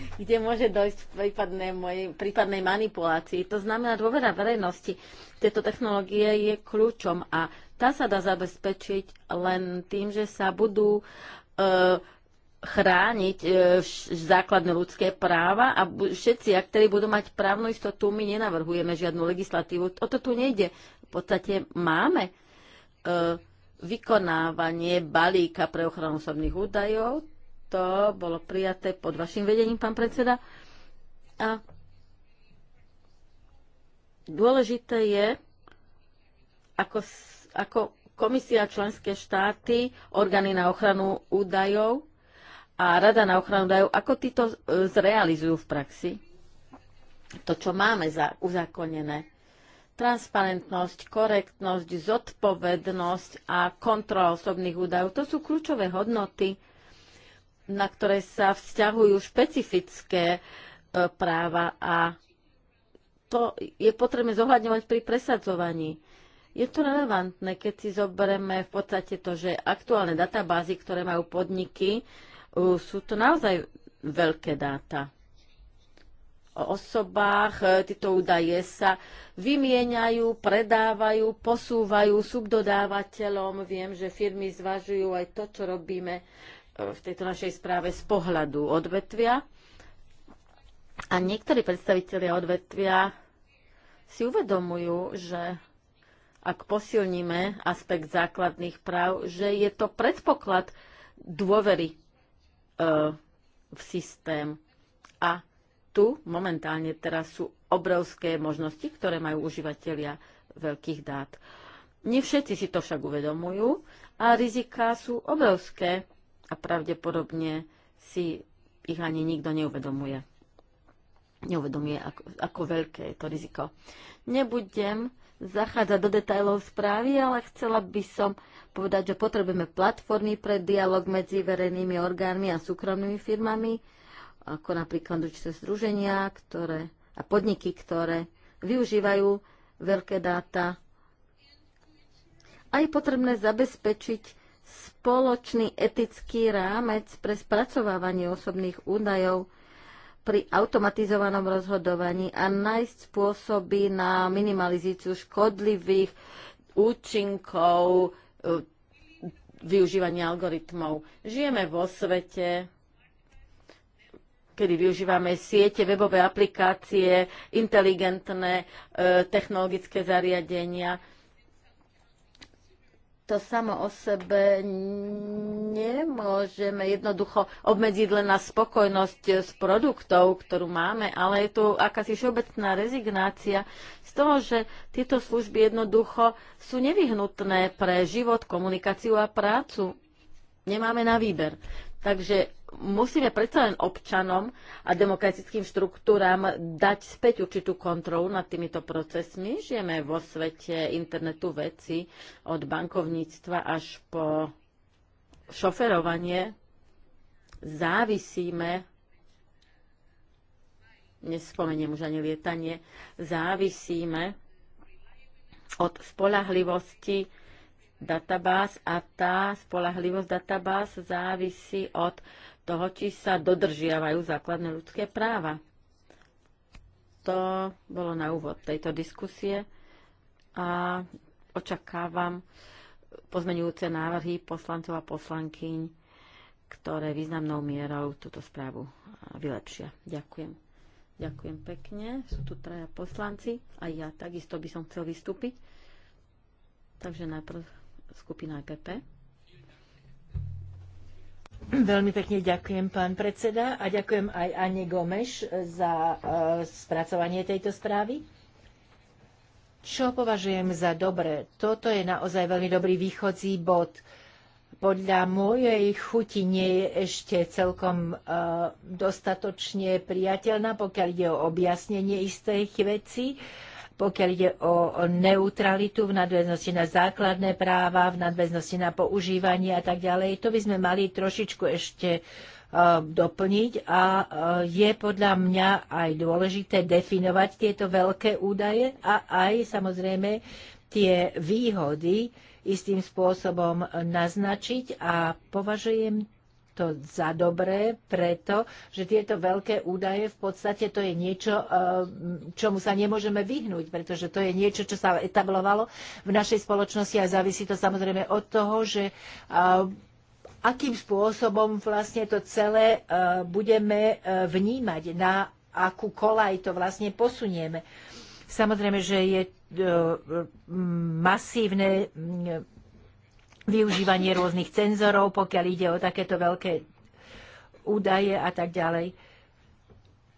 kde môže dojsť v prípadnej, mojej, prípadnej manipulácii. To znamená, dôvera verejnosti tejto technológie je kľúčom a tá sa dá zabezpečiť len tým, že sa budú uh, chrániť uh, základné ľudské práva a bu- všetci ktorí budú mať právnu istotu. My nenavrhujeme žiadnu legislatívu. O to tu nejde. V podstate máme Uh, vykonávanie balíka pre ochranu osobných údajov. To bolo prijaté pod vašim vedením, pán predseda. A dôležité je, ako, ako komisia členské štáty, orgány na ochranu údajov a rada na ochranu údajov, ako títo e, zrealizujú v praxi to, čo máme za uzakonené. Transparentnosť, korektnosť, zodpovednosť a kontrola osobných údajov. To sú kľúčové hodnoty, na ktoré sa vzťahujú špecifické e, práva a to je potrebné zohľadňovať pri presadzovaní. Je to relevantné, keď si zoberieme v podstate to, že aktuálne databázy, ktoré majú podniky, e, sú to naozaj veľké dáta osobách. E, Tieto údaje sa vymieňajú, predávajú, posúvajú subdodávateľom. Viem, že firmy zvažujú aj to, čo robíme e, v tejto našej správe z pohľadu odvetvia. A niektorí predstavitelia odvetvia si uvedomujú, že ak posilníme aspekt základných práv, že je to predpoklad dôvery e, v systém. A tu momentálne teraz sú obrovské možnosti, ktoré majú užívateľia veľkých dát. Nie všetci si to však uvedomujú a riziká sú obrovské a pravdepodobne si ich ani nikto neuvedomuje. Neuvedomuje, ako, ako veľké je to riziko. Nebudem zachádzať do detajlov správy, ale chcela by som povedať, že potrebujeme platformy pre dialog medzi verejnými orgánmi a súkromnými firmami, ako napríklad určité združenia ktoré, a podniky, ktoré využívajú veľké dáta. A je potrebné zabezpečiť spoločný etický rámec pre spracovávanie osobných údajov pri automatizovanom rozhodovaní a nájsť spôsoby na minimalizáciu škodlivých účinkov e, využívania algoritmov. Žijeme vo svete, kedy využívame siete, webové aplikácie, inteligentné e, technologické zariadenia. To samo o sebe nemôžeme jednoducho obmedziť len na spokojnosť e, s produktov, ktorú máme, ale je tu akási všeobecná rezignácia z toho, že tieto služby jednoducho sú nevyhnutné pre život, komunikáciu a prácu. Nemáme na výber. Takže musíme predsa len občanom a demokratickým štruktúram dať späť určitú kontrolu nad týmito procesmi. Žijeme vo svete internetu veci od bankovníctva až po šoferovanie. Závisíme nespomeniem už ani lietanie, závisíme od spolahlivosti databáz a tá spolahlivosť databáz závisí od toho, či sa dodržiavajú základné ľudské práva. To bolo na úvod tejto diskusie a očakávam pozmenujúce návrhy poslancov a poslankyň, ktoré významnou mierou túto správu vylepšia. Ďakujem. Ďakujem pekne. Sú tu traja poslanci a ja takisto by som chcel vystúpiť. Takže najprv skupina EPP. Veľmi pekne ďakujem, pán predseda, a ďakujem aj Ane Gomeš za e, spracovanie tejto správy. Čo považujem za dobre? Toto je naozaj veľmi dobrý východzí bod. Podľa mojej chuti nie je ešte celkom e, dostatočne priateľná, pokiaľ ide o objasnenie istých vecí pokiaľ ide o neutralitu v nadväznosti na základné práva, v nadväznosti na používanie a tak ďalej. To by sme mali trošičku ešte e, doplniť a e, je podľa mňa aj dôležité definovať tieto veľké údaje a aj samozrejme tie výhody istým spôsobom naznačiť a považujem to za dobré, preto, že tieto veľké údaje v podstate to je niečo, eh, čomu sa nemôžeme vyhnúť, pretože to je niečo, čo sa etablovalo v našej spoločnosti a závisí to samozrejme od toho, že eh, akým spôsobom vlastne to celé eh, budeme vnímať, na akú kolaj to vlastne posunieme. Samozrejme, že je masívne mm, využívanie rôznych cenzorov, pokiaľ ide o takéto veľké údaje a tak ďalej.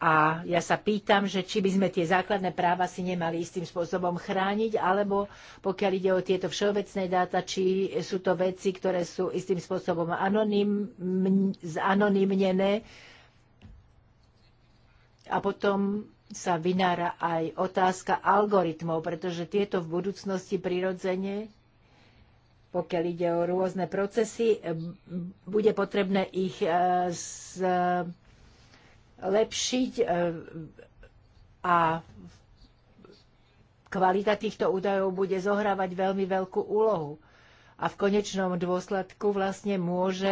A ja sa pýtam, že či by sme tie základné práva si nemali istým spôsobom chrániť, alebo pokiaľ ide o tieto všeobecné dáta, či sú to veci, ktoré sú istým spôsobom anonym, zanonymnené. A potom sa vynára aj otázka algoritmov, pretože tieto v budúcnosti prirodzene pokiaľ ide o rôzne procesy, e, bude potrebné ich e, zlepšiť e, a kvalita týchto údajov bude zohrávať veľmi veľkú úlohu. A v konečnom dôsledku vlastne môže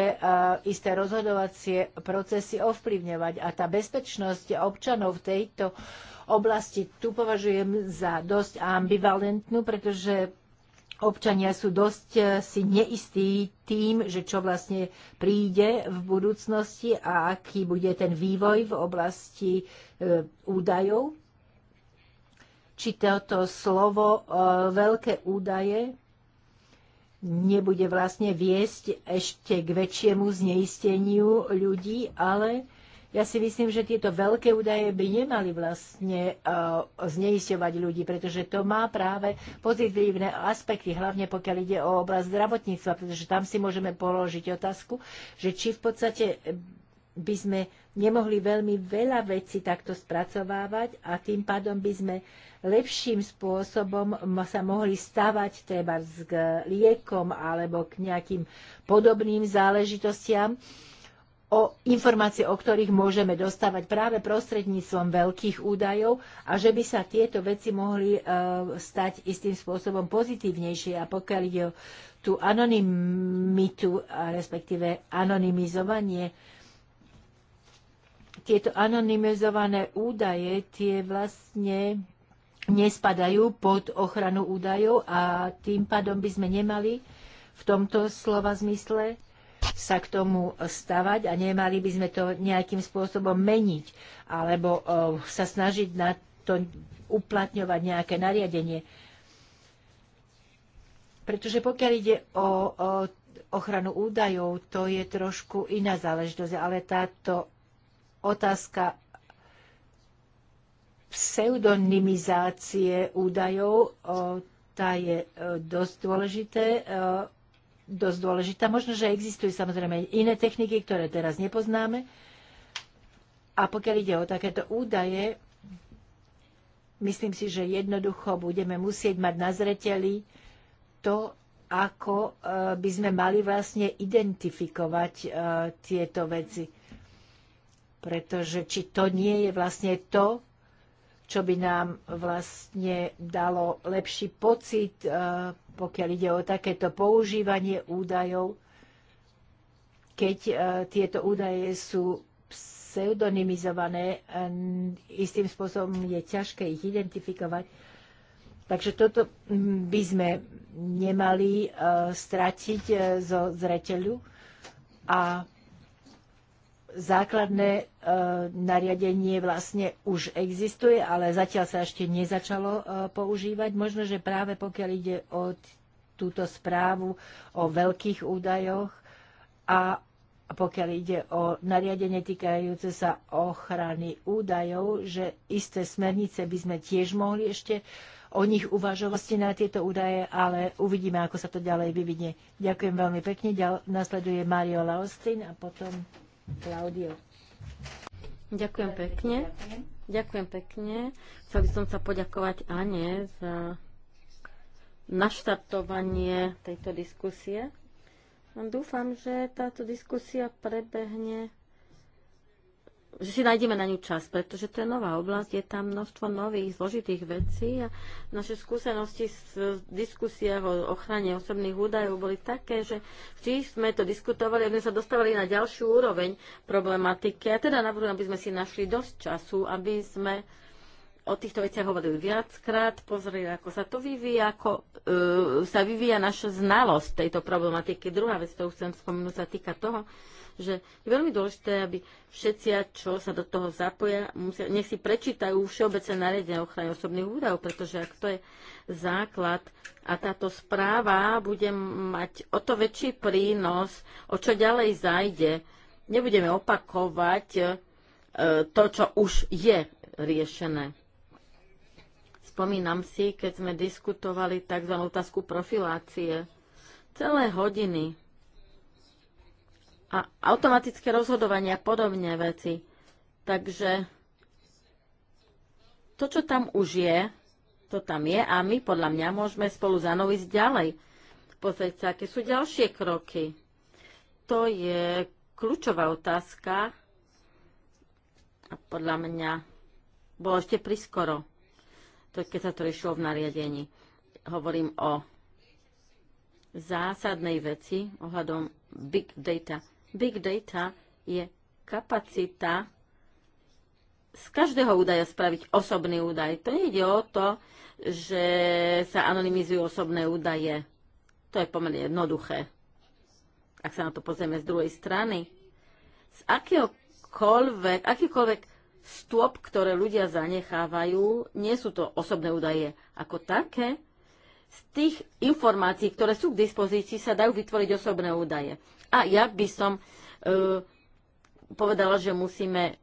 isté rozhodovacie procesy ovplyvňovať. A tá bezpečnosť občanov v tejto oblasti tu považujem za dosť ambivalentnú, pretože občania sú dosť eh, si neistí tým, že čo vlastne príde v budúcnosti a aký bude ten vývoj v oblasti eh, údajov. Či toto slovo eh, veľké údaje nebude vlastne viesť ešte k väčšiemu zneisteniu ľudí, ale ja si myslím, že tieto veľké údaje by nemali vlastne uh, zneisťovať ľudí, pretože to má práve pozitívne aspekty, hlavne pokiaľ ide o oblasť zdravotníctva, pretože tam si môžeme položiť otázku, že či v podstate by sme nemohli veľmi veľa vecí takto spracovávať a tým pádom by sme lepším spôsobom sa mohli stavať treba k liekom alebo k nejakým podobným záležitostiam o informácie, o ktorých môžeme dostávať práve prostredníctvom veľkých údajov a že by sa tieto veci mohli e, stať istým spôsobom pozitívnejšie. A pokiaľ ide o tú anonymitu, respektíve anonymizovanie, tieto anonymizované údaje, tie vlastne nespadajú pod ochranu údajov a tým pádom by sme nemali v tomto slova zmysle sa k tomu stavať a nemali by sme to nejakým spôsobom meniť alebo e, sa snažiť na to uplatňovať nejaké nariadenie. Pretože pokiaľ ide o, o ochranu údajov, to je trošku iná záležitosť, ale táto otázka pseudonymizácie údajov, tá je e, dosť dôležité, e, dosť dôležitá. Možno, že existujú samozrejme iné techniky, ktoré teraz nepoznáme. A pokiaľ ide o takéto údaje, myslím si, že jednoducho budeme musieť mať na zreteli to, ako e, by sme mali vlastne identifikovať e, tieto veci. Pretože či to nie je vlastne to, čo by nám vlastne dalo lepší pocit e, pokiaľ ide o takéto používanie údajov, keď e, tieto údaje sú pseudonymizované, istým spôsobom je ťažké ich identifikovať. Takže toto by sme nemali e, stratiť e, zo zreteľu a základné e, nariadenie vlastne už existuje, ale zatiaľ sa ešte nezačalo e, používať. Možno, že práve pokiaľ ide o túto správu o veľkých údajoch a pokiaľ ide o nariadenie týkajúce sa ochrany údajov, že isté smernice by sme tiež mohli ešte o nich uvažovať na tieto údaje, ale uvidíme, ako sa to ďalej vyvinie. Ďakujem veľmi pekne. Ďal, nasleduje Mario Laostin a potom Klaudio. Ďakujem pekne. Ďakujem pekne. Chcel by som sa poďakovať Ane za naštartovanie tejto diskusie. Dúfam, že táto diskusia prebehne že si nájdeme na ňu čas, pretože to je nová oblasť, je tam množstvo nových zložitých vecí a naše skúsenosti z diskusiách o ochrane osobných údajov boli také, že vždy sme to diskutovali, aby sme sa dostávali na ďalšiu úroveň problematiky. A teda navrhujem, aby sme si našli dosť času, aby sme o týchto veciach hovorili viackrát, pozreli, ako sa to vyvíja, ako uh, sa vyvíja naša znalosť tejto problematiky. Druhá vec, ktorú chcem spomenúť, sa týka toho, že je veľmi dôležité, aby všetci, čo sa do toho zapoja, musia, nech si prečítajú všeobecné nariadenie ochrany osobných údajov, pretože ak to je základ a táto správa bude mať o to väčší prínos, o čo ďalej zajde. Nebudeme opakovať e, to, čo už je riešené. Spomínam si, keď sme diskutovali tzv. otázku profilácie. Celé hodiny a automatické rozhodovania a podobne veci. Takže to, čo tam už je, to tam je a my podľa mňa môžeme spolu zanoviť ďalej. Pozrieť sa, aké sú ďalšie kroky. To je kľúčová otázka a podľa mňa bolo ešte priskoro, to, keď sa to riešilo v nariadení. Hovorím o zásadnej veci ohľadom big data. Big data je kapacita z každého údaja spraviť osobný údaj. To nejde o to, že sa anonymizujú osobné údaje. To je pomerne jednoduché. Ak sa na to pozrieme z druhej strany, z akéhokoľvek, akýkoľvek stôp, ktoré ľudia zanechávajú, nie sú to osobné údaje ako také, z tých informácií, ktoré sú k dispozícii, sa dajú vytvoriť osobné údaje. A ja by som e, povedala, že musíme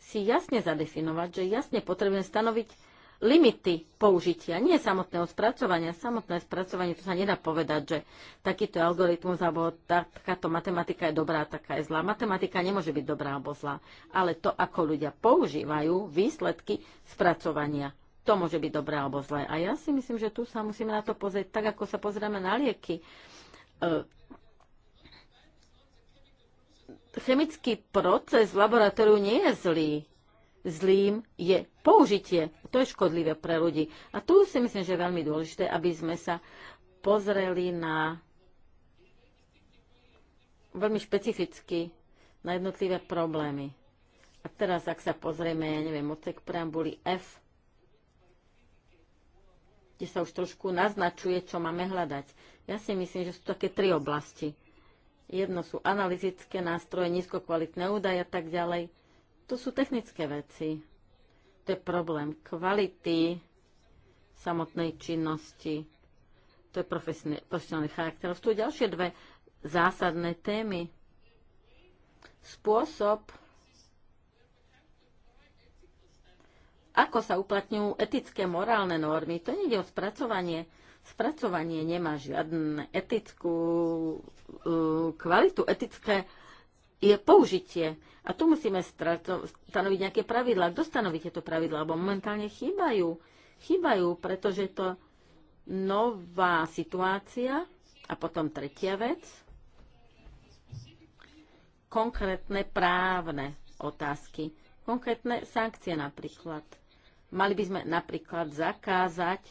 si jasne zadefinovať, že jasne potrebujeme stanoviť limity použitia, nie samotného spracovania. Samotné spracovanie, to sa nedá povedať, že takýto algoritmus alebo takáto matematika je dobrá, taká je zlá. Matematika nemôže byť dobrá alebo zlá, ale to, ako ľudia používajú výsledky spracovania to môže byť dobré alebo zlé. A ja si myslím, že tu sa musíme na to pozrieť tak, ako sa pozrieme na lieky. E, chemický proces v laboratóriu nie je zlý. Zlým je použitie. To je škodlivé pre ľudí. A tu si myslím, že je veľmi dôležité, aby sme sa pozreli na veľmi špecificky na jednotlivé problémy. A teraz, ak sa pozrieme, ja neviem, odsek preambuly F, kde sa už trošku naznačuje, čo máme hľadať. Ja si myslím, že sú také tri oblasti. Jedno sú analytické nástroje, nízkokvalitné údaje a tak ďalej. To sú technické veci. To je problém kvality samotnej činnosti. To je profesionálny charakter. Sú ďalšie dve zásadné témy. Spôsob, ako sa uplatňujú etické, morálne normy. To nie ide o spracovanie. Spracovanie nemá žiadnu etickú e, kvalitu. Etické je použitie. A tu musíme stanoviť nejaké pravidlá. Kto stanoví tieto pravidlá? Lebo momentálne chýbajú. Chýbajú, pretože je to nová situácia. A potom tretia vec. Konkrétne právne otázky. Konkrétne sankcie napríklad. Mali by sme napríklad zakázať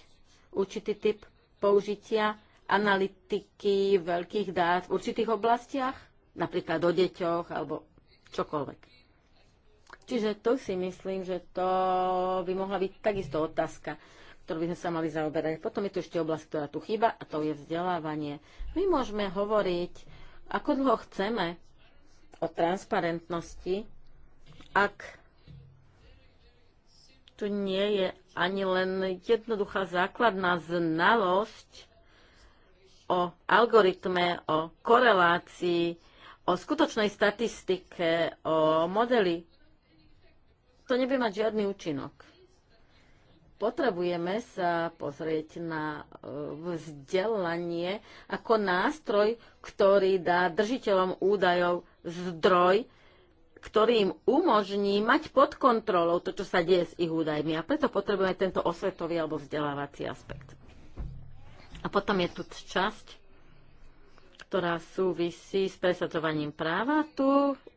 určitý typ použitia analytiky veľkých dát v určitých oblastiach, napríklad o deťoch alebo čokoľvek. Čiže to si myslím, že to by mohla byť takisto otázka, ktorú by sme sa mali zaoberať. Potom je tu ešte oblasť, ktorá tu chýba a to je vzdelávanie. My môžeme hovoriť, ako dlho chceme o transparentnosti, ak tu nie je ani len jednoduchá základná znalosť o algoritme, o korelácii, o skutočnej statistike, o modeli. To nebude mať žiadny účinok. Potrebujeme sa pozrieť na e, vzdelanie ako nástroj, ktorý dá držiteľom údajov zdroj, ktorým umožní mať pod kontrolou to, čo sa deje s ich údajmi. A preto potrebujeme tento osvetový alebo vzdelávací aspekt. A potom je tu časť, ktorá súvisí s presadzovaním práva. Tu,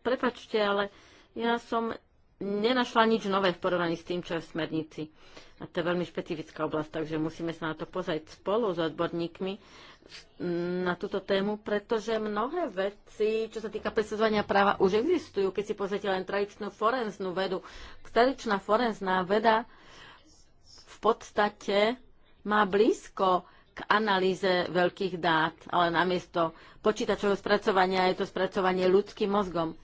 prepačte, ale ja som nenašla nič nové v porovnaní s tým, čo je v smernici. A to je veľmi špecifická oblasť, takže musíme sa na to pozrieť spolu s odborníkmi na túto tému, pretože mnohé veci, čo sa týka presadzovania práva, už existujú. Keď si pozrite len tradičnú forenznú vedu, tradičná forenzná veda v podstate má blízko k analýze veľkých dát, ale namiesto počítačového spracovania je to spracovanie ľudským mozgom.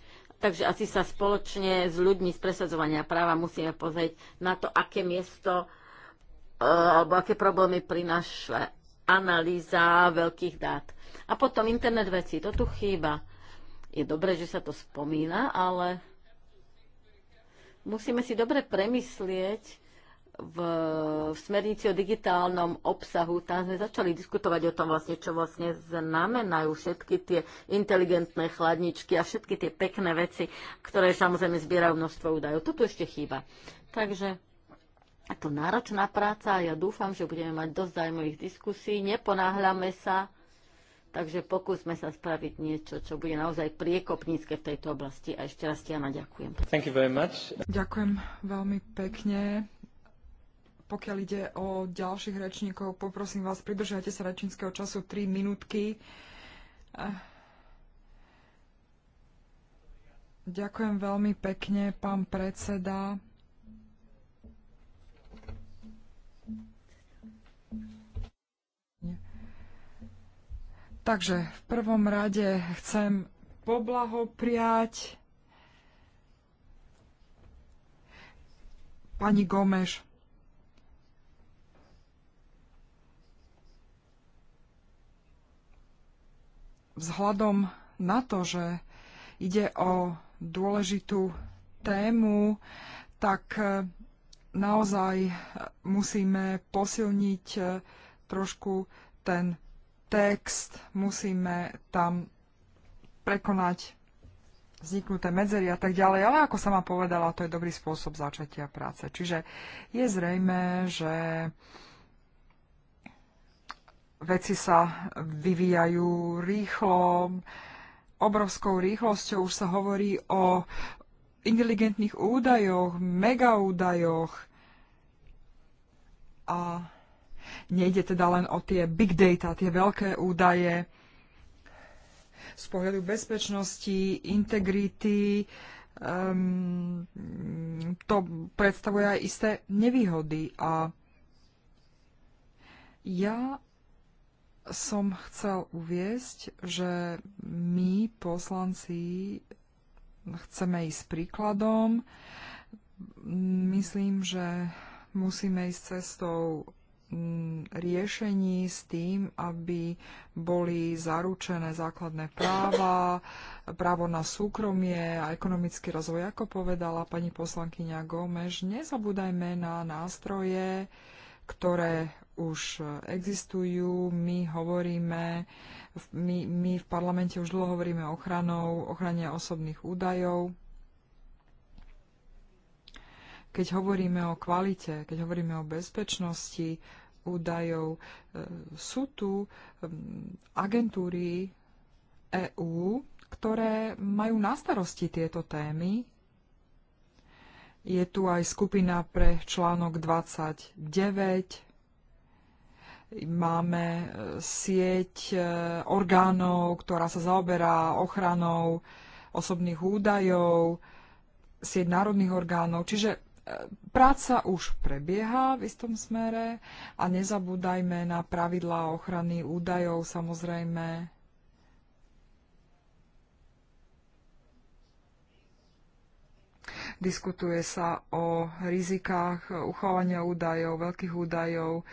Takže asi sa spoločne s ľuďmi z presadzovania práva musíme pozrieť na to, aké miesto e, alebo aké problémy prinašle analýza veľkých dát. A potom internet veci, to tu chýba. Je dobré, že sa to spomína, ale musíme si dobre premyslieť, v, v smernici o digitálnom obsahu, tam sme začali diskutovať o tom vlastne, čo vlastne znamenajú všetky tie inteligentné chladničky a všetky tie pekné veci, ktoré samozrejme zbierajú množstvo údajov. Toto ešte chýba. Takže je to náročná práca a ja dúfam, že budeme mať dosť zaujímavých diskusí. Neponáhľame sa, takže pokúsme sa spraviť niečo, čo bude naozaj priekopnícke v tejto oblasti. A ešte raz Tiana ďakujem. Thank you very much. Ďakujem veľmi pekne pokiaľ ide o ďalších rečníkov, poprosím vás, pridržajte sa rečníckého času 3 minútky. Eh. Ďakujem veľmi pekne, pán predseda. Takže v prvom rade chcem poblahopriať pani Gomeš vzhľadom na to, že ide o dôležitú tému, tak e, naozaj e, musíme posilniť e, trošku ten text, musíme tam prekonať vzniknuté medzery a tak ďalej, ale ako sama povedala, to je dobrý spôsob začatia práce. Čiže je zrejme, že veci sa vyvíjajú rýchlo, obrovskou rýchlosťou. Už sa hovorí o inteligentných údajoch, megaúdajoch. A nejde teda len o tie big data, tie veľké údaje z pohľadu bezpečnosti, integrity, um, to predstavuje aj isté nevýhody. A ja som chcel uviesť, že my, poslanci, chceme ísť príkladom. Myslím, že musíme ísť cestou mm, riešení s tým, aby boli zaručené základné práva, právo na súkromie a ekonomický rozvoj. Ako povedala pani poslankyňa Gomeš, nezabúdajme na nástroje, ktoré už existujú. My hovoríme, my, my v parlamente už dlho hovoríme o ochranou, ochrane osobných údajov. Keď hovoríme o kvalite, keď hovoríme o bezpečnosti údajov, e, sú tu e, agentúry EÚ, ktoré majú na starosti tieto témy, je tu aj skupina pre článok 29. Máme e, sieť e, orgánov, ktorá sa zaoberá ochranou osobných údajov, sieť národných orgánov. Čiže e, práca už prebieha v istom smere a nezabúdajme na pravidlá ochrany údajov samozrejme. Diskutuje sa o rizikách uchovania údajov, veľkých údajov,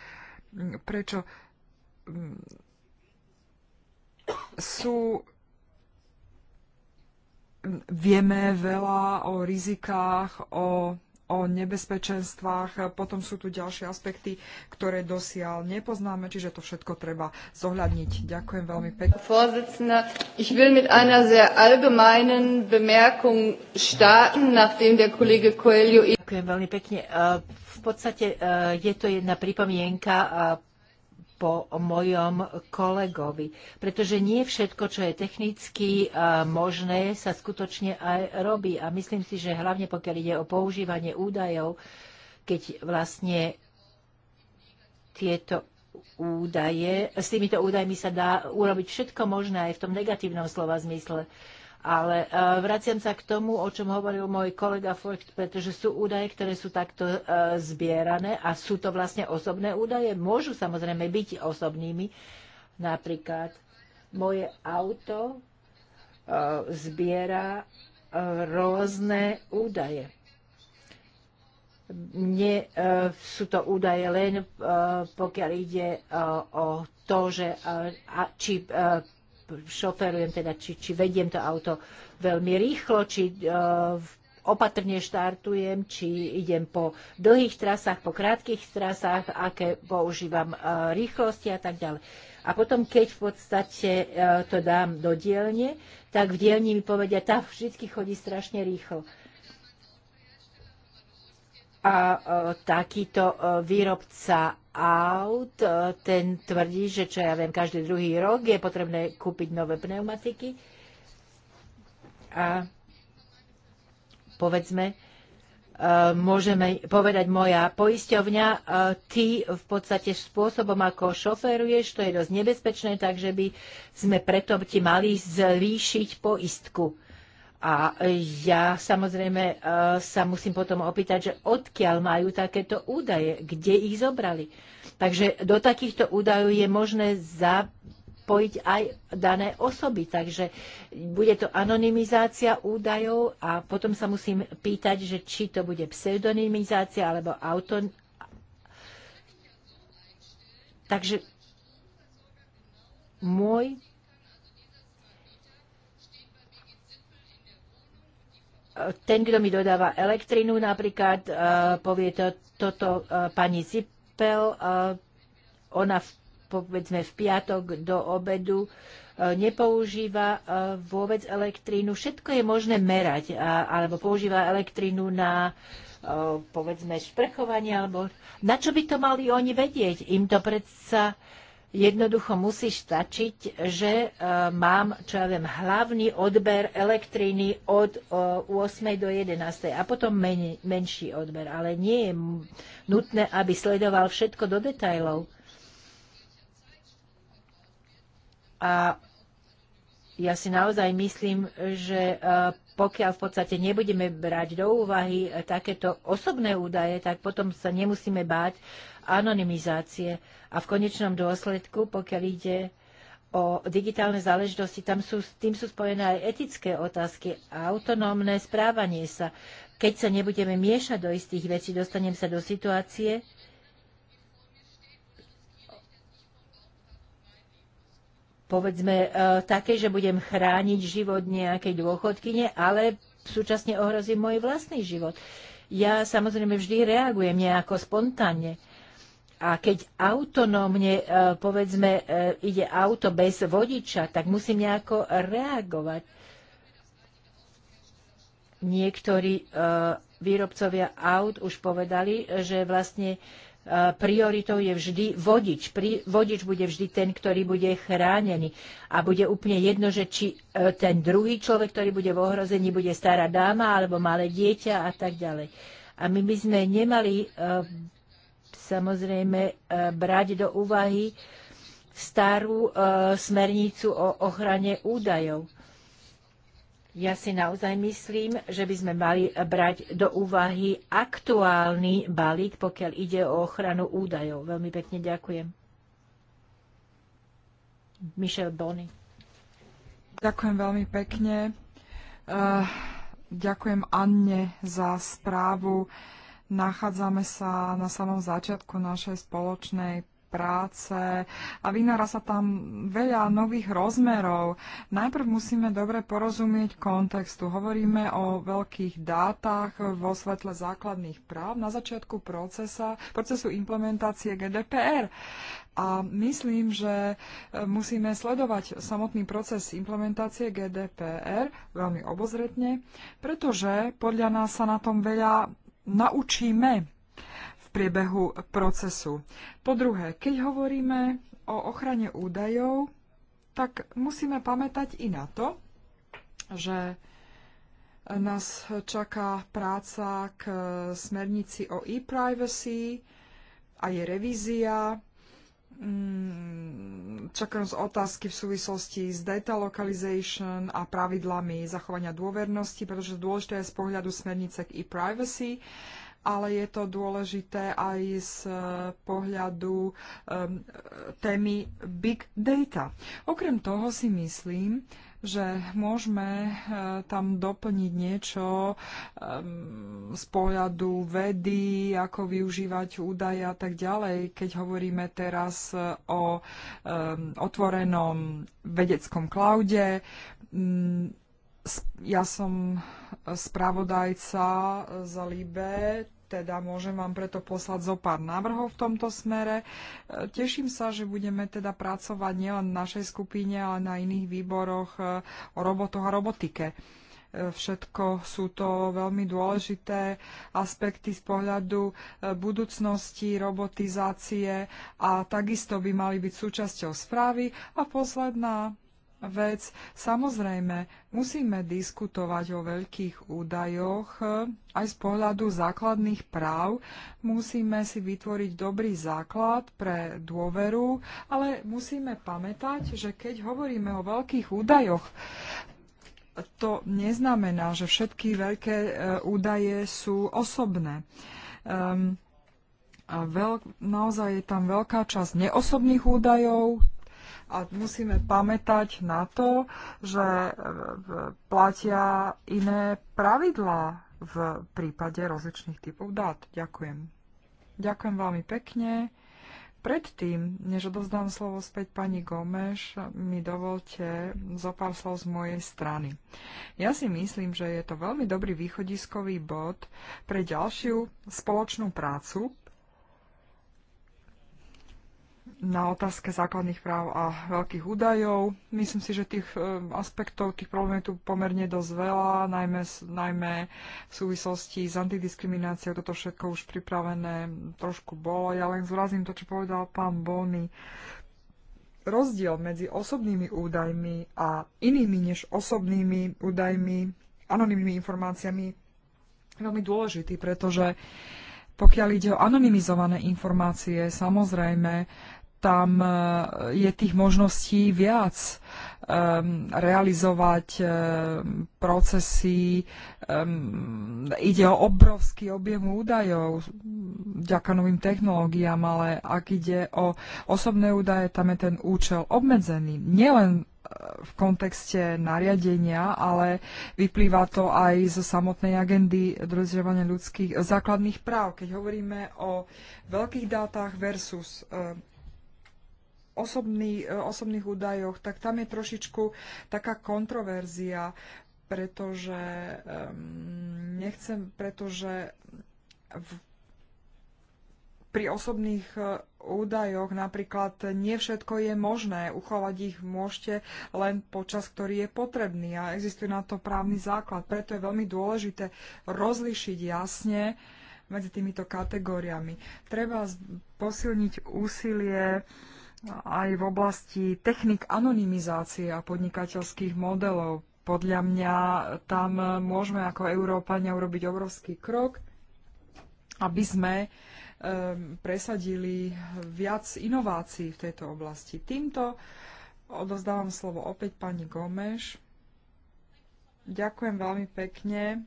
prečo mm, sú mm, vieme veľa o rizikách, o o nebezpečenstvách. Potom sú tu ďalšie aspekty, ktoré dosiaľ nepoznáme, čiže to všetko treba zohľadniť. Ďakujem veľmi pekne. ich will mit einer sehr allgemeinen Bemerkung starten, nachdem der Kollege Coelho... Ďakujem veľmi pekne. Äh, v podstate äh, je to jedna pripomienka äh, po mojom kolegovi, pretože nie všetko, čo je technicky e, možné, sa skutočne aj robí. A myslím si, že hlavne pokiaľ ide o používanie údajov, keď vlastne tieto údaje, s týmito údajmi sa dá urobiť všetko možné aj v tom negatívnom slova zmysle. Ale e, vraciam sa k tomu, o čom hovoril môj kolega Feucht, pretože sú údaje, ktoré sú takto e, zbierané a sú to vlastne osobné údaje. Môžu samozrejme byť osobnými. Napríklad moje auto e, zbiera rôzne údaje nie, sú to údaje len pokiaľ ide o to, že či šoferujem, teda či, či vediem to auto veľmi rýchlo, či e, opatrne štartujem, či idem po dlhých trasách, po krátkých trasách, aké používam e, rýchlosti a tak ďalej. A potom, keď v podstate e, to dám do dielne, tak v dielni mi povedia, tá vždy chodí strašne rýchlo. A e, takýto e, výrobca aut, e, ten tvrdí, že čo ja viem, každý druhý rok je potrebné kúpiť nové pneumatiky. A povedzme, môžeme povedať moja poisťovňa, ty v podstate spôsobom, ako šoféruješ, to je dosť nebezpečné, takže by sme preto ti mali zvýšiť poistku. A ja samozrejme e, sa musím potom opýtať, že odkiaľ majú takéto údaje, kde ich zobrali. Takže do takýchto údajov je možné zapojiť aj dané osoby. Takže bude to anonymizácia údajov a potom sa musím pýtať, že či to bude pseudonymizácia alebo auton... Takže môj ten, kto mi dodáva elektrinu, napríklad e, povie to, toto e, pani Zipel, e, ona v, povedzme v piatok do obedu nepoužíva vôbec elektrínu. Všetko je možné merať, alebo používa elektrínu na povedzme šprchovanie, alebo na čo by to mali oni vedieť? Im to predsa Jednoducho musí stačiť, že e, mám, čo ja viem, hlavný odber elektriny od 8. E, do 11. a potom men, menší odber. Ale nie je nutné, aby sledoval všetko do detajlov. A ja si naozaj myslím, že e, pokiaľ v podstate nebudeme brať do úvahy takéto osobné údaje, tak potom sa nemusíme báť, anonymizácie. A v konečnom dôsledku, pokiaľ ide o digitálne záležitosti, tam sú, tým sú spojené aj etické otázky a autonómne správanie sa. Keď sa nebudeme miešať do istých vecí, dostanem sa do situácie, povedzme e, také, že budem chrániť život nejakej dôchodkyne, ale súčasne ohrozím môj vlastný život. Ja samozrejme vždy reagujem nejako spontánne. A keď autonómne, e, povedzme, e, ide auto bez vodiča, tak musím nejako reagovať. Niektorí e, výrobcovia aut už povedali, že vlastne prioritou je vždy vodič. vodič bude vždy ten, ktorý bude chránený. A bude úplne jedno, že či ten druhý človek, ktorý bude v ohrození, bude stará dáma alebo malé dieťa a tak ďalej. A my by sme nemali samozrejme e, brať do úvahy starú e, smernicu o ochrane údajov. Ja si naozaj myslím, že by sme mali brať do úvahy aktuálny balík, pokiaľ ide o ochranu údajov. Veľmi pekne ďakujem. Michel Bonny. Ďakujem veľmi pekne. E, ďakujem Anne za správu. Nachádzame sa na samom začiatku našej spoločnej práce a vynára sa tam veľa nových rozmerov. Najprv musíme dobre porozumieť kontextu. Hovoríme o veľkých dátach vo svetle základných práv na začiatku procesa, procesu implementácie GDPR. A myslím, že e, musíme sledovať samotný proces implementácie GDPR veľmi obozretne, pretože podľa nás sa na tom veľa naučíme v priebehu procesu. Po druhé, keď hovoríme o ochrane údajov, tak musíme pamätať i na to, že nás čaká práca k smernici o e-privacy a je revízia Mm, čakám z otázky v súvislosti s data localization a pravidlami zachovania dôvernosti, pretože dôležité je z pohľadu smernice k e-privacy, ale je to dôležité aj z pohľadu um, témy big data. Okrem toho si myslím, že môžeme e, tam doplniť niečo z pohľadu vedy, ako využívať údaje a tak ďalej, keď hovoríme teraz e, o otvorenom vedeckom klaude. Mm, ja som spravodajca za Libe, teda môžem vám preto poslať zo pár návrhov v tomto smere. E, teším sa, že budeme teda pracovať nielen v našej skupine, ale na iných výboroch e, o robotoch a robotike e, všetko sú to veľmi dôležité aspekty z pohľadu budúcnosti, robotizácie a takisto by mali byť súčasťou správy. A posledná vec. Samozrejme, musíme diskutovať o veľkých údajoch eh, aj z pohľadu základných práv. Musíme si vytvoriť dobrý základ pre dôveru, ale musíme pamätať, že keď hovoríme o veľkých údajoch, to neznamená, že všetky veľké eh, údaje sú osobné. Um, a veľk, naozaj je tam veľká časť neosobných údajov, a musíme pamätať na to, že e, platia iné pravidlá v prípade rozličných typov dát. Ďakujem. Ďakujem veľmi pekne. Predtým, než odovzdám slovo späť pani Gomeš, mi dovolte zo pár slov z mojej strany. Ja si myslím, že je to veľmi dobrý východiskový bod pre ďalšiu spoločnú prácu, na otázke základných práv a veľkých údajov. Myslím si, že tých e, aspektov, tých problémov je tu pomerne dosť veľa, najmä, najmä v súvislosti s antidiskrimináciou. Toto všetko už pripravené trošku bolo. Ja len zrazím to, čo povedal pán Bony. Rozdiel medzi osobnými údajmi a inými než osobnými údajmi, anonymnými informáciami je veľmi dôležitý, pretože pokiaľ ide o anonymizované informácie, samozrejme, tam e, je tých možností viac um, realizovať um, procesy. Um, ide o obrovský objem údajov vďaka novým technológiám, ale ak ide o osobné údaje, tam je ten účel obmedzený. Nielen e, v kontexte nariadenia, ale vyplýva to aj zo samotnej agendy dodržiavania ľudských základných práv. Keď hovoríme o veľkých dátach versus osobný, e, osobných údajoch, tak tam je trošičku taká kontroverzia, pretože um, nechcem, pretože v, pri osobných e, údajoch napríklad nie všetko je možné. Uchovať ich môžete len počas, ktorý je potrebný a existuje na to právny základ. Preto je veľmi dôležité rozlišiť jasne medzi týmito kategóriami. Treba posilniť úsilie aj v oblasti technik anonymizácie a podnikateľských modelov. Podľa mňa tam môžeme ako Európania urobiť obrovský krok, aby sme presadili viac inovácií v tejto oblasti. Týmto odozdávam slovo opäť pani Gomeš. Ďakujem veľmi pekne eh,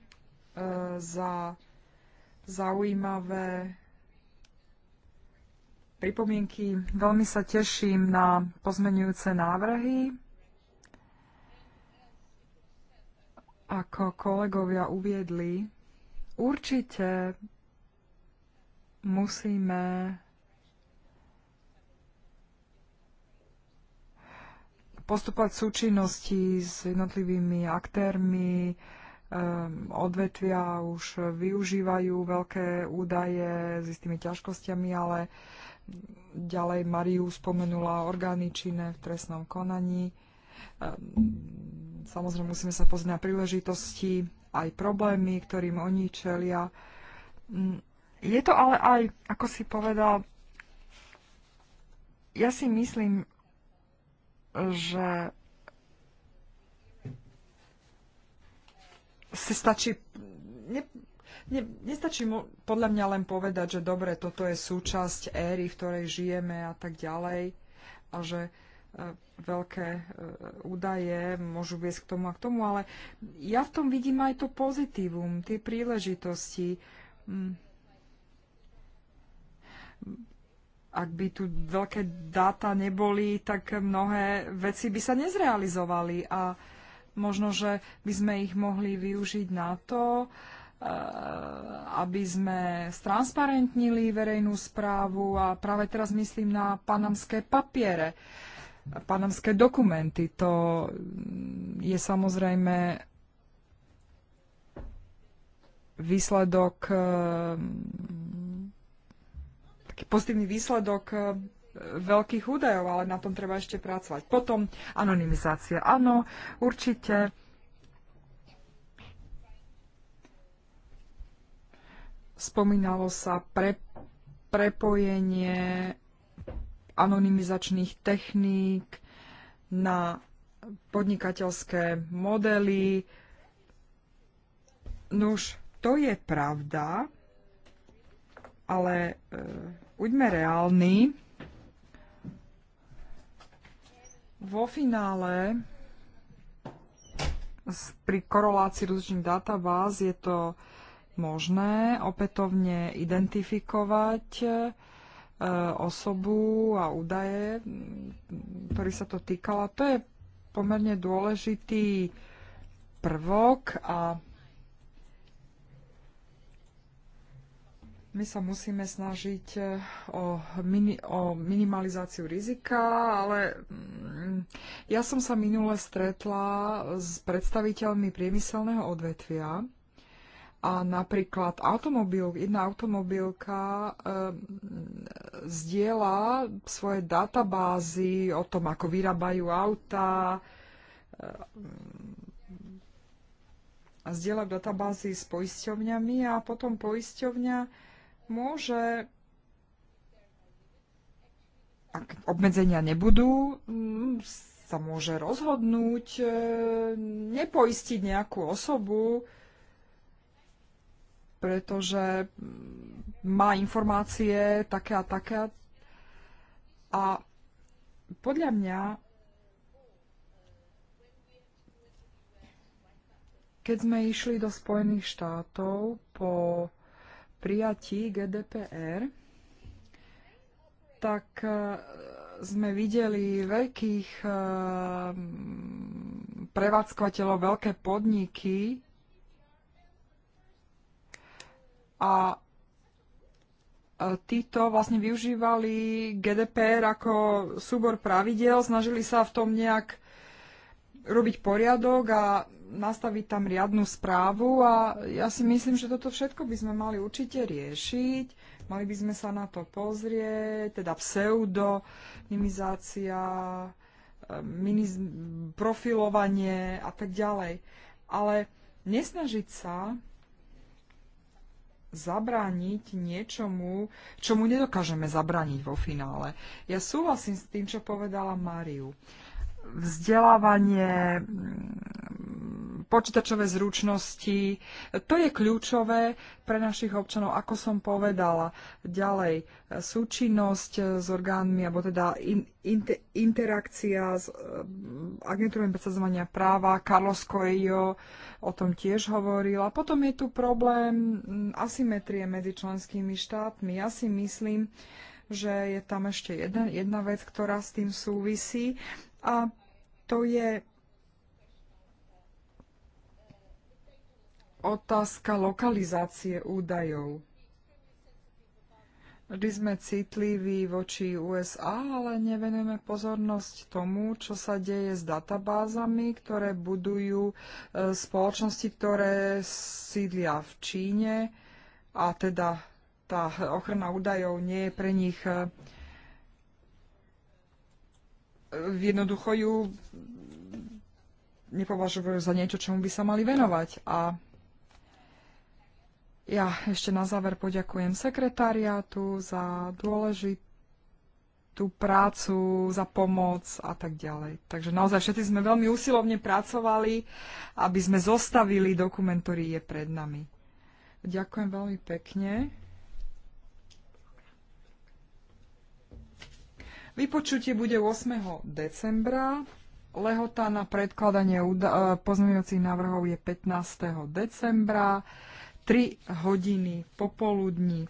za zaujímavé pripomienky. Veľmi sa teším na pozmenujúce návrhy. Ako kolegovia uviedli, určite musíme postupovať v súčinnosti s jednotlivými aktérmi. Ehm, odvetvia už využívajú veľké údaje s istými ťažkosťami, ale uh, Ďalej Mariu spomenula orgány činné v trestnom konaní. Ehm, samozrejme, musíme sa pozrieť na príležitosti, aj problémy, ktorým oni čelia. Mm, je to ale aj, ako si povedal, ja si myslím, že si stačí ne, Ne, nestačí mu podľa mňa len povedať, že dobre, toto je súčasť éry, v ktorej žijeme a tak ďalej a že e, veľké e, údaje môžu viesť k tomu a k tomu, ale ja v tom vidím aj to pozitívum, tie príležitosti. Mm. Ak by tu veľké dáta neboli, tak mnohé veci by sa nezrealizovali a možno, že by sme ich mohli využiť na to, Eh, aby sme stransparentnili verejnú správu a práve teraz myslím na panamské papiere, panamské dokumenty. To mm, je samozrejme výsledok, eh, mm, taký pozitívny výsledok eh, veľkých údajov, ale na tom treba ešte pracovať. Potom anonymizácia. Áno, určite spomínalo sa pre, prepojenie anonymizačných techník na podnikateľské modely. Nuž, to je pravda, ale e, buďme reálni. Vo finále pri korolácii rozličných databáz je to možné opätovne identifikovať e, osobu a údaje, ktorý sa to týkala. To je pomerne dôležitý prvok a my sa musíme snažiť e, o, mini, o minimalizáciu rizika, ale mm, ja som sa minule stretla s predstaviteľmi priemyselného odvetvia, a napríklad automobil, jedna automobilka e, zdieľa svoje databázy o tom, ako vyrábajú auta, e, zdieľa databázy s poisťovňami a potom poisťovňa môže ak obmedzenia nebudú, mm, sa môže rozhodnúť ehm, nepoistiť nejakú osobu, pretože má informácie také a také. A podľa mňa, keď sme išli do Spojených štátov po prijatí GDPR, tak e, sme videli veľkých e, prevádzkovateľov, veľké podniky, a e, títo vlastne využívali GDPR ako súbor pravidel, snažili sa v tom nejak robiť poriadok a nastaviť tam riadnu správu a ja si myslím, že toto všetko by sme mali určite riešiť. Mali by sme sa na to pozrieť, teda pseudonymizácia, e, profilovanie a tak ďalej. Ale nesnažiť sa zabrániť niečomu, čomu nedokážeme zabrániť vo finále. Ja súhlasím s tým, čo povedala Mariu. Vzdelávanie, mm, počítačové zručnosti, to je kľúčové pre našich občanov, ako som povedala. Ďalej, súčinnosť s orgánmi, alebo teda in, in, interakcia s mm, agentúrami presadzovania práva, Carlos Coelho, o tom tiež hovoril. A potom je tu problém asymetrie medzi členskými štátmi. Ja si myslím, že je tam ešte jedna, jedna vec, ktorá s tým súvisí a to je otázka lokalizácie údajov vždy sme citliví voči USA, ale nevenujeme pozornosť tomu, čo sa deje s databázami, ktoré budujú e, spoločnosti, ktoré sídlia v Číne a teda tá ochrana údajov nie je pre nich e, jednoducho ju nepovažujú za niečo, čomu by sa mali venovať. A ja ešte na záver poďakujem sekretariátu za dôležitú prácu, za pomoc a tak ďalej. Takže naozaj všetci sme veľmi usilovne pracovali, aby sme zostavili dokument, ktorý je pred nami. Ďakujem veľmi pekne. Vypočutie bude 8. decembra. Lehota na predkladanie eh, pozmeňujúcich návrhov je 15. decembra. 3 hodiny popoludní.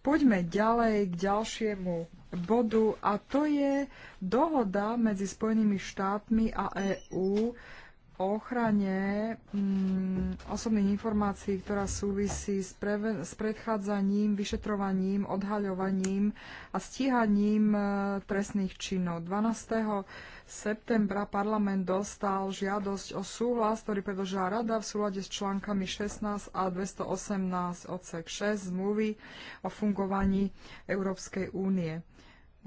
Poďme ďalej k ďalšiemu bodu a to je dohoda medzi Spojenými štátmi a EÚ o ochrane mm, osobných informácií, ktorá súvisí s, preven- s predchádzaním, vyšetrovaním, odhaľovaním a stíhaním e, trestných činov. 12. septembra parlament dostal žiadosť o súhlas, ktorý predložila Rada v súlade s článkami 16 a 218 odsek 6 zmluvy o fungovaní Európskej únie.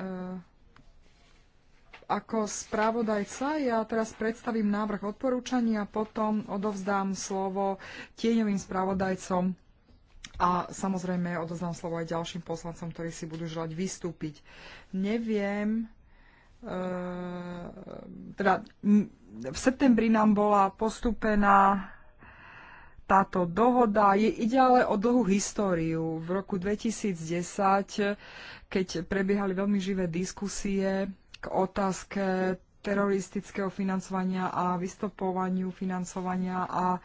E, ako spravodajca ja teraz predstavím návrh odporúčania, potom odovzdám slovo tieňovým spravodajcom a samozrejme odovzdám slovo aj ďalším poslancom, ktorí si budú želať vystúpiť. Neviem, e, teda v septembri nám bola postúpená táto dohoda. Je, ide ale o dlhú históriu. V roku 2010, keď prebiehali veľmi živé diskusie k otázke teroristického financovania a vystupovaniu financovania a e,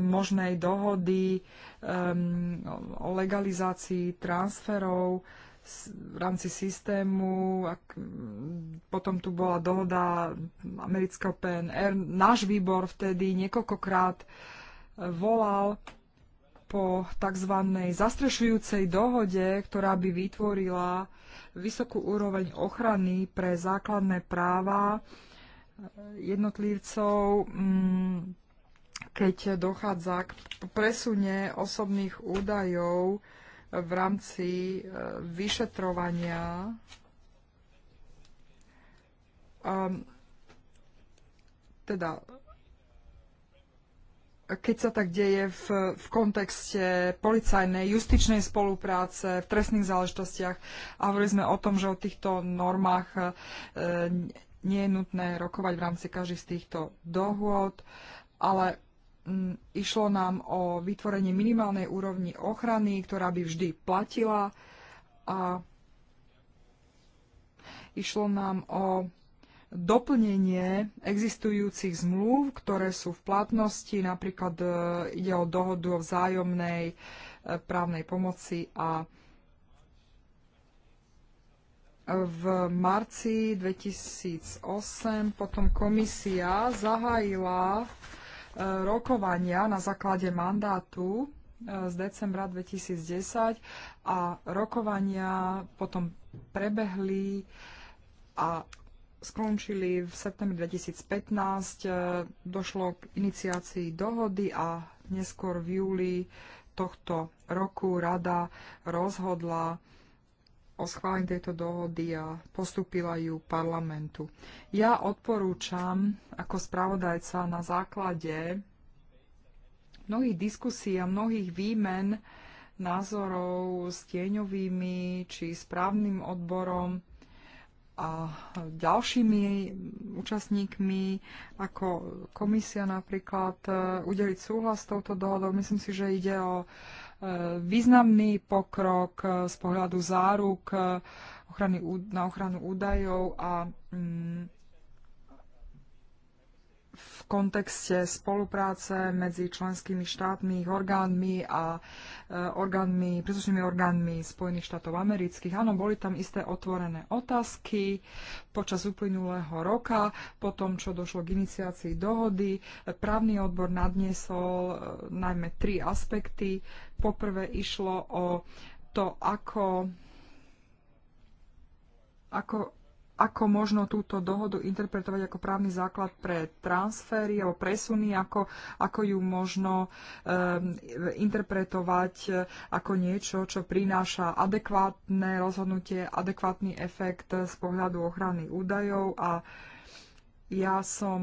možnej dohody e, o legalizácii transferov v rámci systému. Potom tu bola dohoda amerického PNR. Náš výbor vtedy niekoľkokrát e, volal po tzv. zastrešujúcej dohode, ktorá by vytvorila vysokú úroveň ochrany pre základné práva jednotlivcov, mm, keď dochádza k presune osobných údajov v rámci e, vyšetrovania. Ehm, teda keď sa tak deje v, v kontexte policajnej, justičnej spolupráce, v trestných záležitostiach. A hovorili sme o tom, že o týchto normách e, nie je nutné rokovať v rámci každých z týchto dohôd, ale m, išlo nám o vytvorenie minimálnej úrovni ochrany, ktorá by vždy platila a išlo nám o doplnenie existujúcich zmluv, ktoré sú v platnosti, napríklad e, ide o dohodu o vzájomnej e, právnej pomoci a v marci 2008 potom komisia zahájila e, rokovania na základe mandátu z decembra 2010 a rokovania potom prebehli a skončili v septembri 2015. E, došlo k iniciácii dohody a neskôr v júli tohto roku rada rozhodla o schválení tejto dohody a postúpila ju parlamentu. Ja odporúčam ako spravodajca na základe mnohých diskusí a mnohých výmen názorov s tieňovými či správnym odborom a ďalšími účastníkmi, ako komisia napríklad, e, udeliť súhlas s touto dohodou. Myslím si, že ide o e, významný pokrok e, z pohľadu záruk ochrany, na ochranu údajov a mm, kontexte spolupráce medzi členskými štátmi, ich orgánmi a e, orgánmi, príslušnými orgánmi Spojených štátov amerických. Áno, boli tam isté otvorené otázky počas uplynulého roka, po tom, čo došlo k iniciácii dohody. Právny odbor nadniesol e, najmä tri aspekty. Poprvé išlo o to, ako, ako ako možno túto dohodu interpretovať ako právny základ pre transfery alebo presuny, ako, ako ju možno um, interpretovať e, ako niečo, čo prináša adekvátne rozhodnutie, adekvátny efekt z pohľadu ochrany údajov a ja som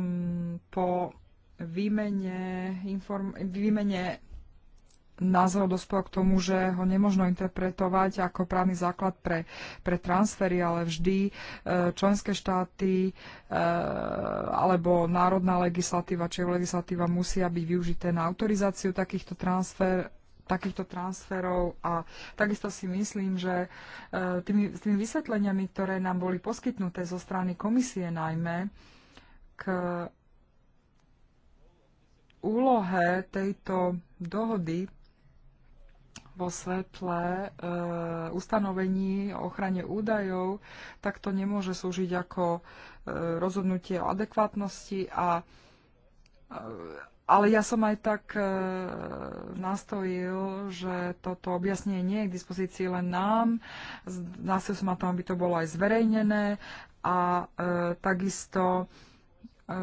po výmene, inform- výmene názor dospel k tomu, že ho nemožno interpretovať ako právny základ pre, pre transfery, ale vždy e, členské štáty e, alebo národná legislatíva či legislatíva musia byť využité na autorizáciu takýchto transfer, takýchto transferov a takisto si myslím, že e, tými, tými vysvetleniami, ktoré nám boli poskytnuté zo strany komisie najmä k úlohe tejto dohody vo svetle e, ustanovení o ochrane údajov, tak to nemôže slúžiť ako e, rozhodnutie o adekvátnosti. A, e, ale ja som aj tak e, nastojil, že toto objasnenie nie je k dispozícii len nám. Nastojil som na tom, aby to bolo aj zverejnené a e, takisto e,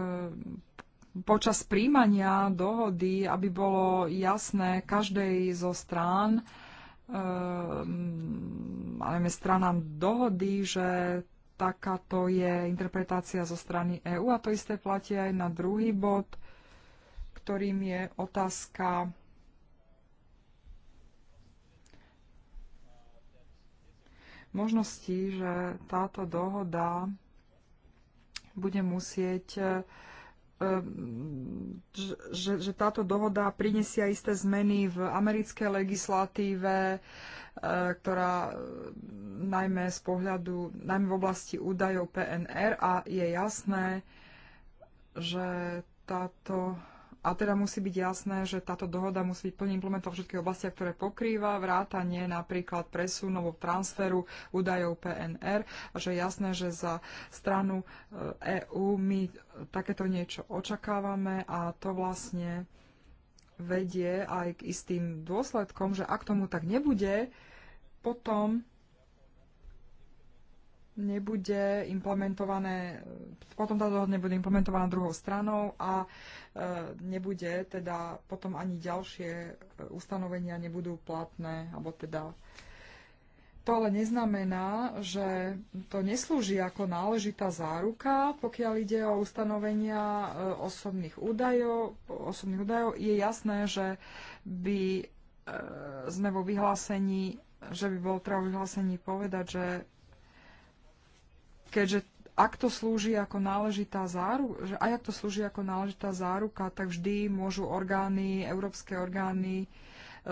počas príjmania dohody, aby bolo jasné každej zo strán, ehm, ale stranám dohody, že takáto je interpretácia zo strany EÚ a to isté platí aj na druhý bod, ktorým je otázka možnosti, že táto dohoda bude musieť uh, Ehm, že, že táto dohoda prinesie isté zmeny v americkej legislatíve, eh, ktorá ehm, najmä z pohľadu, najmä v oblasti údajov PNR a je jasné, že táto a teda musí byť jasné, že táto dohoda musí byť plne implementovaná v všetkých oblastiach, ktoré pokrýva, vrátanie napríklad presunu alebo transferu údajov PNR a že je jasné, že za stranu EÚ e my takéto niečo očakávame a to vlastne vedie aj k istým dôsledkom, že ak tomu tak nebude, potom nebude implementované, potom tá dohoda nebude implementovaná druhou stranou a e, nebude teda potom ani ďalšie e, ustanovenia nebudú platné, alebo teda to ale neznamená, že to neslúži ako náležitá záruka, pokiaľ ide o ustanovenia e, osobných údajov. Osobných údajov je jasné, že by e, sme vo vyhlásení, že by bolo treba vyhlásení povedať, že keďže ak to slúži ako náležitá záruka, že aj ak to slúži ako náležitá záruka, tak vždy môžu orgány, európske orgány e,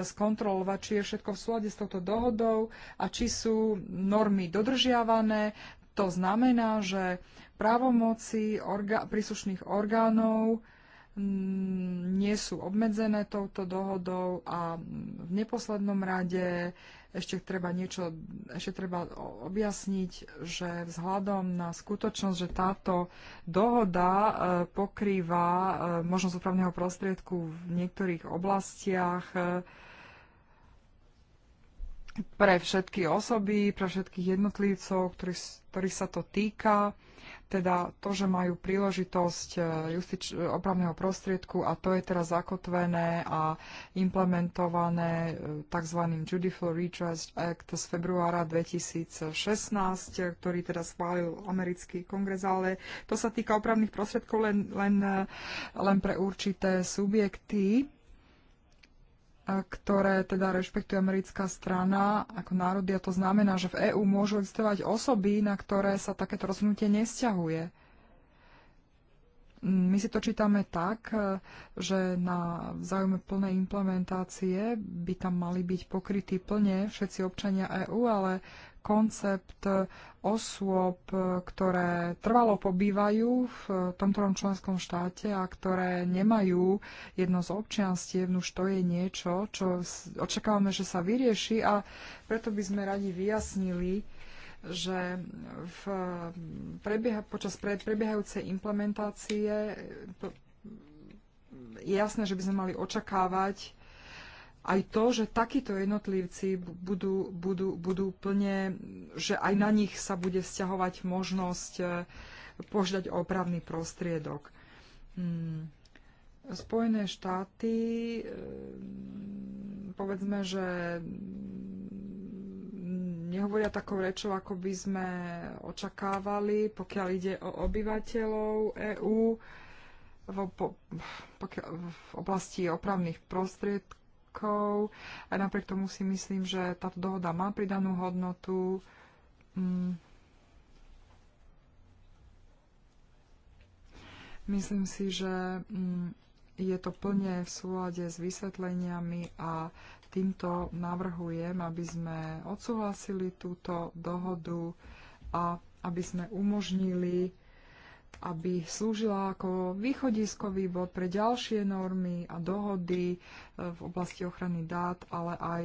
skontrolovať, či je všetko v súlade s touto dohodou a či sú normy dodržiavané. To znamená, že právomoci orga- príslušných orgánov nie sú obmedzené touto dohodou a v neposlednom rade ešte treba niečo, ešte treba objasniť, že vzhľadom na skutočnosť, že táto dohoda e, pokrýva e, možnosť opravného prostriedku v niektorých oblastiach e, pre všetky osoby, pre všetkých jednotlivcov, ktorých, ktorých sa to týka, teda to, že majú príležitosť e, justič- opravného prostriedku a to je teraz zakotvené a implementované e, tzv. Judicial Redress Act z februára 2016, ktorý teda schválil americký kongres, ale to sa týka opravných prostriedkov len, len, e, len pre určité subjekty ktoré teda rešpektuje americká strana ako národy a to znamená, že v EÚ môžu existovať osoby, na ktoré sa takéto rozhodnutie nesťahuje. My si to čítame tak, že na záujme plnej implementácie by tam mali byť pokrytí plne všetci občania EÚ, ale koncept osôb, ktoré trvalo pobývajú v tomto členskom štáte a ktoré nemajú jedno z občianstiev, už to je niečo, čo očakávame, že sa vyrieši a preto by sme radi vyjasnili, že v prebieha, počas pre, prebiehajúcej implementácie je jasné, že by sme mali očakávať aj to, že takíto jednotlivci budú, budú, budú plne, že aj na nich sa bude vzťahovať možnosť e, požiadať o opravný prostriedok. Hmm. Spojené štáty, e, povedzme, že nehovoria takou rečou, ako by sme očakávali, pokiaľ ide o obyvateľov EÚ v, v oblasti opravných prostriedkov rokov. A napriek tomu si myslím, že táto dohoda má pridanú hodnotu. Mm. Myslím si, že mm, je to plne v súlade s vysvetleniami a týmto navrhujem, aby sme odsúhlasili túto dohodu a aby sme umožnili aby slúžila ako východiskový bod pre ďalšie normy a dohody eh, v oblasti ochrany dát, ale aj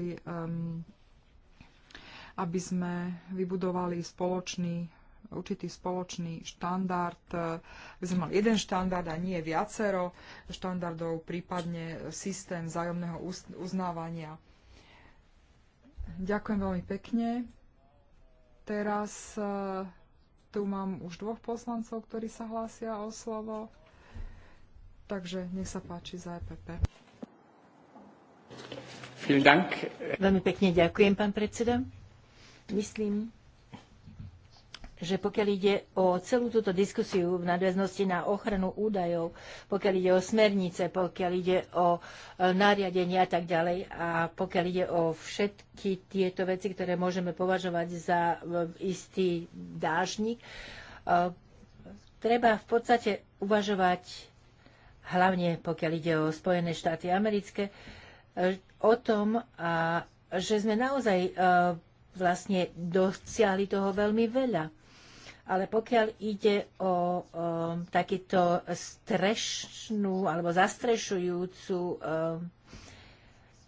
aby sme vybudovali spoločný určitý spoločný štandard, eh, aby sme mali jeden štandard a nie viacero štandardov, prípadne systém vzájomného uznávania. Ďakujem veľmi pekne. Teraz eh, tu mám už dvoch poslancov, ktorí sa hlásia o slovo. Takže nech sa páči za EPP. Veľmi pekne ďakujem, pán predseda. Myslím, že pokiaľ ide o celú túto diskusiu v nadväznosti na ochranu údajov, pokiaľ ide o smernice, pokiaľ ide o e, nariadenia a tak ďalej a pokiaľ ide o všetky tieto veci, ktoré môžeme považovať za e, istý dážnik, e, treba v podstate uvažovať, hlavne pokiaľ ide o Spojené štáty americké, o tom, že sme naozaj vlastne dosiahli toho veľmi veľa ale pokiaľ ide o um, takýto strešnú alebo zastrešujúcu um,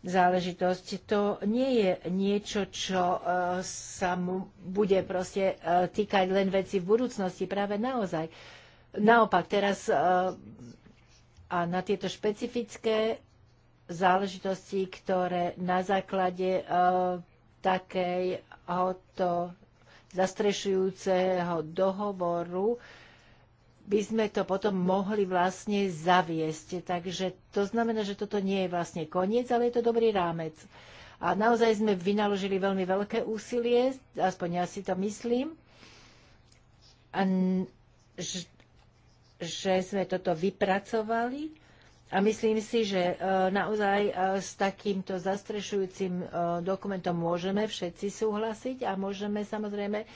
záležitosť, to nie je niečo, čo uh, sa mu bude proste uh, týkať len veci v budúcnosti, práve naozaj. Naopak, teraz uh, a na tieto špecifické záležitosti, ktoré na základe uh, takejhoto zastrešujúceho dohovoru, by sme to potom mohli vlastne zaviesť. Takže to znamená, že toto nie je vlastne koniec, ale je to dobrý rámec. A naozaj sme vynaložili veľmi veľké úsilie, aspoň ja si to myslím, a že sme toto vypracovali a myslím si, že e, naozaj e, s takýmto zastrešujúcim e, dokumentom môžeme všetci súhlasiť a môžeme samozrejme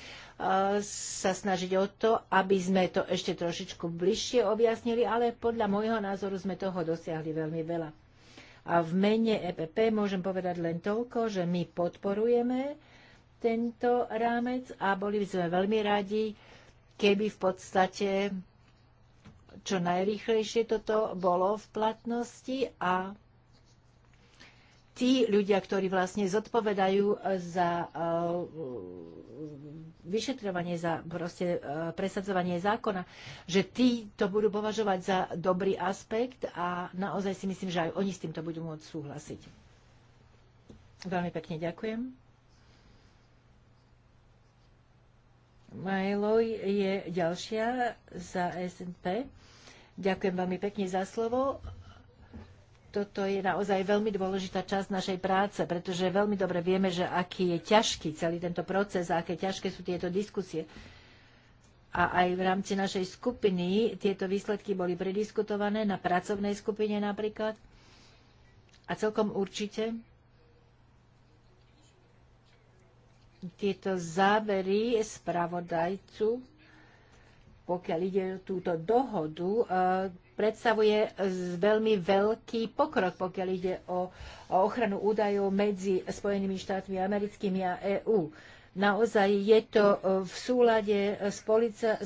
sa snažiť o to, aby sme to ešte trošičku bližšie objasnili, ale podľa môjho názoru sme toho dosiahli veľmi veľa. A v mene EPP môžem povedať len toľko, že my podporujeme tento rámec a boli by sme veľmi radi, keby v podstate čo najrýchlejšie toto bolo v platnosti a tí ľudia, ktorí vlastne zodpovedajú za e, vyšetrovanie, za proste e, presadzovanie zákona, že tí to budú považovať za dobrý aspekt a naozaj si myslím, že aj oni s týmto budú môcť súhlasiť. Veľmi pekne ďakujem. Majloj je ďalšia za SNP. Ďakujem veľmi pekne za slovo. Toto je naozaj veľmi dôležitá časť našej práce, pretože veľmi dobre vieme, že aký je ťažký celý tento proces a aké ťažké sú tieto diskusie. A aj v rámci našej skupiny tieto výsledky boli prediskutované na pracovnej skupine napríklad. A celkom určite tieto závery spravodajcu, pokiaľ ide o túto dohodu, e, predstavuje veľmi veľký pokrok, pokiaľ ide o, ochranu údajov medzi Spojenými štátmi americkými a EÚ. Naozaj je to e, v súlade s,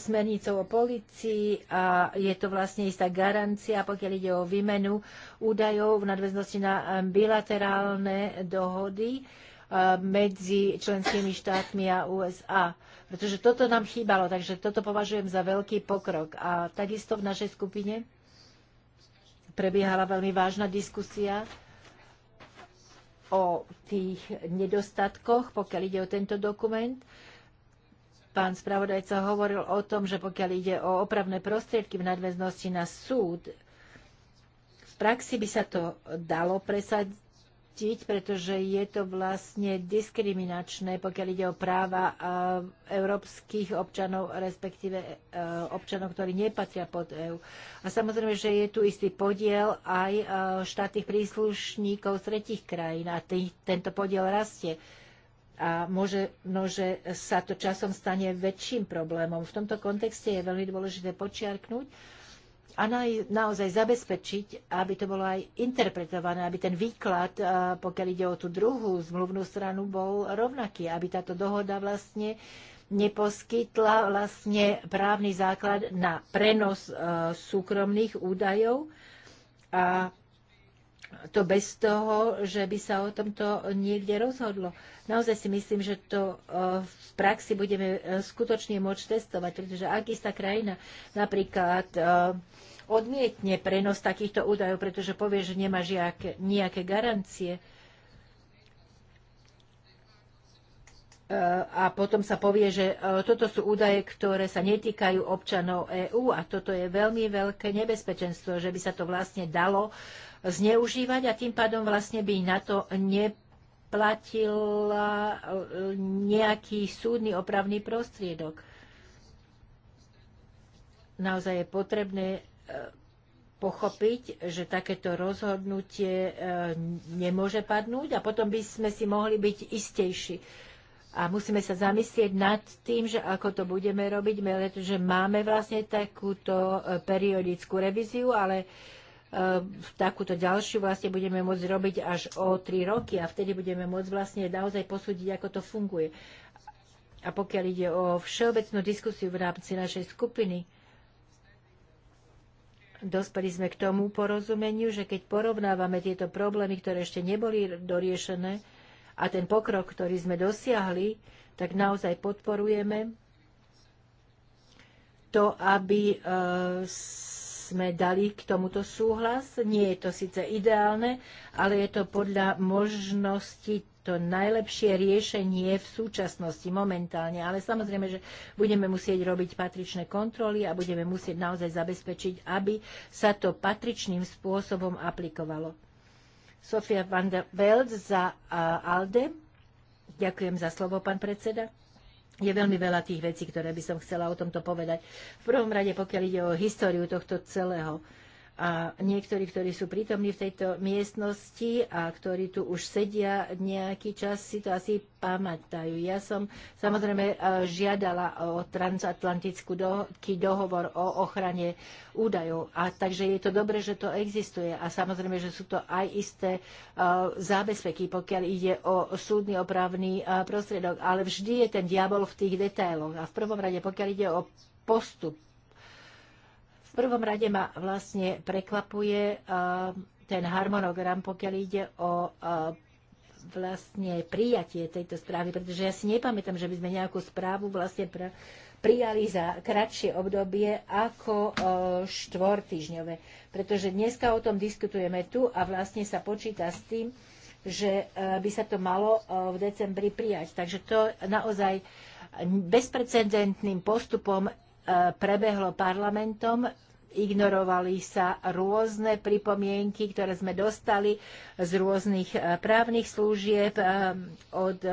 smernicou o policii a je to vlastne istá garancia, pokiaľ ide o výmenu údajov v nadväznosti na bilaterálne dohody medzi členskými štátmi a USA. Pretože toto nám chýbalo, takže toto považujem za veľký pokrok. A takisto v našej skupine prebiehala veľmi vážna diskusia o tých nedostatkoch, pokiaľ ide o tento dokument. Pán spravodajca hovoril o tom, že pokiaľ ide o opravné prostriedky v nadväznosti na súd, v praxi by sa to dalo presadiť, platiť, pretože je to vlastne diskriminačné, pokiaľ ide o práva eh, európskych občanov, respektíve eh, občanov, ktorí nepatria pod EÚ. A samozrejme, že je tu istý podiel aj eh, štátnych príslušníkov z tretich krajín a tý, tento podiel rastie a môže, no, že sa to časom stane väčším problémom. V tomto kontexte je veľmi dôležité počiarknúť, a naozaj zabezpečiť, aby to bolo aj interpretované, aby ten výklad, pokiaľ ide o tú druhú zmluvnú stranu, bol rovnaký, aby táto dohoda vlastne neposkytla vlastne právny základ na prenos súkromných údajov a to bez toho, že by sa o tomto niekde rozhodlo. Naozaj si myslím, že to v praxi budeme skutočne môcť testovať, pretože ak istá krajina napríklad odmietne prenos takýchto údajov, pretože povie, že nemá žiaké, nejaké garancie. E, a potom sa povie, že e, toto sú údaje, ktoré sa netýkajú občanov EÚ a toto je veľmi veľké nebezpečenstvo, že by sa to vlastne dalo zneužívať a tým pádom vlastne by na to neplatil e, nejaký súdny opravný prostriedok. Naozaj je potrebné pochopiť, že takéto rozhodnutie e, nemôže padnúť a potom by sme si mohli byť istejší. A musíme sa zamyslieť nad tým, že ako to budeme robiť, pretože máme vlastne takúto e, periodickú revíziu, ale e, takúto ďalšiu vlastne budeme môcť robiť až o tri roky a vtedy budeme môcť vlastne naozaj posúdiť, ako to funguje. A pokiaľ ide o všeobecnú diskusiu v rámci našej skupiny, dospeli sme k tomu porozumeniu, že keď porovnávame tieto problémy, ktoré ešte neboli doriešené a ten pokrok, ktorý sme dosiahli, tak naozaj podporujeme to, aby e, sme dali k tomuto súhlas. Nie je to síce ideálne, ale je to podľa možnosti to najlepšie riešenie v súčasnosti momentálne, ale samozrejme, že budeme musieť robiť patričné kontroly a budeme musieť naozaj zabezpečiť, aby sa to patričným spôsobom aplikovalo. Sofia van der Welt za ALDE. Ďakujem za slovo, pán predseda. Je veľmi veľa tých vecí, ktoré by som chcela o tomto povedať. V prvom rade, pokiaľ ide o históriu tohto celého a niektorí, ktorí sú prítomní v tejto miestnosti a ktorí tu už sedia nejaký čas, si to asi pamätajú. Ja som samozrejme e, žiadala o transatlantickú dohodky dohovor o ochrane údajov. A takže je to dobré, že to existuje. A samozrejme, že sú to aj isté uh, zábezpeky, pokiaľ ide o súdny opravný uh, prostriedok. Ale vždy je ten diabol v tých detailoch. A v prvom rade, pokiaľ ide o postup prvom rade ma vlastne prekvapuje eh, ten harmonogram, pokiaľ ide o eh, vlastne prijatie tejto správy, pretože ja si nepamätám, že by sme nejakú správu vlastne prijali za kratšie obdobie ako eh, štvortýžňové. Pretože dneska o tom diskutujeme tu a vlastne sa počíta s tým, že by sa to malo v decembri prijať. Takže to naozaj bezprecedentným postupom prebehlo parlamentom ignorovali sa rôzne pripomienky, ktoré sme dostali z rôznych e, právnych služieb e, od e,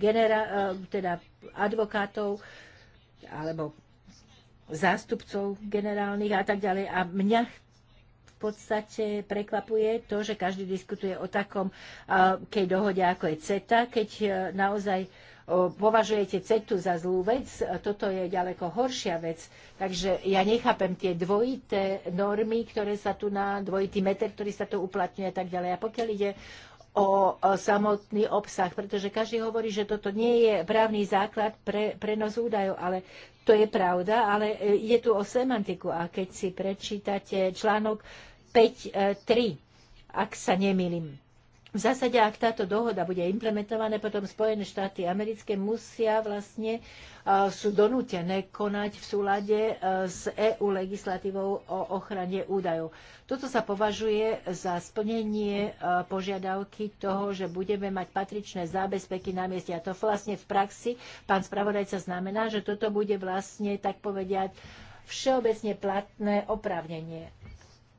genera- teda advokátov alebo zástupcov generálnych a tak ďalej. A mňa v podstate prekvapuje to, že každý diskutuje o takom keď dohode, ako je CETA, keď naozaj považujete CETu za zlú vec, toto je ďaleko horšia vec. Takže ja nechápem tie dvojité normy, ktoré sa tu na dvojitý meter, ktorý sa tu uplatňuje a tak ďalej. A pokiaľ ide o samotný obsah, pretože každý hovorí, že toto nie je právny základ pre prenos údajov, ale to je pravda, ale e, ide tu o semantiku. A keď si prečítate článok 5.3, e, ak sa nemýlim, v zásade, ak táto dohoda bude implementovaná, potom Spojené štáty americké musia vlastne, e, sú donútené konať v súlade e, s EU legislatívou o ochrane údajov. Toto sa považuje za splnenie e, požiadavky toho, že budeme mať patričné zábezpeky na mieste. A to vlastne v praxi, pán spravodajca, znamená, že toto bude vlastne, tak povediať, všeobecne platné oprávnenie.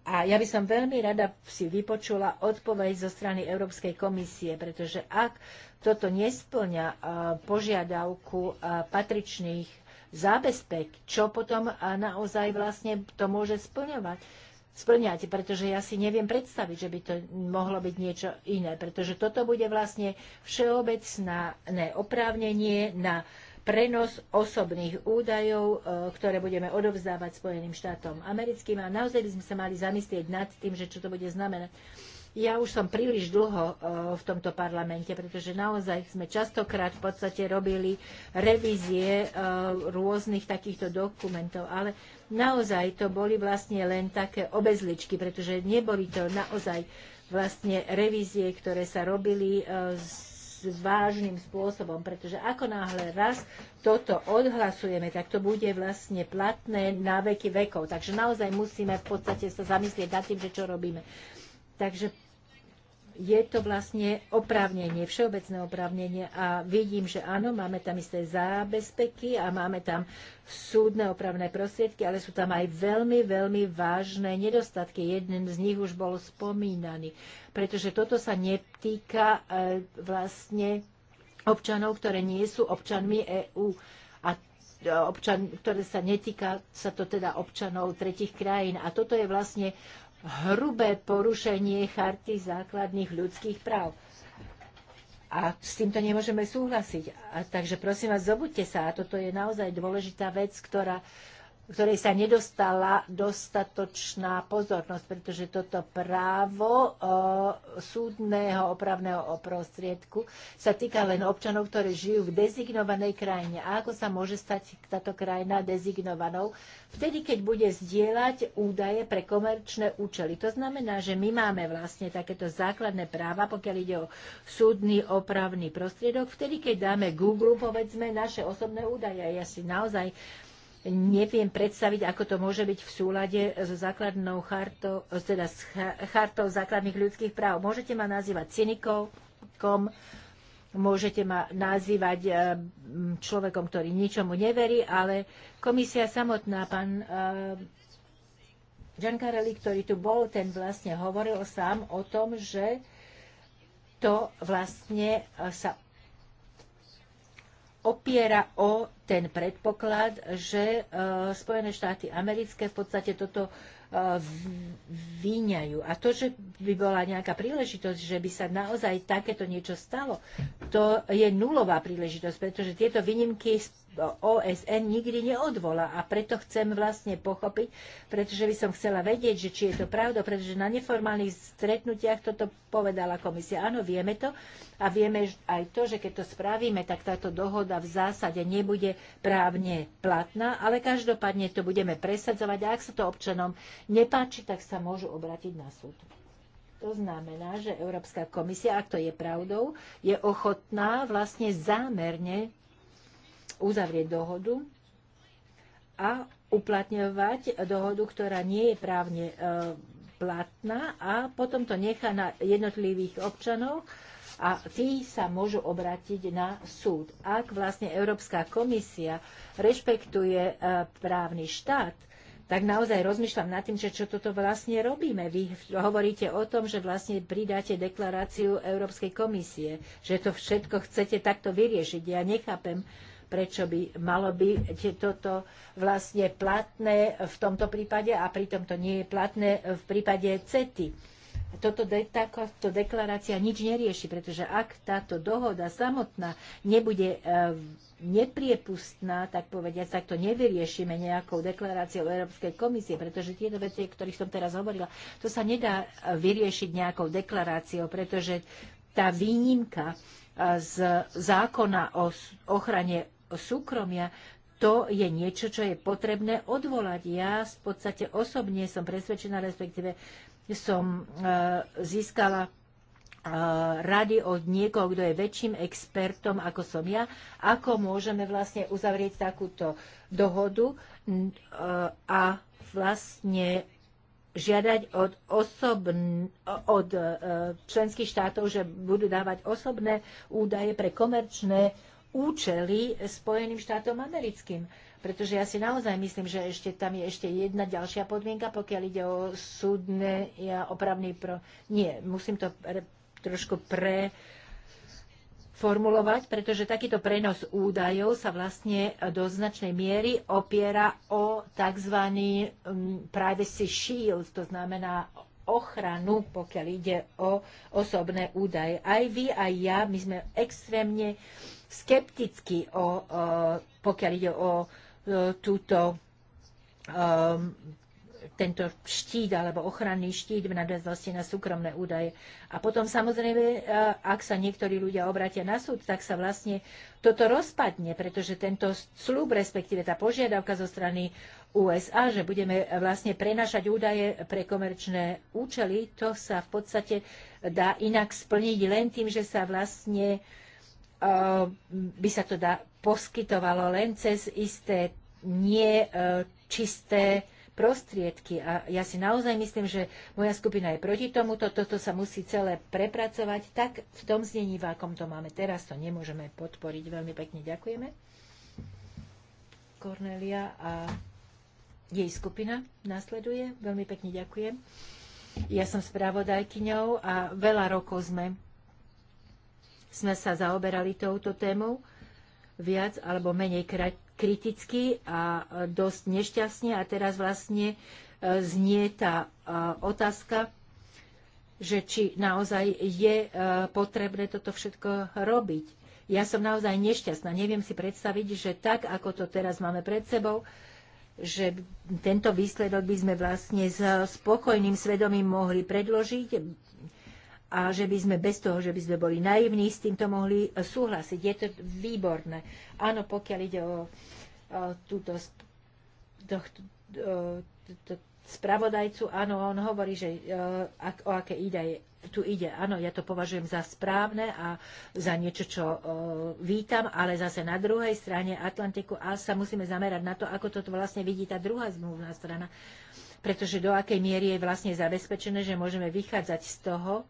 A ja by som veľmi rada si vypočula odpoveď zo strany Európskej komisie, pretože ak toto nesplňa e, požiadavku e, patričných zábezpek, čo potom e, naozaj vlastne to môže splňovať? splňať, pretože ja si neviem predstaviť, že by to mohlo byť niečo iné, pretože toto bude vlastne všeobecné oprávnenie na uh, prenos osobných údajov, e, ktoré budeme odovzdávať Spojeným štátom americkým. A naozaj by sme sa mali zamyslieť nad tým, že čo to bude znamenať. Ja už som príliš dlho e, v tomto parlamente, pretože naozaj sme častokrát v podstate robili revízie e, rôznych takýchto dokumentov, ale naozaj to boli vlastne len také obezličky, pretože neboli to naozaj vlastne revízie, ktoré sa robili s s vážnym spôsobom, pretože ako náhle raz toto odhlasujeme, tak to bude vlastne platné na veky vekov. Takže naozaj musíme v podstate sa zamyslieť nad tým, že čo robíme. Takže je to vlastne oprávnenie, všeobecné oprávnenie a vidím, že áno, máme tam isté zábezpeky a máme tam súdne opravné prostriedky, ale sú tam aj veľmi, veľmi vážne nedostatky. Jedným z nich už bol spomínaný, pretože toto sa netýka e, vlastne občanov, ktoré nie sú občanmi EÚ a e, občan, ktoré sa netýka sa to teda občanov tretich krajín. A toto je vlastne hrubé porušenie charty základných ľudských práv. A s týmto nemôžeme súhlasiť. A, takže prosím vás, zobuďte sa. A toto je naozaj dôležitá vec, ktorá uh, ktorej sa nedostala dostatočná pozornosť, pretože toto právo eh, súdneho opravného prostriedku sa týka len občanov, ktorí žijú v dezignovanej krajine. A ako sa môže stať táto krajina dezignovanou? Vtedy, keď bude zdieľať údaje pre komerčné účely. To znamená, že my máme vlastne takéto základné práva, pokiaľ ide o súdny opravný prostriedok, vtedy, keď dáme Google, povedzme, naše osobné údaje. Ja si naozaj neviem predstaviť, ako to môže byť v súlade so základnou chartou, teda s chartou základných ľudských práv. Môžete ma nazývať cynikom, môžete ma nazývať eh, človekom, ktorý ničomu neverí, ale komisia samotná, pán eh, Giancarelli, ktorý tu bol, ten vlastne hovoril sám o tom, že to vlastne eh, sa opiera o ten predpoklad, že e, Spojené štáty americké v podstate toto e, vyňajú. A to, že by bola nejaká príležitosť, že by sa naozaj takéto niečo stalo, to je nulová príležitosť, pretože tieto výnimky OSN nikdy neodvolá. A preto chcem vlastne pochopiť, pretože by som chcela vedieť, že či je to pravda, pretože na neformálnych stretnutiach toto povedala komisia. Áno, vieme to a vieme aj to, že keď to spravíme, tak táto dohoda v zásade nebude právne platná, ale každopádne to budeme presadzovať a ak sa to občanom nepáči, tak sa môžu obratiť na súd. To znamená, že Európska komisia, ak to je pravdou, je ochotná vlastne zámerne uzavrieť dohodu a uplatňovať dohodu, ktorá nie je právne e, platná a potom to nechá na jednotlivých občanov a tí sa môžu obrátiť na súd. Ak vlastne Európska komisia rešpektuje e, právny štát, tak naozaj rozmýšľam nad tým, že čo toto vlastne robíme. Vy hovoríte o tom, že vlastne pridáte deklaráciu Európskej komisie, že to všetko chcete takto vyriešiť. Ja nechápem, prečo by malo byť toto vlastne platné v tomto prípade a pritom to nie je platné v prípade Ceti. toto de, táto deklarácia nič nerieši, pretože ak táto dohoda samotná nebude e, nepriepustná, tak povediať, tak to nevyriešime nejakou deklaráciou Európskej komisie, pretože tieto veci, o ktorých som teraz hovorila, to sa nedá e, vyriešiť nejakou deklaráciou, pretože tá výnimka e, z zákona o ochrane súkromia, to je niečo, čo je potrebné odvolať. Ja v podstate osobne som presvedčená, respektíve som e, získala e, rady od niekoho, kto je väčším expertom ako som ja, ako môžeme vlastne uzavrieť takúto dohodu e, a vlastne žiadať od, osobn, od členských štátov, že budú dávať osobné údaje pre komerčné účely Spojeným štátom americkým. Pretože ja si naozaj myslím, že ešte tam je ešte jedna ďalšia podmienka, pokiaľ ide o súdne ja, opravný pro... Nie, musím to pre, trošku pre formulovať, pretože takýto prenos údajov sa vlastne do značnej miery opiera o tzv. Mm, privacy shield, to znamená ochranu, pokiaľ ide o osobné údaje. Aj vy, aj ja, my sme extrémne uh, skepticky o, pokiaľ ide o túto um, tento štít alebo ochranný štít v nadväznosti na súkromné údaje. A potom samozrejme, e, ak sa niektorí ľudia obratia na súd, tak sa vlastne toto rozpadne, pretože tento slúb, respektíve tá požiadavka zo strany USA, že budeme vlastne prenašať údaje pre komerčné účely, to sa v podstate dá inak splniť len tým, že sa vlastne uh, by sa teda poskytovalo len cez isté nie prostriedky. A ja si naozaj myslím, že moja skupina je proti tomuto. Toto sa musí celé prepracovať. Tak v tom znení, v akom to máme teraz, to nemôžeme podporiť. Veľmi pekne ďakujeme. Kornelia a jej skupina nasleduje. Veľmi pekne ďakujem. Ja som spravodajkyňou a veľa rokov sme sme sa zaoberali touto témou viac alebo menej kriticky a e, dosť nešťastne. A teraz vlastne e, znie tá e, otázka, že či naozaj je potrebné toto všetko robiť. Ja som naozaj nešťastná. Neviem si predstaviť, že tak, ako to teraz máme pred sebou, že tento výsledok by sme vlastne s spokojným svedomím mohli predložiť a že by sme bez toho, že by sme boli naivní, s týmto mohli e, súhlasiť. Je to výborné. Áno, pokiaľ ide o, o túto e, spravodajcu, áno, on hovorí, že e, o aké ide, tu ide. Áno, ja to považujem za správne a za niečo, čo vítam, ale zase na druhej strane Atlantiku a sa musíme zamerať na to, ako toto vlastne vidí tá druhá zmluvná strana, pretože do akej miery je vlastne zabezpečené, že môžeme vychádzať z toho,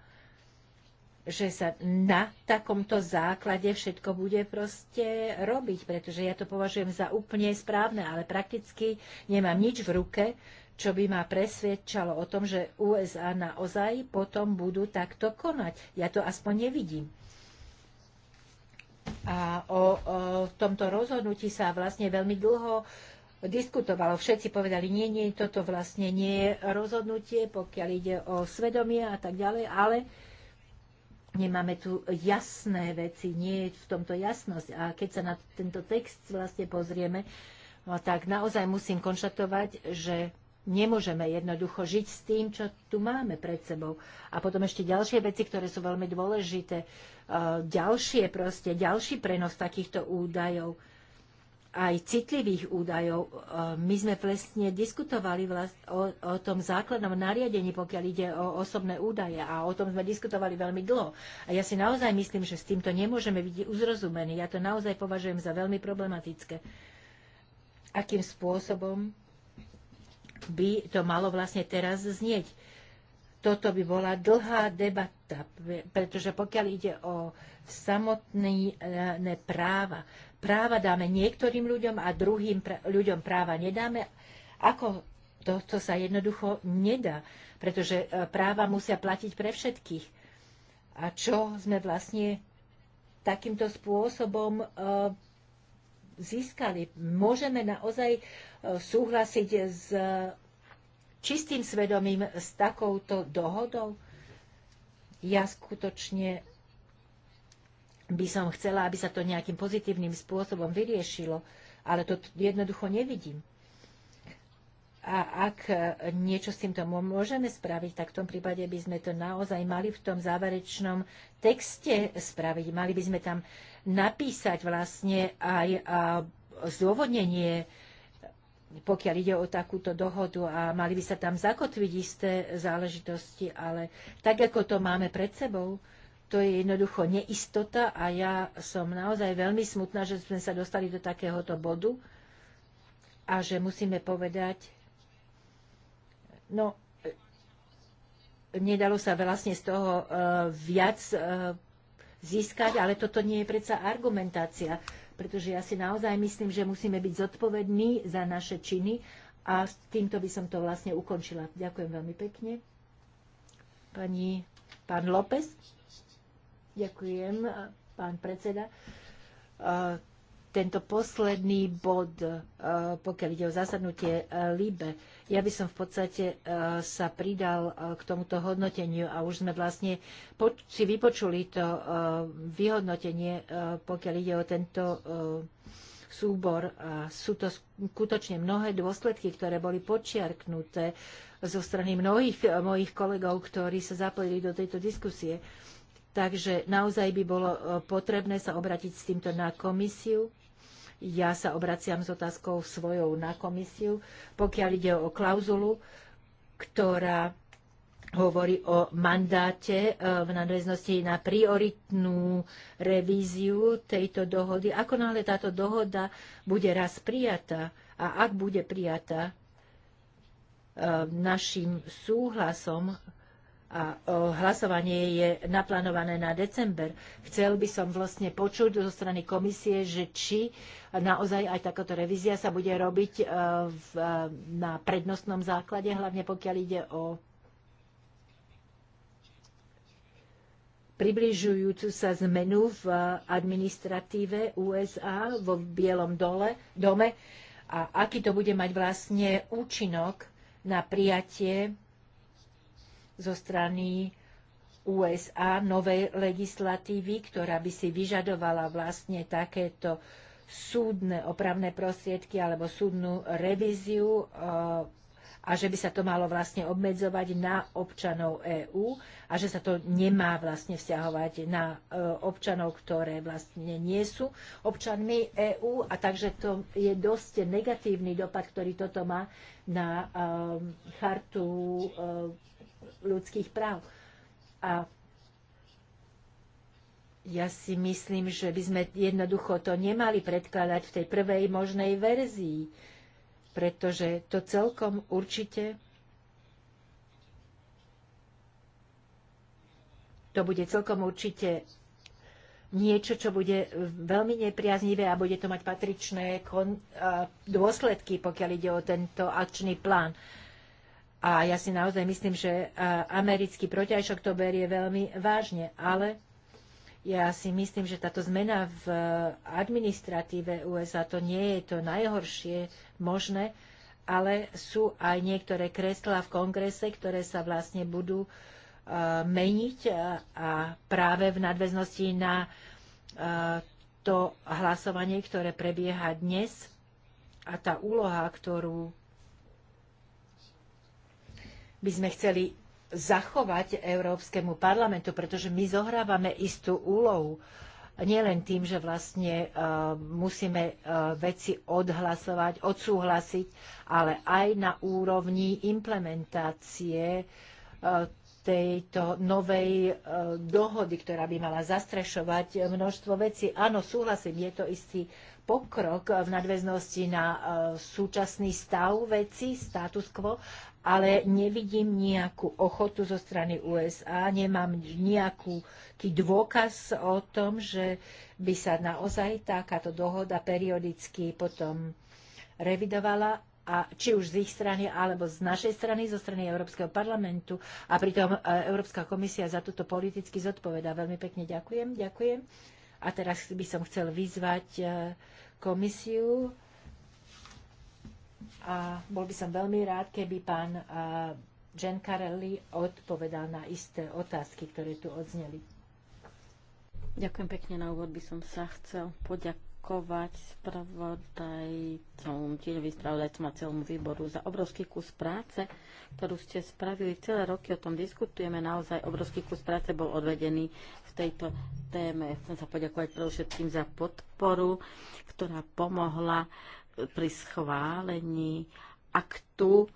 že sa na takomto základe všetko bude proste robiť, pretože ja to považujem za úplne správne, ale prakticky nemám nič v ruke, čo by ma presvedčalo o tom, že USA naozaj potom budú takto konať. Ja to aspoň nevidím. A o, o tomto rozhodnutí sa vlastne veľmi dlho diskutovalo. Všetci povedali, nie, nie, toto vlastne nie je rozhodnutie, pokiaľ ide o svedomie a tak ďalej, ale nemáme tu jasné veci, nie je v tomto jasnosť. A keď sa na tento text vlastne pozrieme, no tak naozaj musím konštatovať, že nemôžeme jednoducho žiť s tým, čo tu máme pred sebou. A potom ešte ďalšie veci, ktoré sú veľmi dôležité. E, ďalšie proste, ďalší prenos takýchto údajov aj citlivých údajov. E, my sme presne diskutovali vlast, o, o tom základnom nariadení, pokiaľ ide o osobné údaje a o tom sme diskutovali veľmi dlho. A ja si naozaj myslím, že s týmto nemôžeme byť uzrozumení. Ja to naozaj považujem za veľmi problematické. Akým spôsobom by to malo vlastne teraz znieť? Toto by bola dlhá debata, pretože pokiaľ ide o samotné e, práva, práva dáme niektorým ľuďom a druhým pr- ľuďom práva nedáme. Ako to, to sa jednoducho nedá, pretože e, práva musia platiť pre všetkých. A čo sme vlastne takýmto spôsobom e, získali? Môžeme naozaj e, súhlasiť s čistým svedomím s takouto dohodou? Ja skutočne by som chcela, aby sa to nejakým pozitívnym spôsobom vyriešilo, ale to jednoducho nevidím. A ak e, niečo s týmto môžeme spraviť, tak v tom prípade by sme to naozaj mali v tom záverečnom texte spraviť. Mali by sme tam napísať vlastne aj e, zdôvodnenie, pokiaľ ide o takúto dohodu a mali by sa tam zakotviť isté záležitosti, ale tak, ako to máme pred sebou, to je jednoducho neistota a ja som naozaj veľmi smutná, že sme sa dostali do takéhoto bodu a že musíme povedať, no, nedalo sa vlastne z toho e, viac e, získať, ale toto nie je predsa argumentácia, pretože ja si naozaj myslím, že musíme byť zodpovední za naše činy a s týmto by som to vlastne ukončila. Ďakujem veľmi pekne. Pani, pán López. Ďakujem, pán predseda. E, tento posledný bod, e, pokiaľ ide o zasadnutie e, LIBE, ja by som v podstate sa pridal k tomuto hodnoteniu a už sme vlastne si vypočuli to vyhodnotenie, pokiaľ ide o tento súbor. A sú to skutočne mnohé dôsledky, ktoré boli počiarknuté zo strany mnohých mojich kolegov, ktorí sa zapojili do tejto diskusie. Takže naozaj by bolo e, potrebné sa obratiť s týmto na komisiu. Ja sa obraciam s otázkou svojou na komisiu, pokiaľ ide o klauzulu, ktorá hovorí o mandáte e, v nadväznosti na prioritnú revíziu tejto dohody. Ako náhle táto dohoda bude raz prijatá a ak bude prijatá e, našim súhlasom, a hlasovanie je naplánované na december. Chcel by som vlastne počuť zo strany komisie, že či naozaj aj takáto revízia sa bude robiť e, v, e, na prednostnom základe, hlavne pokiaľ ide o približujúcu sa zmenu v administratíve USA vo Bielom dole, dome a aký to bude mať vlastne účinok na prijatie zo strany USA novej legislatívy, ktorá by si vyžadovala vlastne takéto súdne opravné prostriedky alebo súdnu revíziu e, a že by sa to malo vlastne obmedzovať na občanov EÚ a že sa to nemá vlastne vzťahovať na e, občanov, ktoré vlastne nie sú občanmi EÚ a takže to je dosť negatívny dopad, ktorý toto má na e, chartu ľudských práv. A ja si myslím, že by sme jednoducho to nemali predkladať v tej prvej možnej verzii, pretože to celkom určite to bude celkom určite niečo, čo bude veľmi nepriaznivé a bude to mať patričné dôsledky, pokiaľ ide o tento akčný plán. A ja si naozaj myslím, že e, americký protiajšok to berie veľmi vážne, ale ja si myslím, že táto zmena v e, administratíve USA to nie je to najhoršie možné, ale sú aj niektoré kreslá v kongrese, ktoré sa vlastne budú e, meniť a práve v nadväznosti na to hlasovanie, ktoré prebieha dnes a tá úloha, ktorú by sme chceli zachovať Európskemu parlamentu, pretože my zohrávame istú úlohu. Nielen tým, že vlastne uh, musíme uh, veci odhlasovať, odsúhlasiť, ale aj na úrovni implementácie uh, tejto novej dohody, ktorá by mala zastrešovať množstvo vecí. Áno, súhlasím, je to istý pokrok v nadväznosti na súčasný stav veci, status quo, ale nevidím nejakú ochotu zo strany USA, nemám nejaký dôkaz o tom, že by sa naozaj takáto dohoda periodicky potom revidovala a či už z ich strany alebo z našej strany, zo strany Európskeho parlamentu. A pritom e, Európska komisia za toto politicky zodpovedá. Veľmi pekne ďakujem, ďakujem. A teraz by som chcel vyzvať e, komisiu, a bol by som veľmi rád, keby pán Carelli odpovedal na isté otázky, ktoré tu odzneli. Ďakujem pekne. Na úvod by som sa chcel poďakovať spravodajcom, tieňovým spravodajcom a celému výboru za obrovský kus práce, ktorú ste spravili. Celé roky o tom diskutujeme. Naozaj obrovský kus práce bol odvedený v tejto téme. Chcem sa poďakovať všetkým za podporu, ktorá pomohla uh, pri schválení aktu e,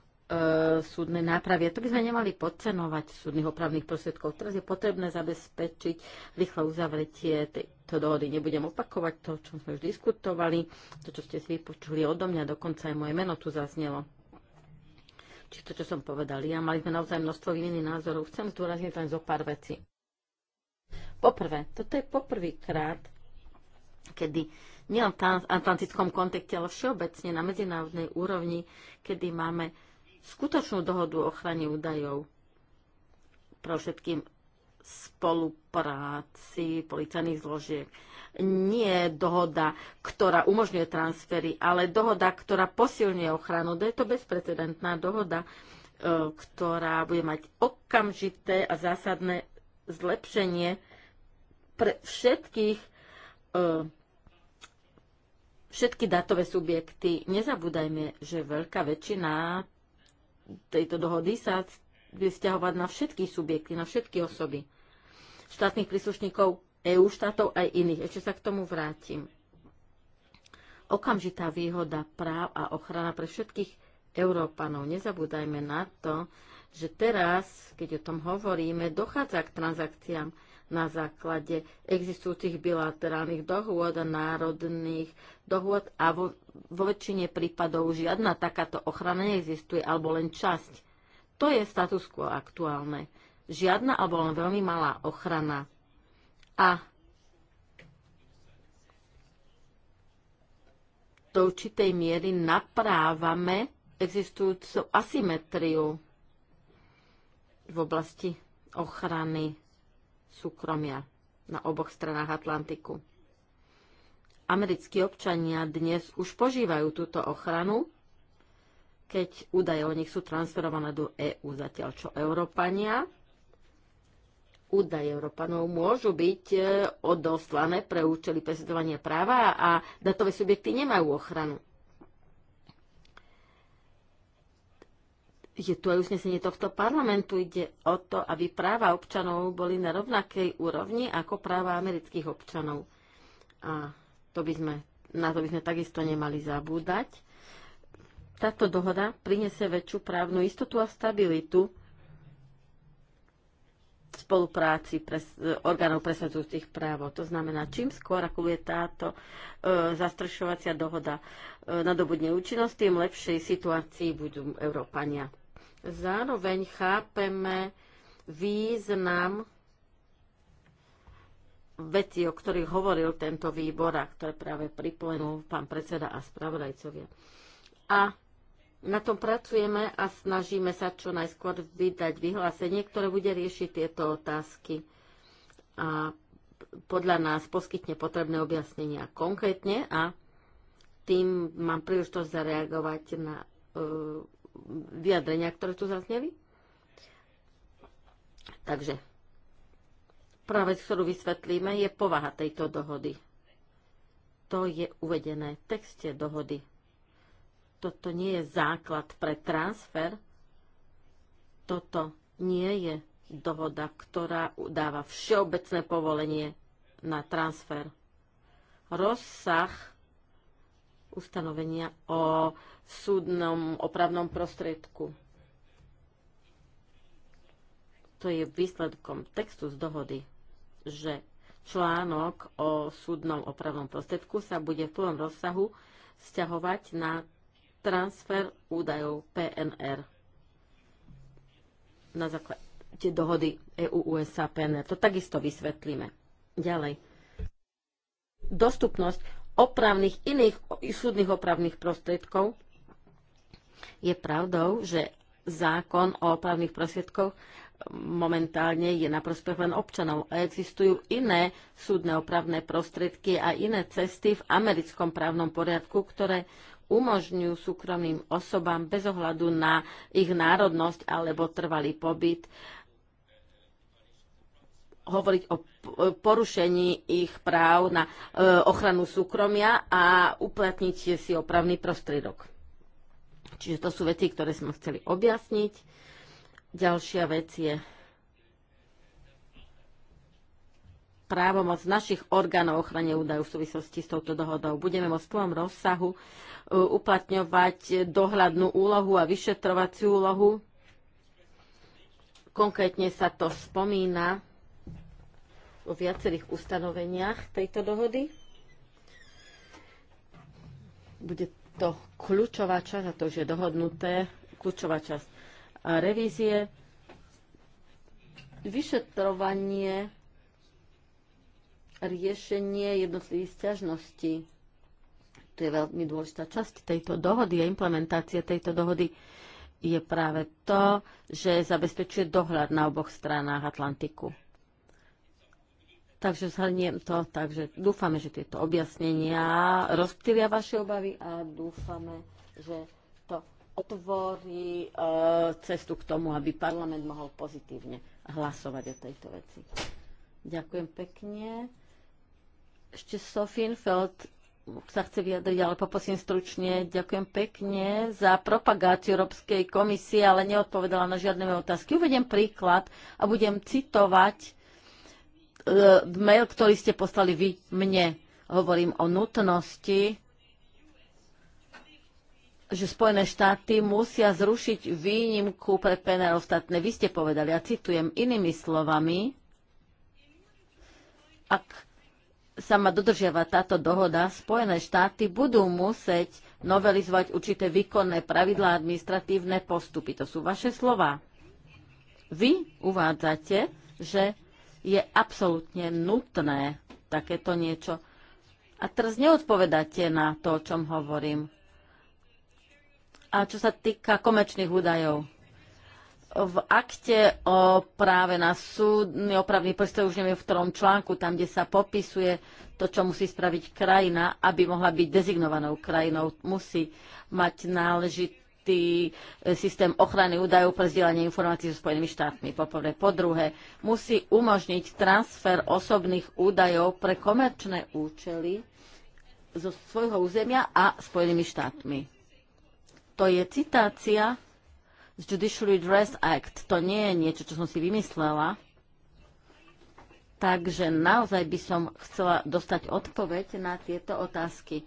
súdnej nápravy. A to by sme nemali podcenovať súdnych opravných prostriedkov. Teraz je potrebné zabezpečiť rýchle uzavretie tejto dohody. Nebudem opakovať to, čo sme už diskutovali, to, čo ste si vypočuli odo mňa, dokonca aj moje meno tu zaznelo či to, čo som povedal ja. Mali sme naozaj množstvo iných názorov. Chcem zdôrazniť len zo pár vecí. Poprvé, toto je poprvýkrát, kedy nielen v atlantickom kontekste, ale všeobecne na medzinárodnej úrovni, kedy máme skutočnú dohodu o ochrane údajov pro všetkým spolupráci policajných zložiek. Nie dohoda, ktorá umožňuje transfery, ale dohoda, ktorá posilňuje ochranu. To je to bezprecedentná dohoda, e, ktorá bude mať okamžité a zásadné zlepšenie pre všetkých e, všetky datové subjekty. Nezabúdajme, že veľká väčšina tejto dohody sa bude vzťahovať na všetky subjekty, na všetky osoby. Štátnych príslušníkov EU štátov aj iných. Ešte sa k tomu vrátim. Okamžitá výhoda práv a ochrana pre všetkých Európanov. Nezabúdajme na to, že teraz, keď o tom hovoríme, dochádza k transakciám na základe existujúcich bilaterálnych dohôd a národných dohôd a vo, vo väčšine prípadov žiadna takáto ochrana neexistuje alebo len časť. To je status quo aktuálne. Žiadna alebo len veľmi malá ochrana. A do určitej miery naprávame existujúcu asymetriu v oblasti ochrany súkromia na oboch stranách Atlantiku. Americkí občania dnes už požívajú túto ochranu, keď údaje o nich sú transferované do EÚ, zatiaľ čo Európania. Údaje Európanov môžu byť eh, odoslané pre účely presadzovania práva a datové subjekty nemajú ochranu. je tu aj uznesenie tohto parlamentu. Ide o to, aby práva občanov boli na rovnakej úrovni ako práva amerických občanov. A to by sme, na to by sme takisto nemali zabúdať. Táto dohoda priniesie väčšiu právnu istotu a stabilitu v spolupráci pres, orgánov presadzujúcich právo. To znamená, čím skôr, ako je táto e, zastrešovacia dohoda e, nadobudne účinnosti, tým lepšej situácii budú Európania. Zároveň chápeme význam veci, o ktorých hovoril tento výbor a ktoré práve priplenul pán predseda a spravodajcovia. A na tom pracujeme a snažíme sa čo najskôr vydať vyhlásenie, ktoré bude riešiť tieto otázky a podľa nás poskytne potrebné objasnenia konkrétne a tým mám príležitosť zareagovať na e, vyjadrenia, ktoré tu zazneli. Takže prvá vec, ktorú vysvetlíme, je povaha tejto dohody. To je uvedené v texte dohody. Toto nie je základ pre transfer. Toto nie je dohoda, ktorá dáva všeobecné povolenie na transfer. Rozsah ustanovenia o súdnom opravnom prostriedku. To je výsledkom textu z dohody, že článok o súdnom opravnom prostriedku sa bude v plnom rozsahu vzťahovať na transfer údajov PNR na základe dohody EU-USA PNR. To takisto vysvetlíme. Ďalej. Dostupnosť opravných iných súdnych opravných prostriedkov je pravdou, že zákon o opravných prostriedkoch momentálne je na prospech len občanov a existujú iné súdne opravné prostriedky a iné cesty v americkom právnom poriadku, ktoré umožňujú súkromným osobám bez ohľadu na ich národnosť alebo trvalý pobyt hovoriť o porušení ich práv na e, ochranu súkromia a uplatniť si opravný prostriedok. Čiže to sú veci, ktoré sme chceli objasniť. Ďalšia vec je právomoc našich orgánov ochrane údajov v súvislosti s touto dohodou. Budeme vo svojom rozsahu e, uplatňovať dohľadnú úlohu a vyšetrovaciu úlohu. Konkrétne sa to spomína vo viacerých ustanoveniach tejto dohody. Bude to kľúčová časť, a to už je dohodnuté, kľúčová časť a revízie, vyšetrovanie, riešenie jednotlivých sťažností. To je veľmi dôležitá časť tejto dohody a implementácia tejto dohody je práve to, že zabezpečuje dohľad na oboch stranách Atlantiku. Takže zhrniem to, takže dúfame, že tieto objasnenia rozptýlia vaše obavy a dúfame, že to otvorí e, cestu k tomu, aby parlament mohol pozitívne hlasovať o tejto veci. Ďakujem pekne. Ešte Sofín Feld sa chce vyjadriť, ale poprosím stručne. Ďakujem pekne za propagáciu Európskej komisie, ale neodpovedala na žiadne otázky. Uvediem príklad a budem citovať E, mail, ktorý ste poslali vy mne. Hovorím o nutnosti, že Spojené štáty musia zrušiť výnimku pre PNR ostatné. Vy ste povedali, ja citujem inými slovami, ak sa má dodržiavať táto dohoda, Spojené štáty budú musieť novelizovať určité výkonné pravidlá administratívne postupy. To sú vaše slova. Vy uvádzate, že je absolútne nutné takéto niečo. A teraz neodpovedáte na to, o čom hovorím. A čo sa týka komerčných údajov, v akte o práve na súdny opravný postoj, už neviem v ktorom článku, tam, kde sa popisuje to, čo musí spraviť krajina, aby mohla byť dezignovanou krajinou, musí mať náležitý tý e, systém ochrany údajov pre zdieľanie informácií so Spojenými štátmi. Po prvé. Po druhé, musí umožniť transfer osobných údajov pre komerčné účely zo svojho územia a Spojenými štátmi. To je citácia z Judiciary Dress Act. To nie je niečo, čo som si vymyslela. Takže naozaj by som chcela dostať odpoveď na tieto otázky.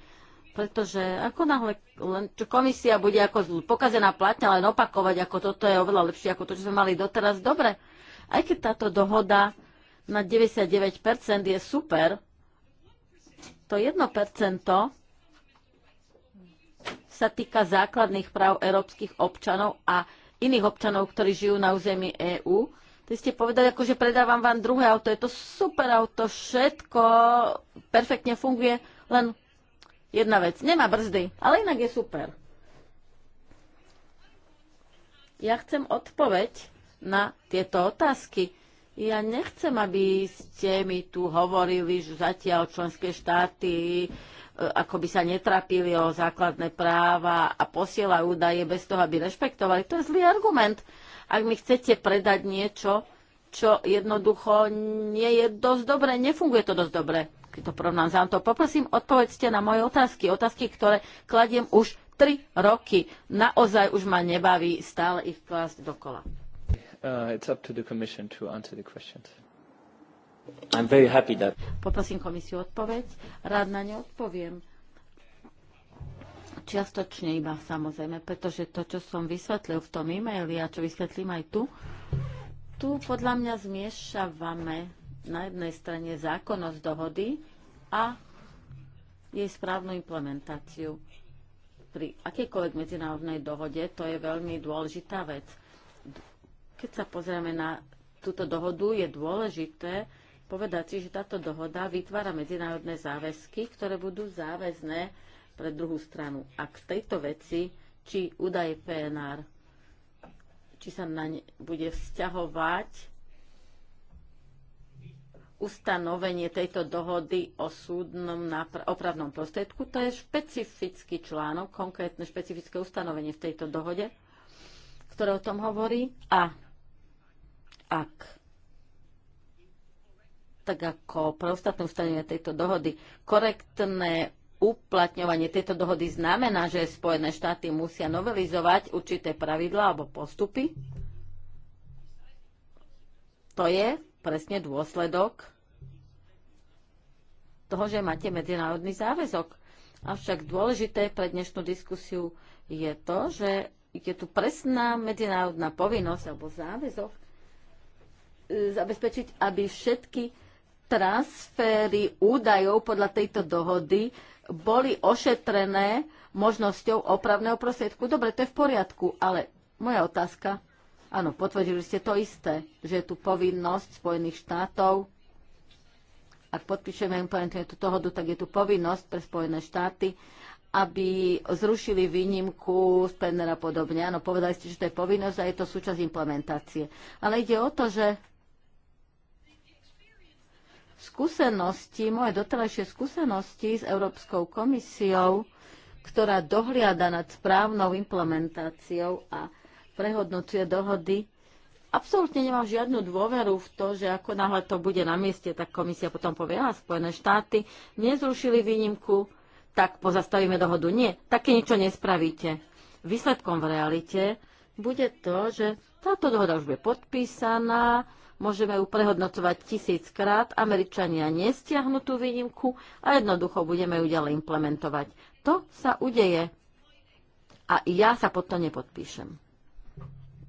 Pretože ako náhle len, čo komisia bude ako pokazená platňa len opakovať, ako toto je oveľa lepšie ako to, čo sme mali doteraz, dobre. Aj keď táto dohoda na 99% je super, to 1% sa týka základných práv európskych občanov a iných občanov, ktorí žijú na území EÚ. Ty ste povedali, ako že predávam vám druhé auto. Je to super auto, všetko perfektne funguje, len Jedna vec, nemá brzdy, ale inak je super. Ja chcem odpoveď na tieto otázky. Ja nechcem, aby ste mi tu hovorili, že zatiaľ členské štáty e, ako by sa netrapili o základné práva a posielajú údaje bez toho, aby rešpektovali. To je zlý argument. Ak mi chcete predať niečo, čo jednoducho nie je dosť dobre, nefunguje to dosť dobre to porovnám s Antou. Poprosím, odpovedzte na moje otázky. Otázky, ktoré kladiem už 3 roky. Naozaj už ma nebaví stále ich klásť dokola. Uh, it's up to the commission to answer the questions. I'm very happy that... Poprosím komisiu odpoveď. Rád na ne odpoviem. Čiastočne iba samozrejme, pretože to, čo som vysvetlil v tom e-maili a čo vysvetlím aj tu, tu podľa mňa zmiešavame na jednej strane zákonnosť dohody a jej správnu implementáciu. Pri akejkoľvek medzinárodnej dohode to je veľmi dôležitá vec. Keď sa pozrieme na túto dohodu, je dôležité povedať si, že táto dohoda vytvára medzinárodné záväzky, ktoré budú záväzné pre druhú stranu. Ak v tejto veci, či údaje PNR, či sa na ne bude vzťahovať ustanovenie tejto dohody o súdnom opravnom prostriedku. To je špecifický článok, konkrétne špecifické ustanovenie v tejto dohode, ktoré o tom hovorí. A ak tak ako pre ostatné ustanovenie tejto dohody, korektné uplatňovanie tejto dohody znamená, že Spojené štáty musia novelizovať určité pravidlá alebo postupy. To je presne dôsledok toho, že máte medzinárodný záväzok. Avšak dôležité pre dnešnú diskusiu je to, že je tu presná medzinárodná povinnosť alebo záväzok e, zabezpečiť, aby všetky transfery údajov podľa tejto dohody boli ošetrené možnosťou opravného prostriedku. Dobre, to je v poriadku, ale moja otázka, áno, potvrdili ste to isté, že je tu povinnosť Spojených štátov ak podpíšeme implementujeme tú dohodu, tak je tu povinnosť pre Spojené štáty, aby zrušili výnimku z a podobne. Áno, povedali ste, že to je povinnosť a je to súčasť implementácie. Ale ide o to, že skúsenosti, moje doterajšie skúsenosti s Európskou komisiou, ktorá dohliada nad správnou implementáciou a prehodnocuje dohody, absolútne nemám žiadnu dôveru v to, že ako náhle to bude na mieste, tak komisia potom povie, a Spojené štáty nezrušili výnimku, tak pozastavíme dohodu. Nie, také niečo nespravíte. Výsledkom v realite bude to, že táto dohoda už bude podpísaná, môžeme ju prehodnocovať tisíckrát, Američania nestiahnu tú výnimku a jednoducho budeme ju ďalej implementovať. To sa udeje a ja sa pod to nepodpíšem.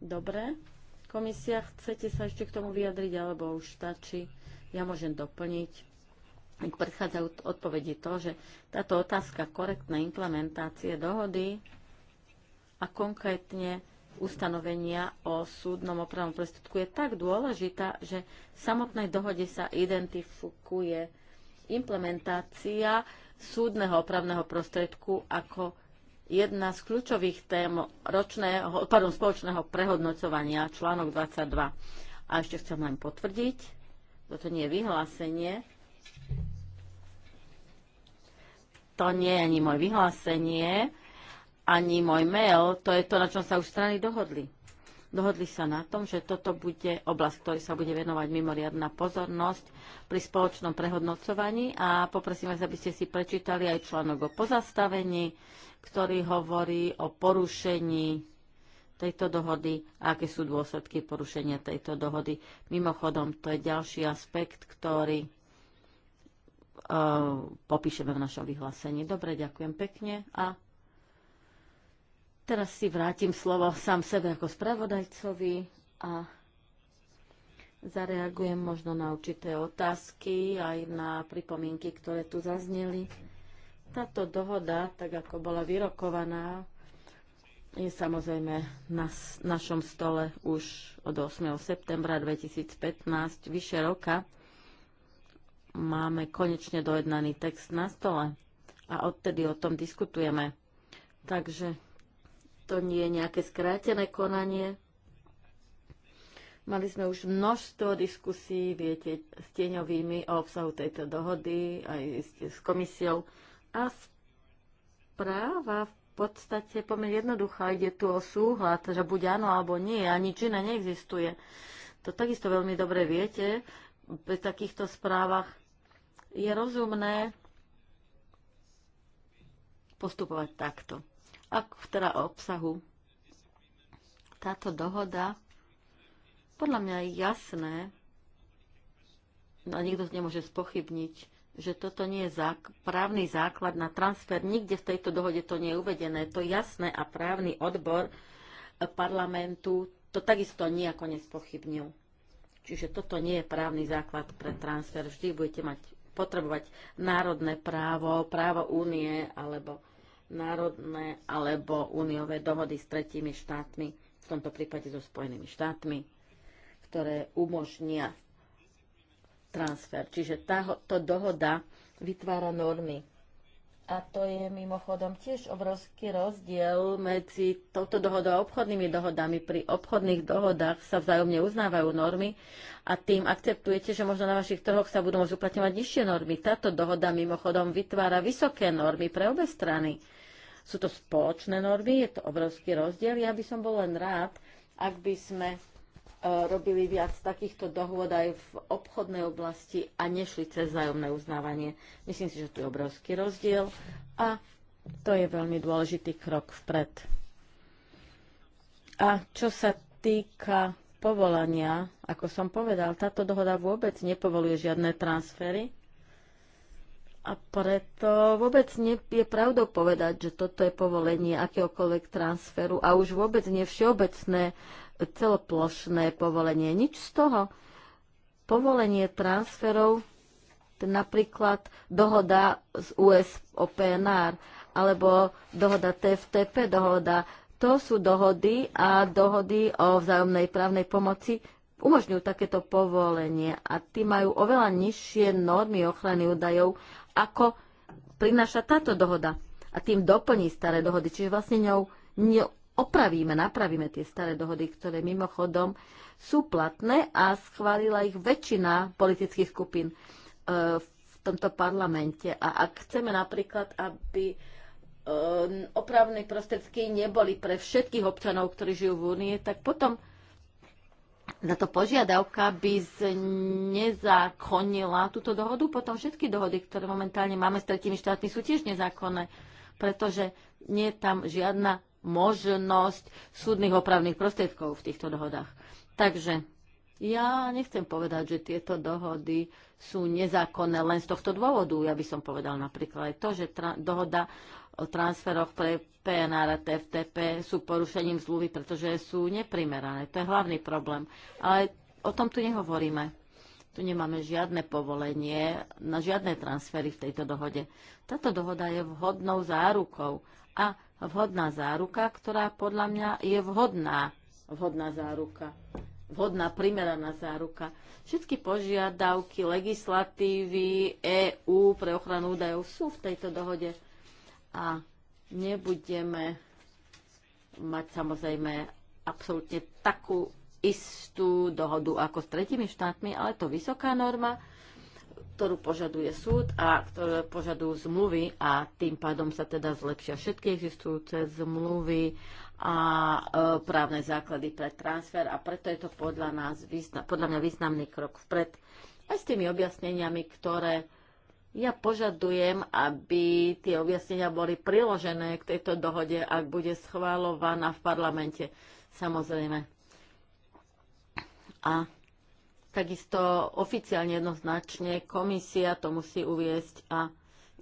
Dobre. Komisia, chcete sa ešte k tomu vyjadriť, alebo už stačí? Ja môžem doplniť k predchádzajú odpovedi to, že táto otázka korektnej implementácie dohody a konkrétne ustanovenia o súdnom opravnom prostriedku je tak dôležitá, že v samotnej dohode sa identifikuje implementácia súdneho opravného prostriedku ako jedna z kľúčových tém ročného, pardon, spoločného prehodnocovania, článok 22. A ešte chcem len potvrdiť, toto nie je vyhlásenie, to nie je ani moje vyhlásenie, ani môj mail, to je to, na čom sa už strany dohodli. Dohodli sa na tom, že toto bude oblasť, ktorej sa bude venovať mimoriadná pozornosť pri spoločnom prehodnocovaní a poprosím vás, aby ste si prečítali aj článok o pozastavení, ktorý hovorí o porušení tejto dohody a aké sú dôsledky porušenia tejto dohody. Mimochodom, to je ďalší aspekt, ktorý e, popíšeme v našom vyhlásení. Dobre, ďakujem pekne a Teraz si vrátim slovo sám sebe ako spravodajcovi a zareagujem možno na určité otázky aj na pripomienky, ktoré tu zazneli. Táto dohoda, tak ako bola vyrokovaná, je samozrejme na našom stole už od 8. septembra 2015, vyše roka. Máme konečne dojednaný text na stole a odtedy o tom diskutujeme. Takže to nie je nejaké skrátené konanie. Mali sme už množstvo diskusí, viete, s tieňovými o obsahu tejto dohody, aj s komisiou. A správa v podstate pomerne jednoduchá. Ide tu o súhľad, že buď áno alebo nie a nič iné neexistuje. To takisto veľmi dobre viete. Pri takýchto správach je rozumné postupovať takto ako teda o obsahu. Táto dohoda podľa mňa je jasné, a no nikto nemôže spochybniť, že toto nie je zák- právny základ na transfer. Nikde v tejto dohode to nie je uvedené. To je jasné a právny odbor parlamentu to takisto nejako nespochybnil. Čiže toto nie je právny základ pre transfer. Vždy budete mať potrebovať národné právo, právo únie alebo národné alebo úniové dohody s tretími štátmi, v tomto prípade so Spojenými štátmi, ktoré umožnia transfer. Čiže táto dohoda vytvára normy a to je mimochodom tiež obrovský rozdiel medzi touto dohodou a obchodnými dohodami. Pri obchodných dohodách sa vzájomne uznávajú normy a tým akceptujete, že možno na vašich trhoch sa budú môcť uplatňovať nižšie normy. Táto dohoda mimochodom vytvára vysoké normy pre obe strany. Sú to spoločné normy, je to obrovský rozdiel. Ja by som bol len rád, ak by sme E, robili viac takýchto dohôd aj v obchodnej oblasti a nešli cez zájomné uznávanie. Myslím si, že tu je obrovský rozdiel a to je veľmi dôležitý krok vpred. A čo sa týka povolania, ako som povedal, táto dohoda vôbec nepovoluje žiadne transfery a preto vôbec nie je pravdou povedať, že toto je povolenie akéhokoľvek transferu a už vôbec nie všeobecné celoplošné povolenie. Nič z toho. Povolenie transferov, napríklad dohoda z US o PNR, alebo dohoda TFTP dohoda, to sú dohody a dohody o vzájomnej právnej pomoci umožňujú takéto povolenie a tí majú oveľa nižšie normy ochrany údajov, ako prináša táto dohoda. A tým doplní staré dohody, čiže vlastne ňou opravíme, napravíme tie staré dohody, ktoré mimochodom sú platné a schválila ich väčšina politických skupín e, v tomto parlamente. A ak chceme napríklad, aby e, opravné prostriedky neboli pre všetkých občanov, ktorí žijú v Únie, tak potom na to požiadavka by nezákonila túto dohodu, potom všetky dohody, ktoré momentálne máme s tretími štátmi, sú tiež nezákonné, pretože nie je tam žiadna možnosť súdnych opravných prostriedkov v týchto dohodách. Takže ja nechcem povedať, že tieto dohody sú nezákonné len z tohto dôvodu. Ja by som povedal napríklad aj to, že dohoda o transferoch pre PNR a TFTP sú porušením zluvy, pretože sú neprimerané. To je hlavný problém. Ale o tom tu nehovoríme. Tu nemáme žiadne povolenie na žiadne transfery v tejto dohode. Táto dohoda je vhodnou zárukou a vhodná záruka, ktorá podľa mňa je vhodná, vhodná záruka, vhodná primeraná záruka. Všetky požiadavky legislatívy EÚ pre ochranu údajov sú v tejto dohode a nebudeme mať samozrejme absolútne takú istú dohodu ako s tretimi štátmi, ale to vysoká norma, ktorú požaduje súd a ktoré požadujú zmluvy a tým pádom sa teda zlepšia všetky existujúce zmluvy a e, právne základy pre transfer a preto je to podľa, nás význam, podľa mňa významný krok vpred aj s tými objasneniami, ktoré ja požadujem, aby tie objasnenia boli priložené k tejto dohode, ak bude schválovaná v parlamente, samozrejme. A Takisto oficiálne jednoznačne komisia to musí uviesť a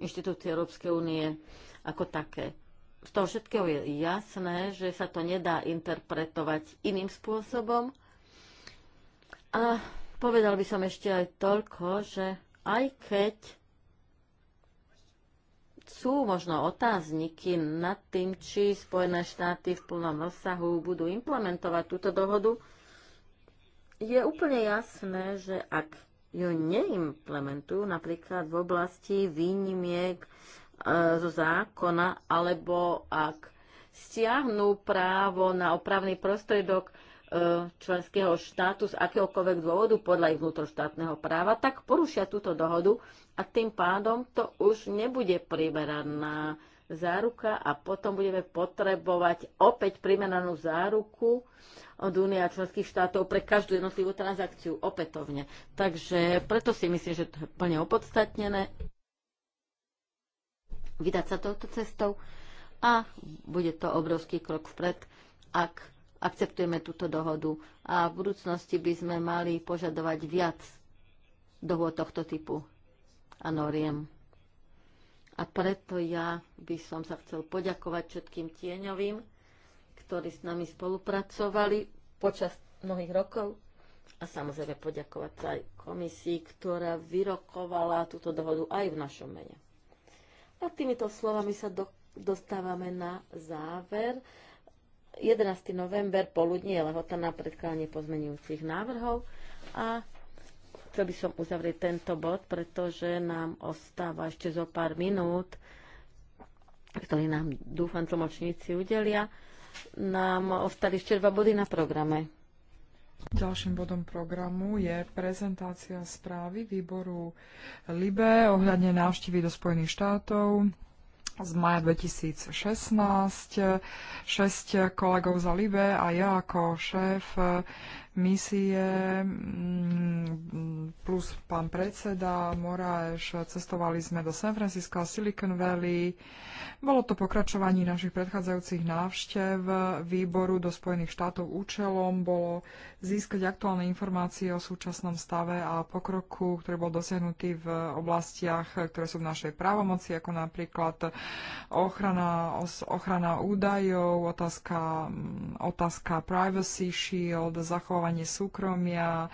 inštitúcie Európskej únie ako také. Z toho všetkého je jasné, že sa to nedá interpretovať iným spôsobom. A povedal by som ešte aj toľko, že aj keď sú možno otázniky nad tým, či Spojené štáty v plnom rozsahu budú implementovať túto dohodu, je úplne jasné, že ak ju neimplementujú napríklad v oblasti výnimiek e, zo zákona, alebo ak stiahnu právo na opravný prostriedok e, členského štátu z akéhokoľvek dôvodu podľa ich vnútroštátneho práva, tak porušia túto dohodu a tým pádom to už nebude primeraná záruka a potom budeme potrebovať opäť primeranú záruku, od únie a členských štátov pre každú jednotlivú transakciu opätovne. Takže preto si myslím, že to je plne opodstatnené vydať sa touto cestou a bude to obrovský krok vpred, ak akceptujeme túto dohodu a v budúcnosti by sme mali požadovať viac dohod tohto typu a noriem. A preto ja by som sa chcel poďakovať všetkým tieňovým ktorí s nami spolupracovali počas mnohých rokov a samozrejme poďakovať sa aj komisii, ktorá vyrokovala túto dohodu aj v našom mene. A týmito slovami sa do, dostávame na záver. 11. november poludne je lehota na predkladanie pozmenujúcich návrhov a chcel by som uzavrieť tento bod, pretože nám ostáva ešte zo pár minút, ktorý nám dúfam tlmočníci udelia nám ostali ešte dva body na programe. Ďalším bodom programu je prezentácia správy výboru LIBE ohľadne návštevy do Spojených štátov z maja 2016. Šesť kolegov za LIBE a ja ako šéf misie, mm, plus pán predseda Moraes. cestovali sme do San Francisca, Silicon Valley. Bolo to pokračovanie našich predchádzajúcich návštev výboru do Spojených štátov. Účelom bolo získať aktuálne informácie o súčasnom stave a pokroku, ktorý bol dosiahnutý v oblastiach, ktoré sú v našej právomoci, ako napríklad ochrana, ochrana údajov, otázka, mm, otázka privacy shield, zachovanie zachovanie súkromia, e,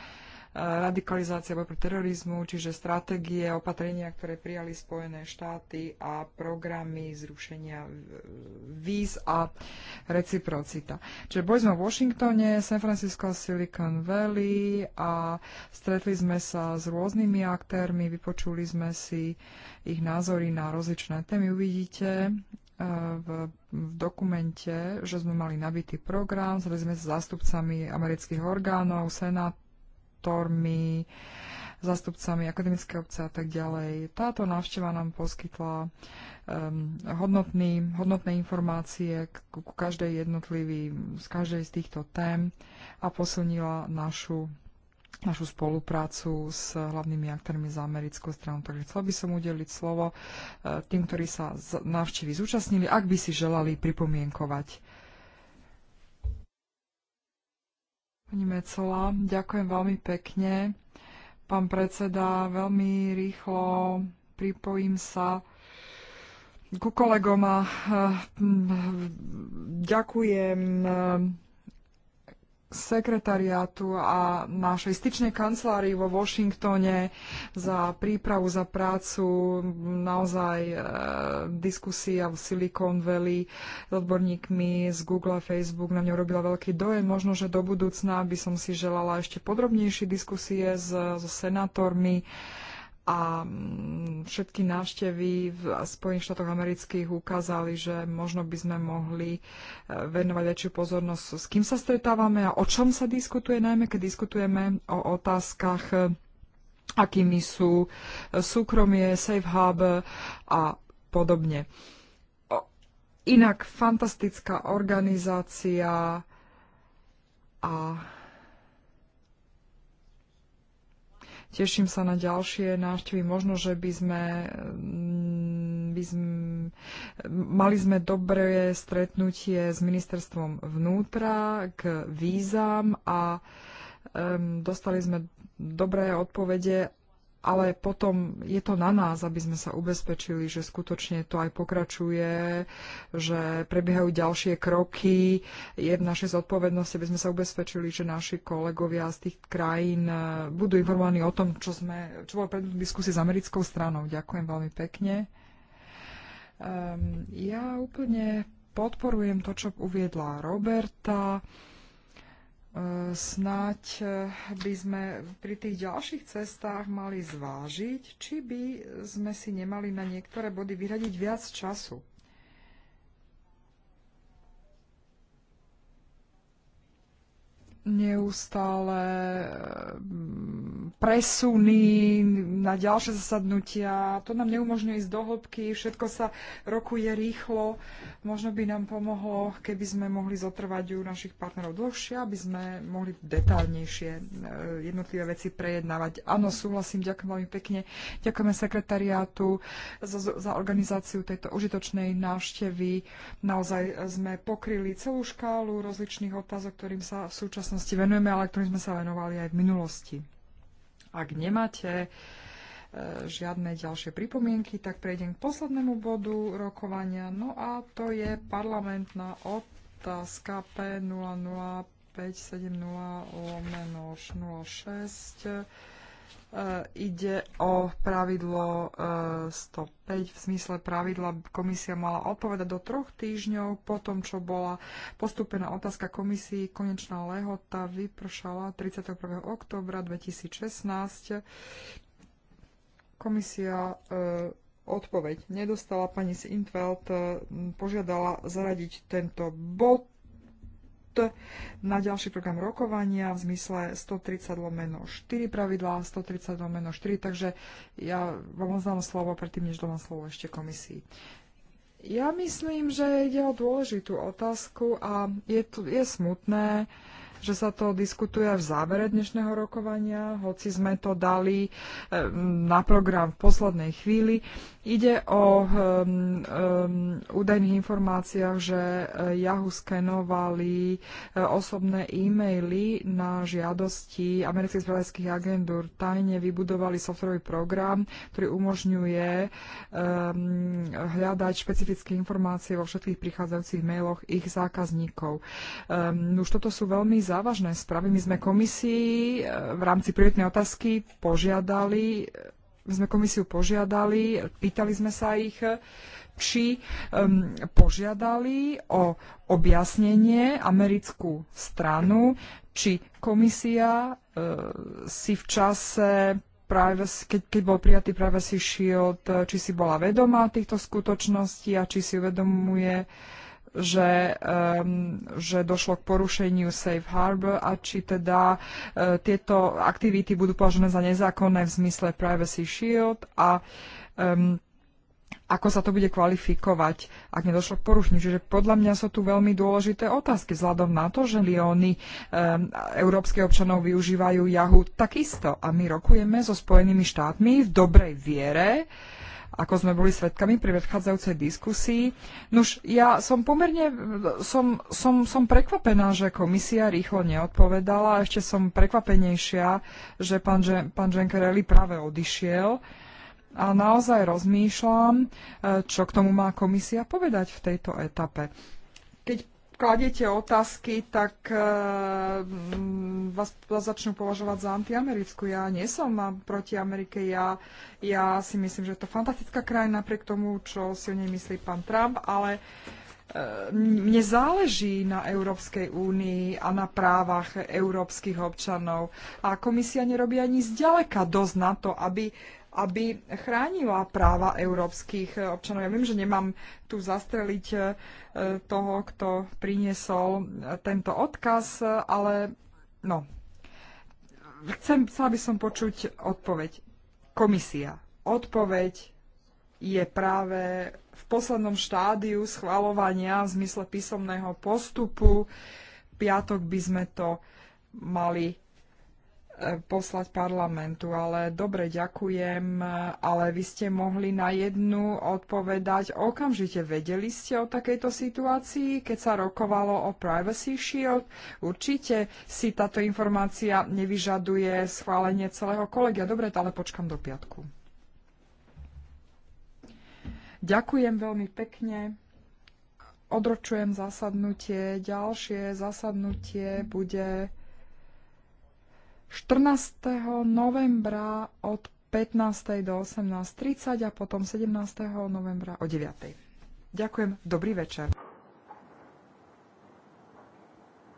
radikalizácia proti terorizmu, čiže stratégie, opatrenia, ktoré prijali Spojené štáty a programy zrušenia víz a reciprocita. Čiže boli sme v Washingtone, San Francisco, Silicon Valley a stretli sme sa s rôznymi aktérmi, vypočuli sme si ich názory na rozličné témy. Uvidíte, E, v, v dokumente, že sme mali nabitý program, zhrali sme sa zástupcami amerických orgánov, senátormi, zástupcami akademické obce a tak ďalej. Táto návšteva nám poskytla um, hodnotný, hodnotné informácie ku každej jednotlivý, z každej z týchto tém a posunila našu našu spoluprácu s hlavnými aktérmi z americkou stranou. Takže chcel by som udeliť slovo e, tým, ktorí sa návštevy zúčastnili, ak by si želali pripomienkovať. Pani Mecola, ďakujem veľmi pekne. Pán predseda, veľmi rýchlo pripojím sa ku kolegom a e, ďakujem e, sekretariátu a našej styčnej kancelárii vo Washingtone za prípravu, za prácu, naozaj e, diskusia v Silicon Valley s odborníkmi z Google a Facebook na mňa robila veľký dojem. Možno, že do budúcna by som si želala ešte podrobnejšie diskusie s, so senátormi. E, a mm, všetky návštevy v Spojených štátoch amerických ukázali, že možno by sme mohli e, venovať väčšiu pozornosť, s kým sa stretávame a o čom sa diskutuje, najmä keď diskutujeme o otázkach, e, akými sú e, súkromie, safe hub a podobne. Inak fantastická organizácia a Teším sa na ďalšie návštevy. Možno, že by sme, mm, by sme mali sme dobré stretnutie s ministerstvom vnútra k vízam a um, dostali sme dobré odpovede ale potom je to na nás, aby sme sa ubezpečili, že skutočne to aj pokračuje, že prebiehajú ďalšie kroky. Je v našej zodpovednosti, aby sme sa ubezpečili, že naši kolegovia z tých krajín eh, budú informovaní o tom, čo, sme, čo bolo pred diskusie s americkou stranou. Ďakujem veľmi pekne. Um, ja úplne podporujem to, čo uviedla Roberta. E, snáď e, by sme pri tých ďalších cestách mali zvážiť, či by sme si nemali na niektoré body vyradiť viac času. neustále mm, presuny na ďalšie zasadnutia. To nám neumožňuje ísť do hĺbky, všetko sa rokuje rýchlo. Možno by nám pomohlo, keby sme mohli zotrvať u našich partnerov dlhšie, aby sme mohli detálnejšie e, jednotlivé veci prejednávať. Áno, súhlasím, ďakujem veľmi pekne. Ďakujeme sekretariátu za, za organizáciu tejto užitočnej návštevy. Naozaj sme pokryli celú škálu rozličných otázok, ktorým sa v súčasnosti súčasnosti venujeme, ale ktorým sme sa venovali aj v minulosti. Ak nemáte e, žiadne ďalšie pripomienky, tak prejdem k poslednému bodu rokovania. No a to je parlamentná otázka P00570 06 E, ide o pravidlo 105. E, v smysle pravidla komisia mala odpovedať do troch týždňov po tom, čo bola postúpená otázka komisii. Konečná lehota vypršala 31. oktobra 2016. Komisia e, odpoveď nedostala. Pani Sintveld požiadala zaradiť tento bod na ďalší program rokovania v zmysle 130 lomeno 4 pravidlá, 130 lomeno 4, takže ja vám oznám slovo predtým, než dám slovo ešte komisii. Ja myslím, že ide o dôležitú otázku a je, je smutné, že sa to diskutuje v závere dnešného rokovania, hoci sme to dali e, na program v poslednej chvíli. Ide o um, um, údajných informáciách, že Yahoo skenovali osobné e-maily na žiadosti amerických spravodajských agentúr. Tajne vybudovali softwarový program, ktorý umožňuje um, hľadať špecifické informácie vo všetkých prichádzajúcich mailoch ich zákazníkov. Um, už toto sú veľmi závažné správy. My sme komisii e, v rámci prioritnej otázky požiadali, e, sme komisiu požiadali, pýtali sme sa ich, e, či um, požiadali o objasnenie americkú stranu, či komisia uh, si v čase privacy, keď, keď bol prijatý Privacy Shield, či si bola vedomá týchto skutočností a či si uvedomuje uh, že, um, že došlo k porušeniu Safe Harbor a či teda uh, tieto aktivity budú považené za nezákonné v zmysle Privacy Shield a um, ako sa to bude kvalifikovať, ak nedošlo k porušeniu. Čiže podľa mňa sú tu veľmi dôležité otázky vzhľadom na to, že milióny um, európskych občanov využívajú Yahoo takisto. A my rokujeme so Spojenými štátmi v dobrej viere, uh, ako sme boli svetkami pri predchádzajúcej diskusii. Nuž, ja som pomerne, som, som, som prekvapená, že komisia rýchlo neodpovedala. Ešte som prekvapenejšia, že pán, pán Genkerelli práve odišiel. A naozaj rozmýšľam, e, čo k tomu má komisia povedať v tejto etape kladete otázky, tak uh, vás, vás začnú považovať za antiamerickú. Ja nie som proti Amerike, ja, ja si myslím, že je to fantastická krajina napriek tomu, čo si o nej myslí pán Trump, ale eh, mne záleží na Európskej únii a na právach európskych občanov. A komisia nerobí ani zďaleka dosť na to, aby aby chránila práva európskych občanov. Ja viem, že nemám tu zastreliť e, toho, kto priniesol tento odkaz, ale no. Chcem, chcela by som počuť odpoveď. Komisia. Odpoveď je práve v poslednom štádiu schvalovania v zmysle písomného postupu. Piatok by sme to mali poslať parlamentu, ale dobre, ďakujem, ale vy ste mohli na jednu odpovedať okamžite. Vedeli ste o takejto situácii, keď sa rokovalo o Privacy Shield? Určite si táto informácia nevyžaduje schválenie celého kolegia. Dobre, ale počkam do piatku. Ďakujem veľmi pekne. Odročujem zasadnutie. Ďalšie zasadnutie bude 14. novembra od 15. do 18.30 a potom 17. novembra o 9. Ďakujem, dobrý večer.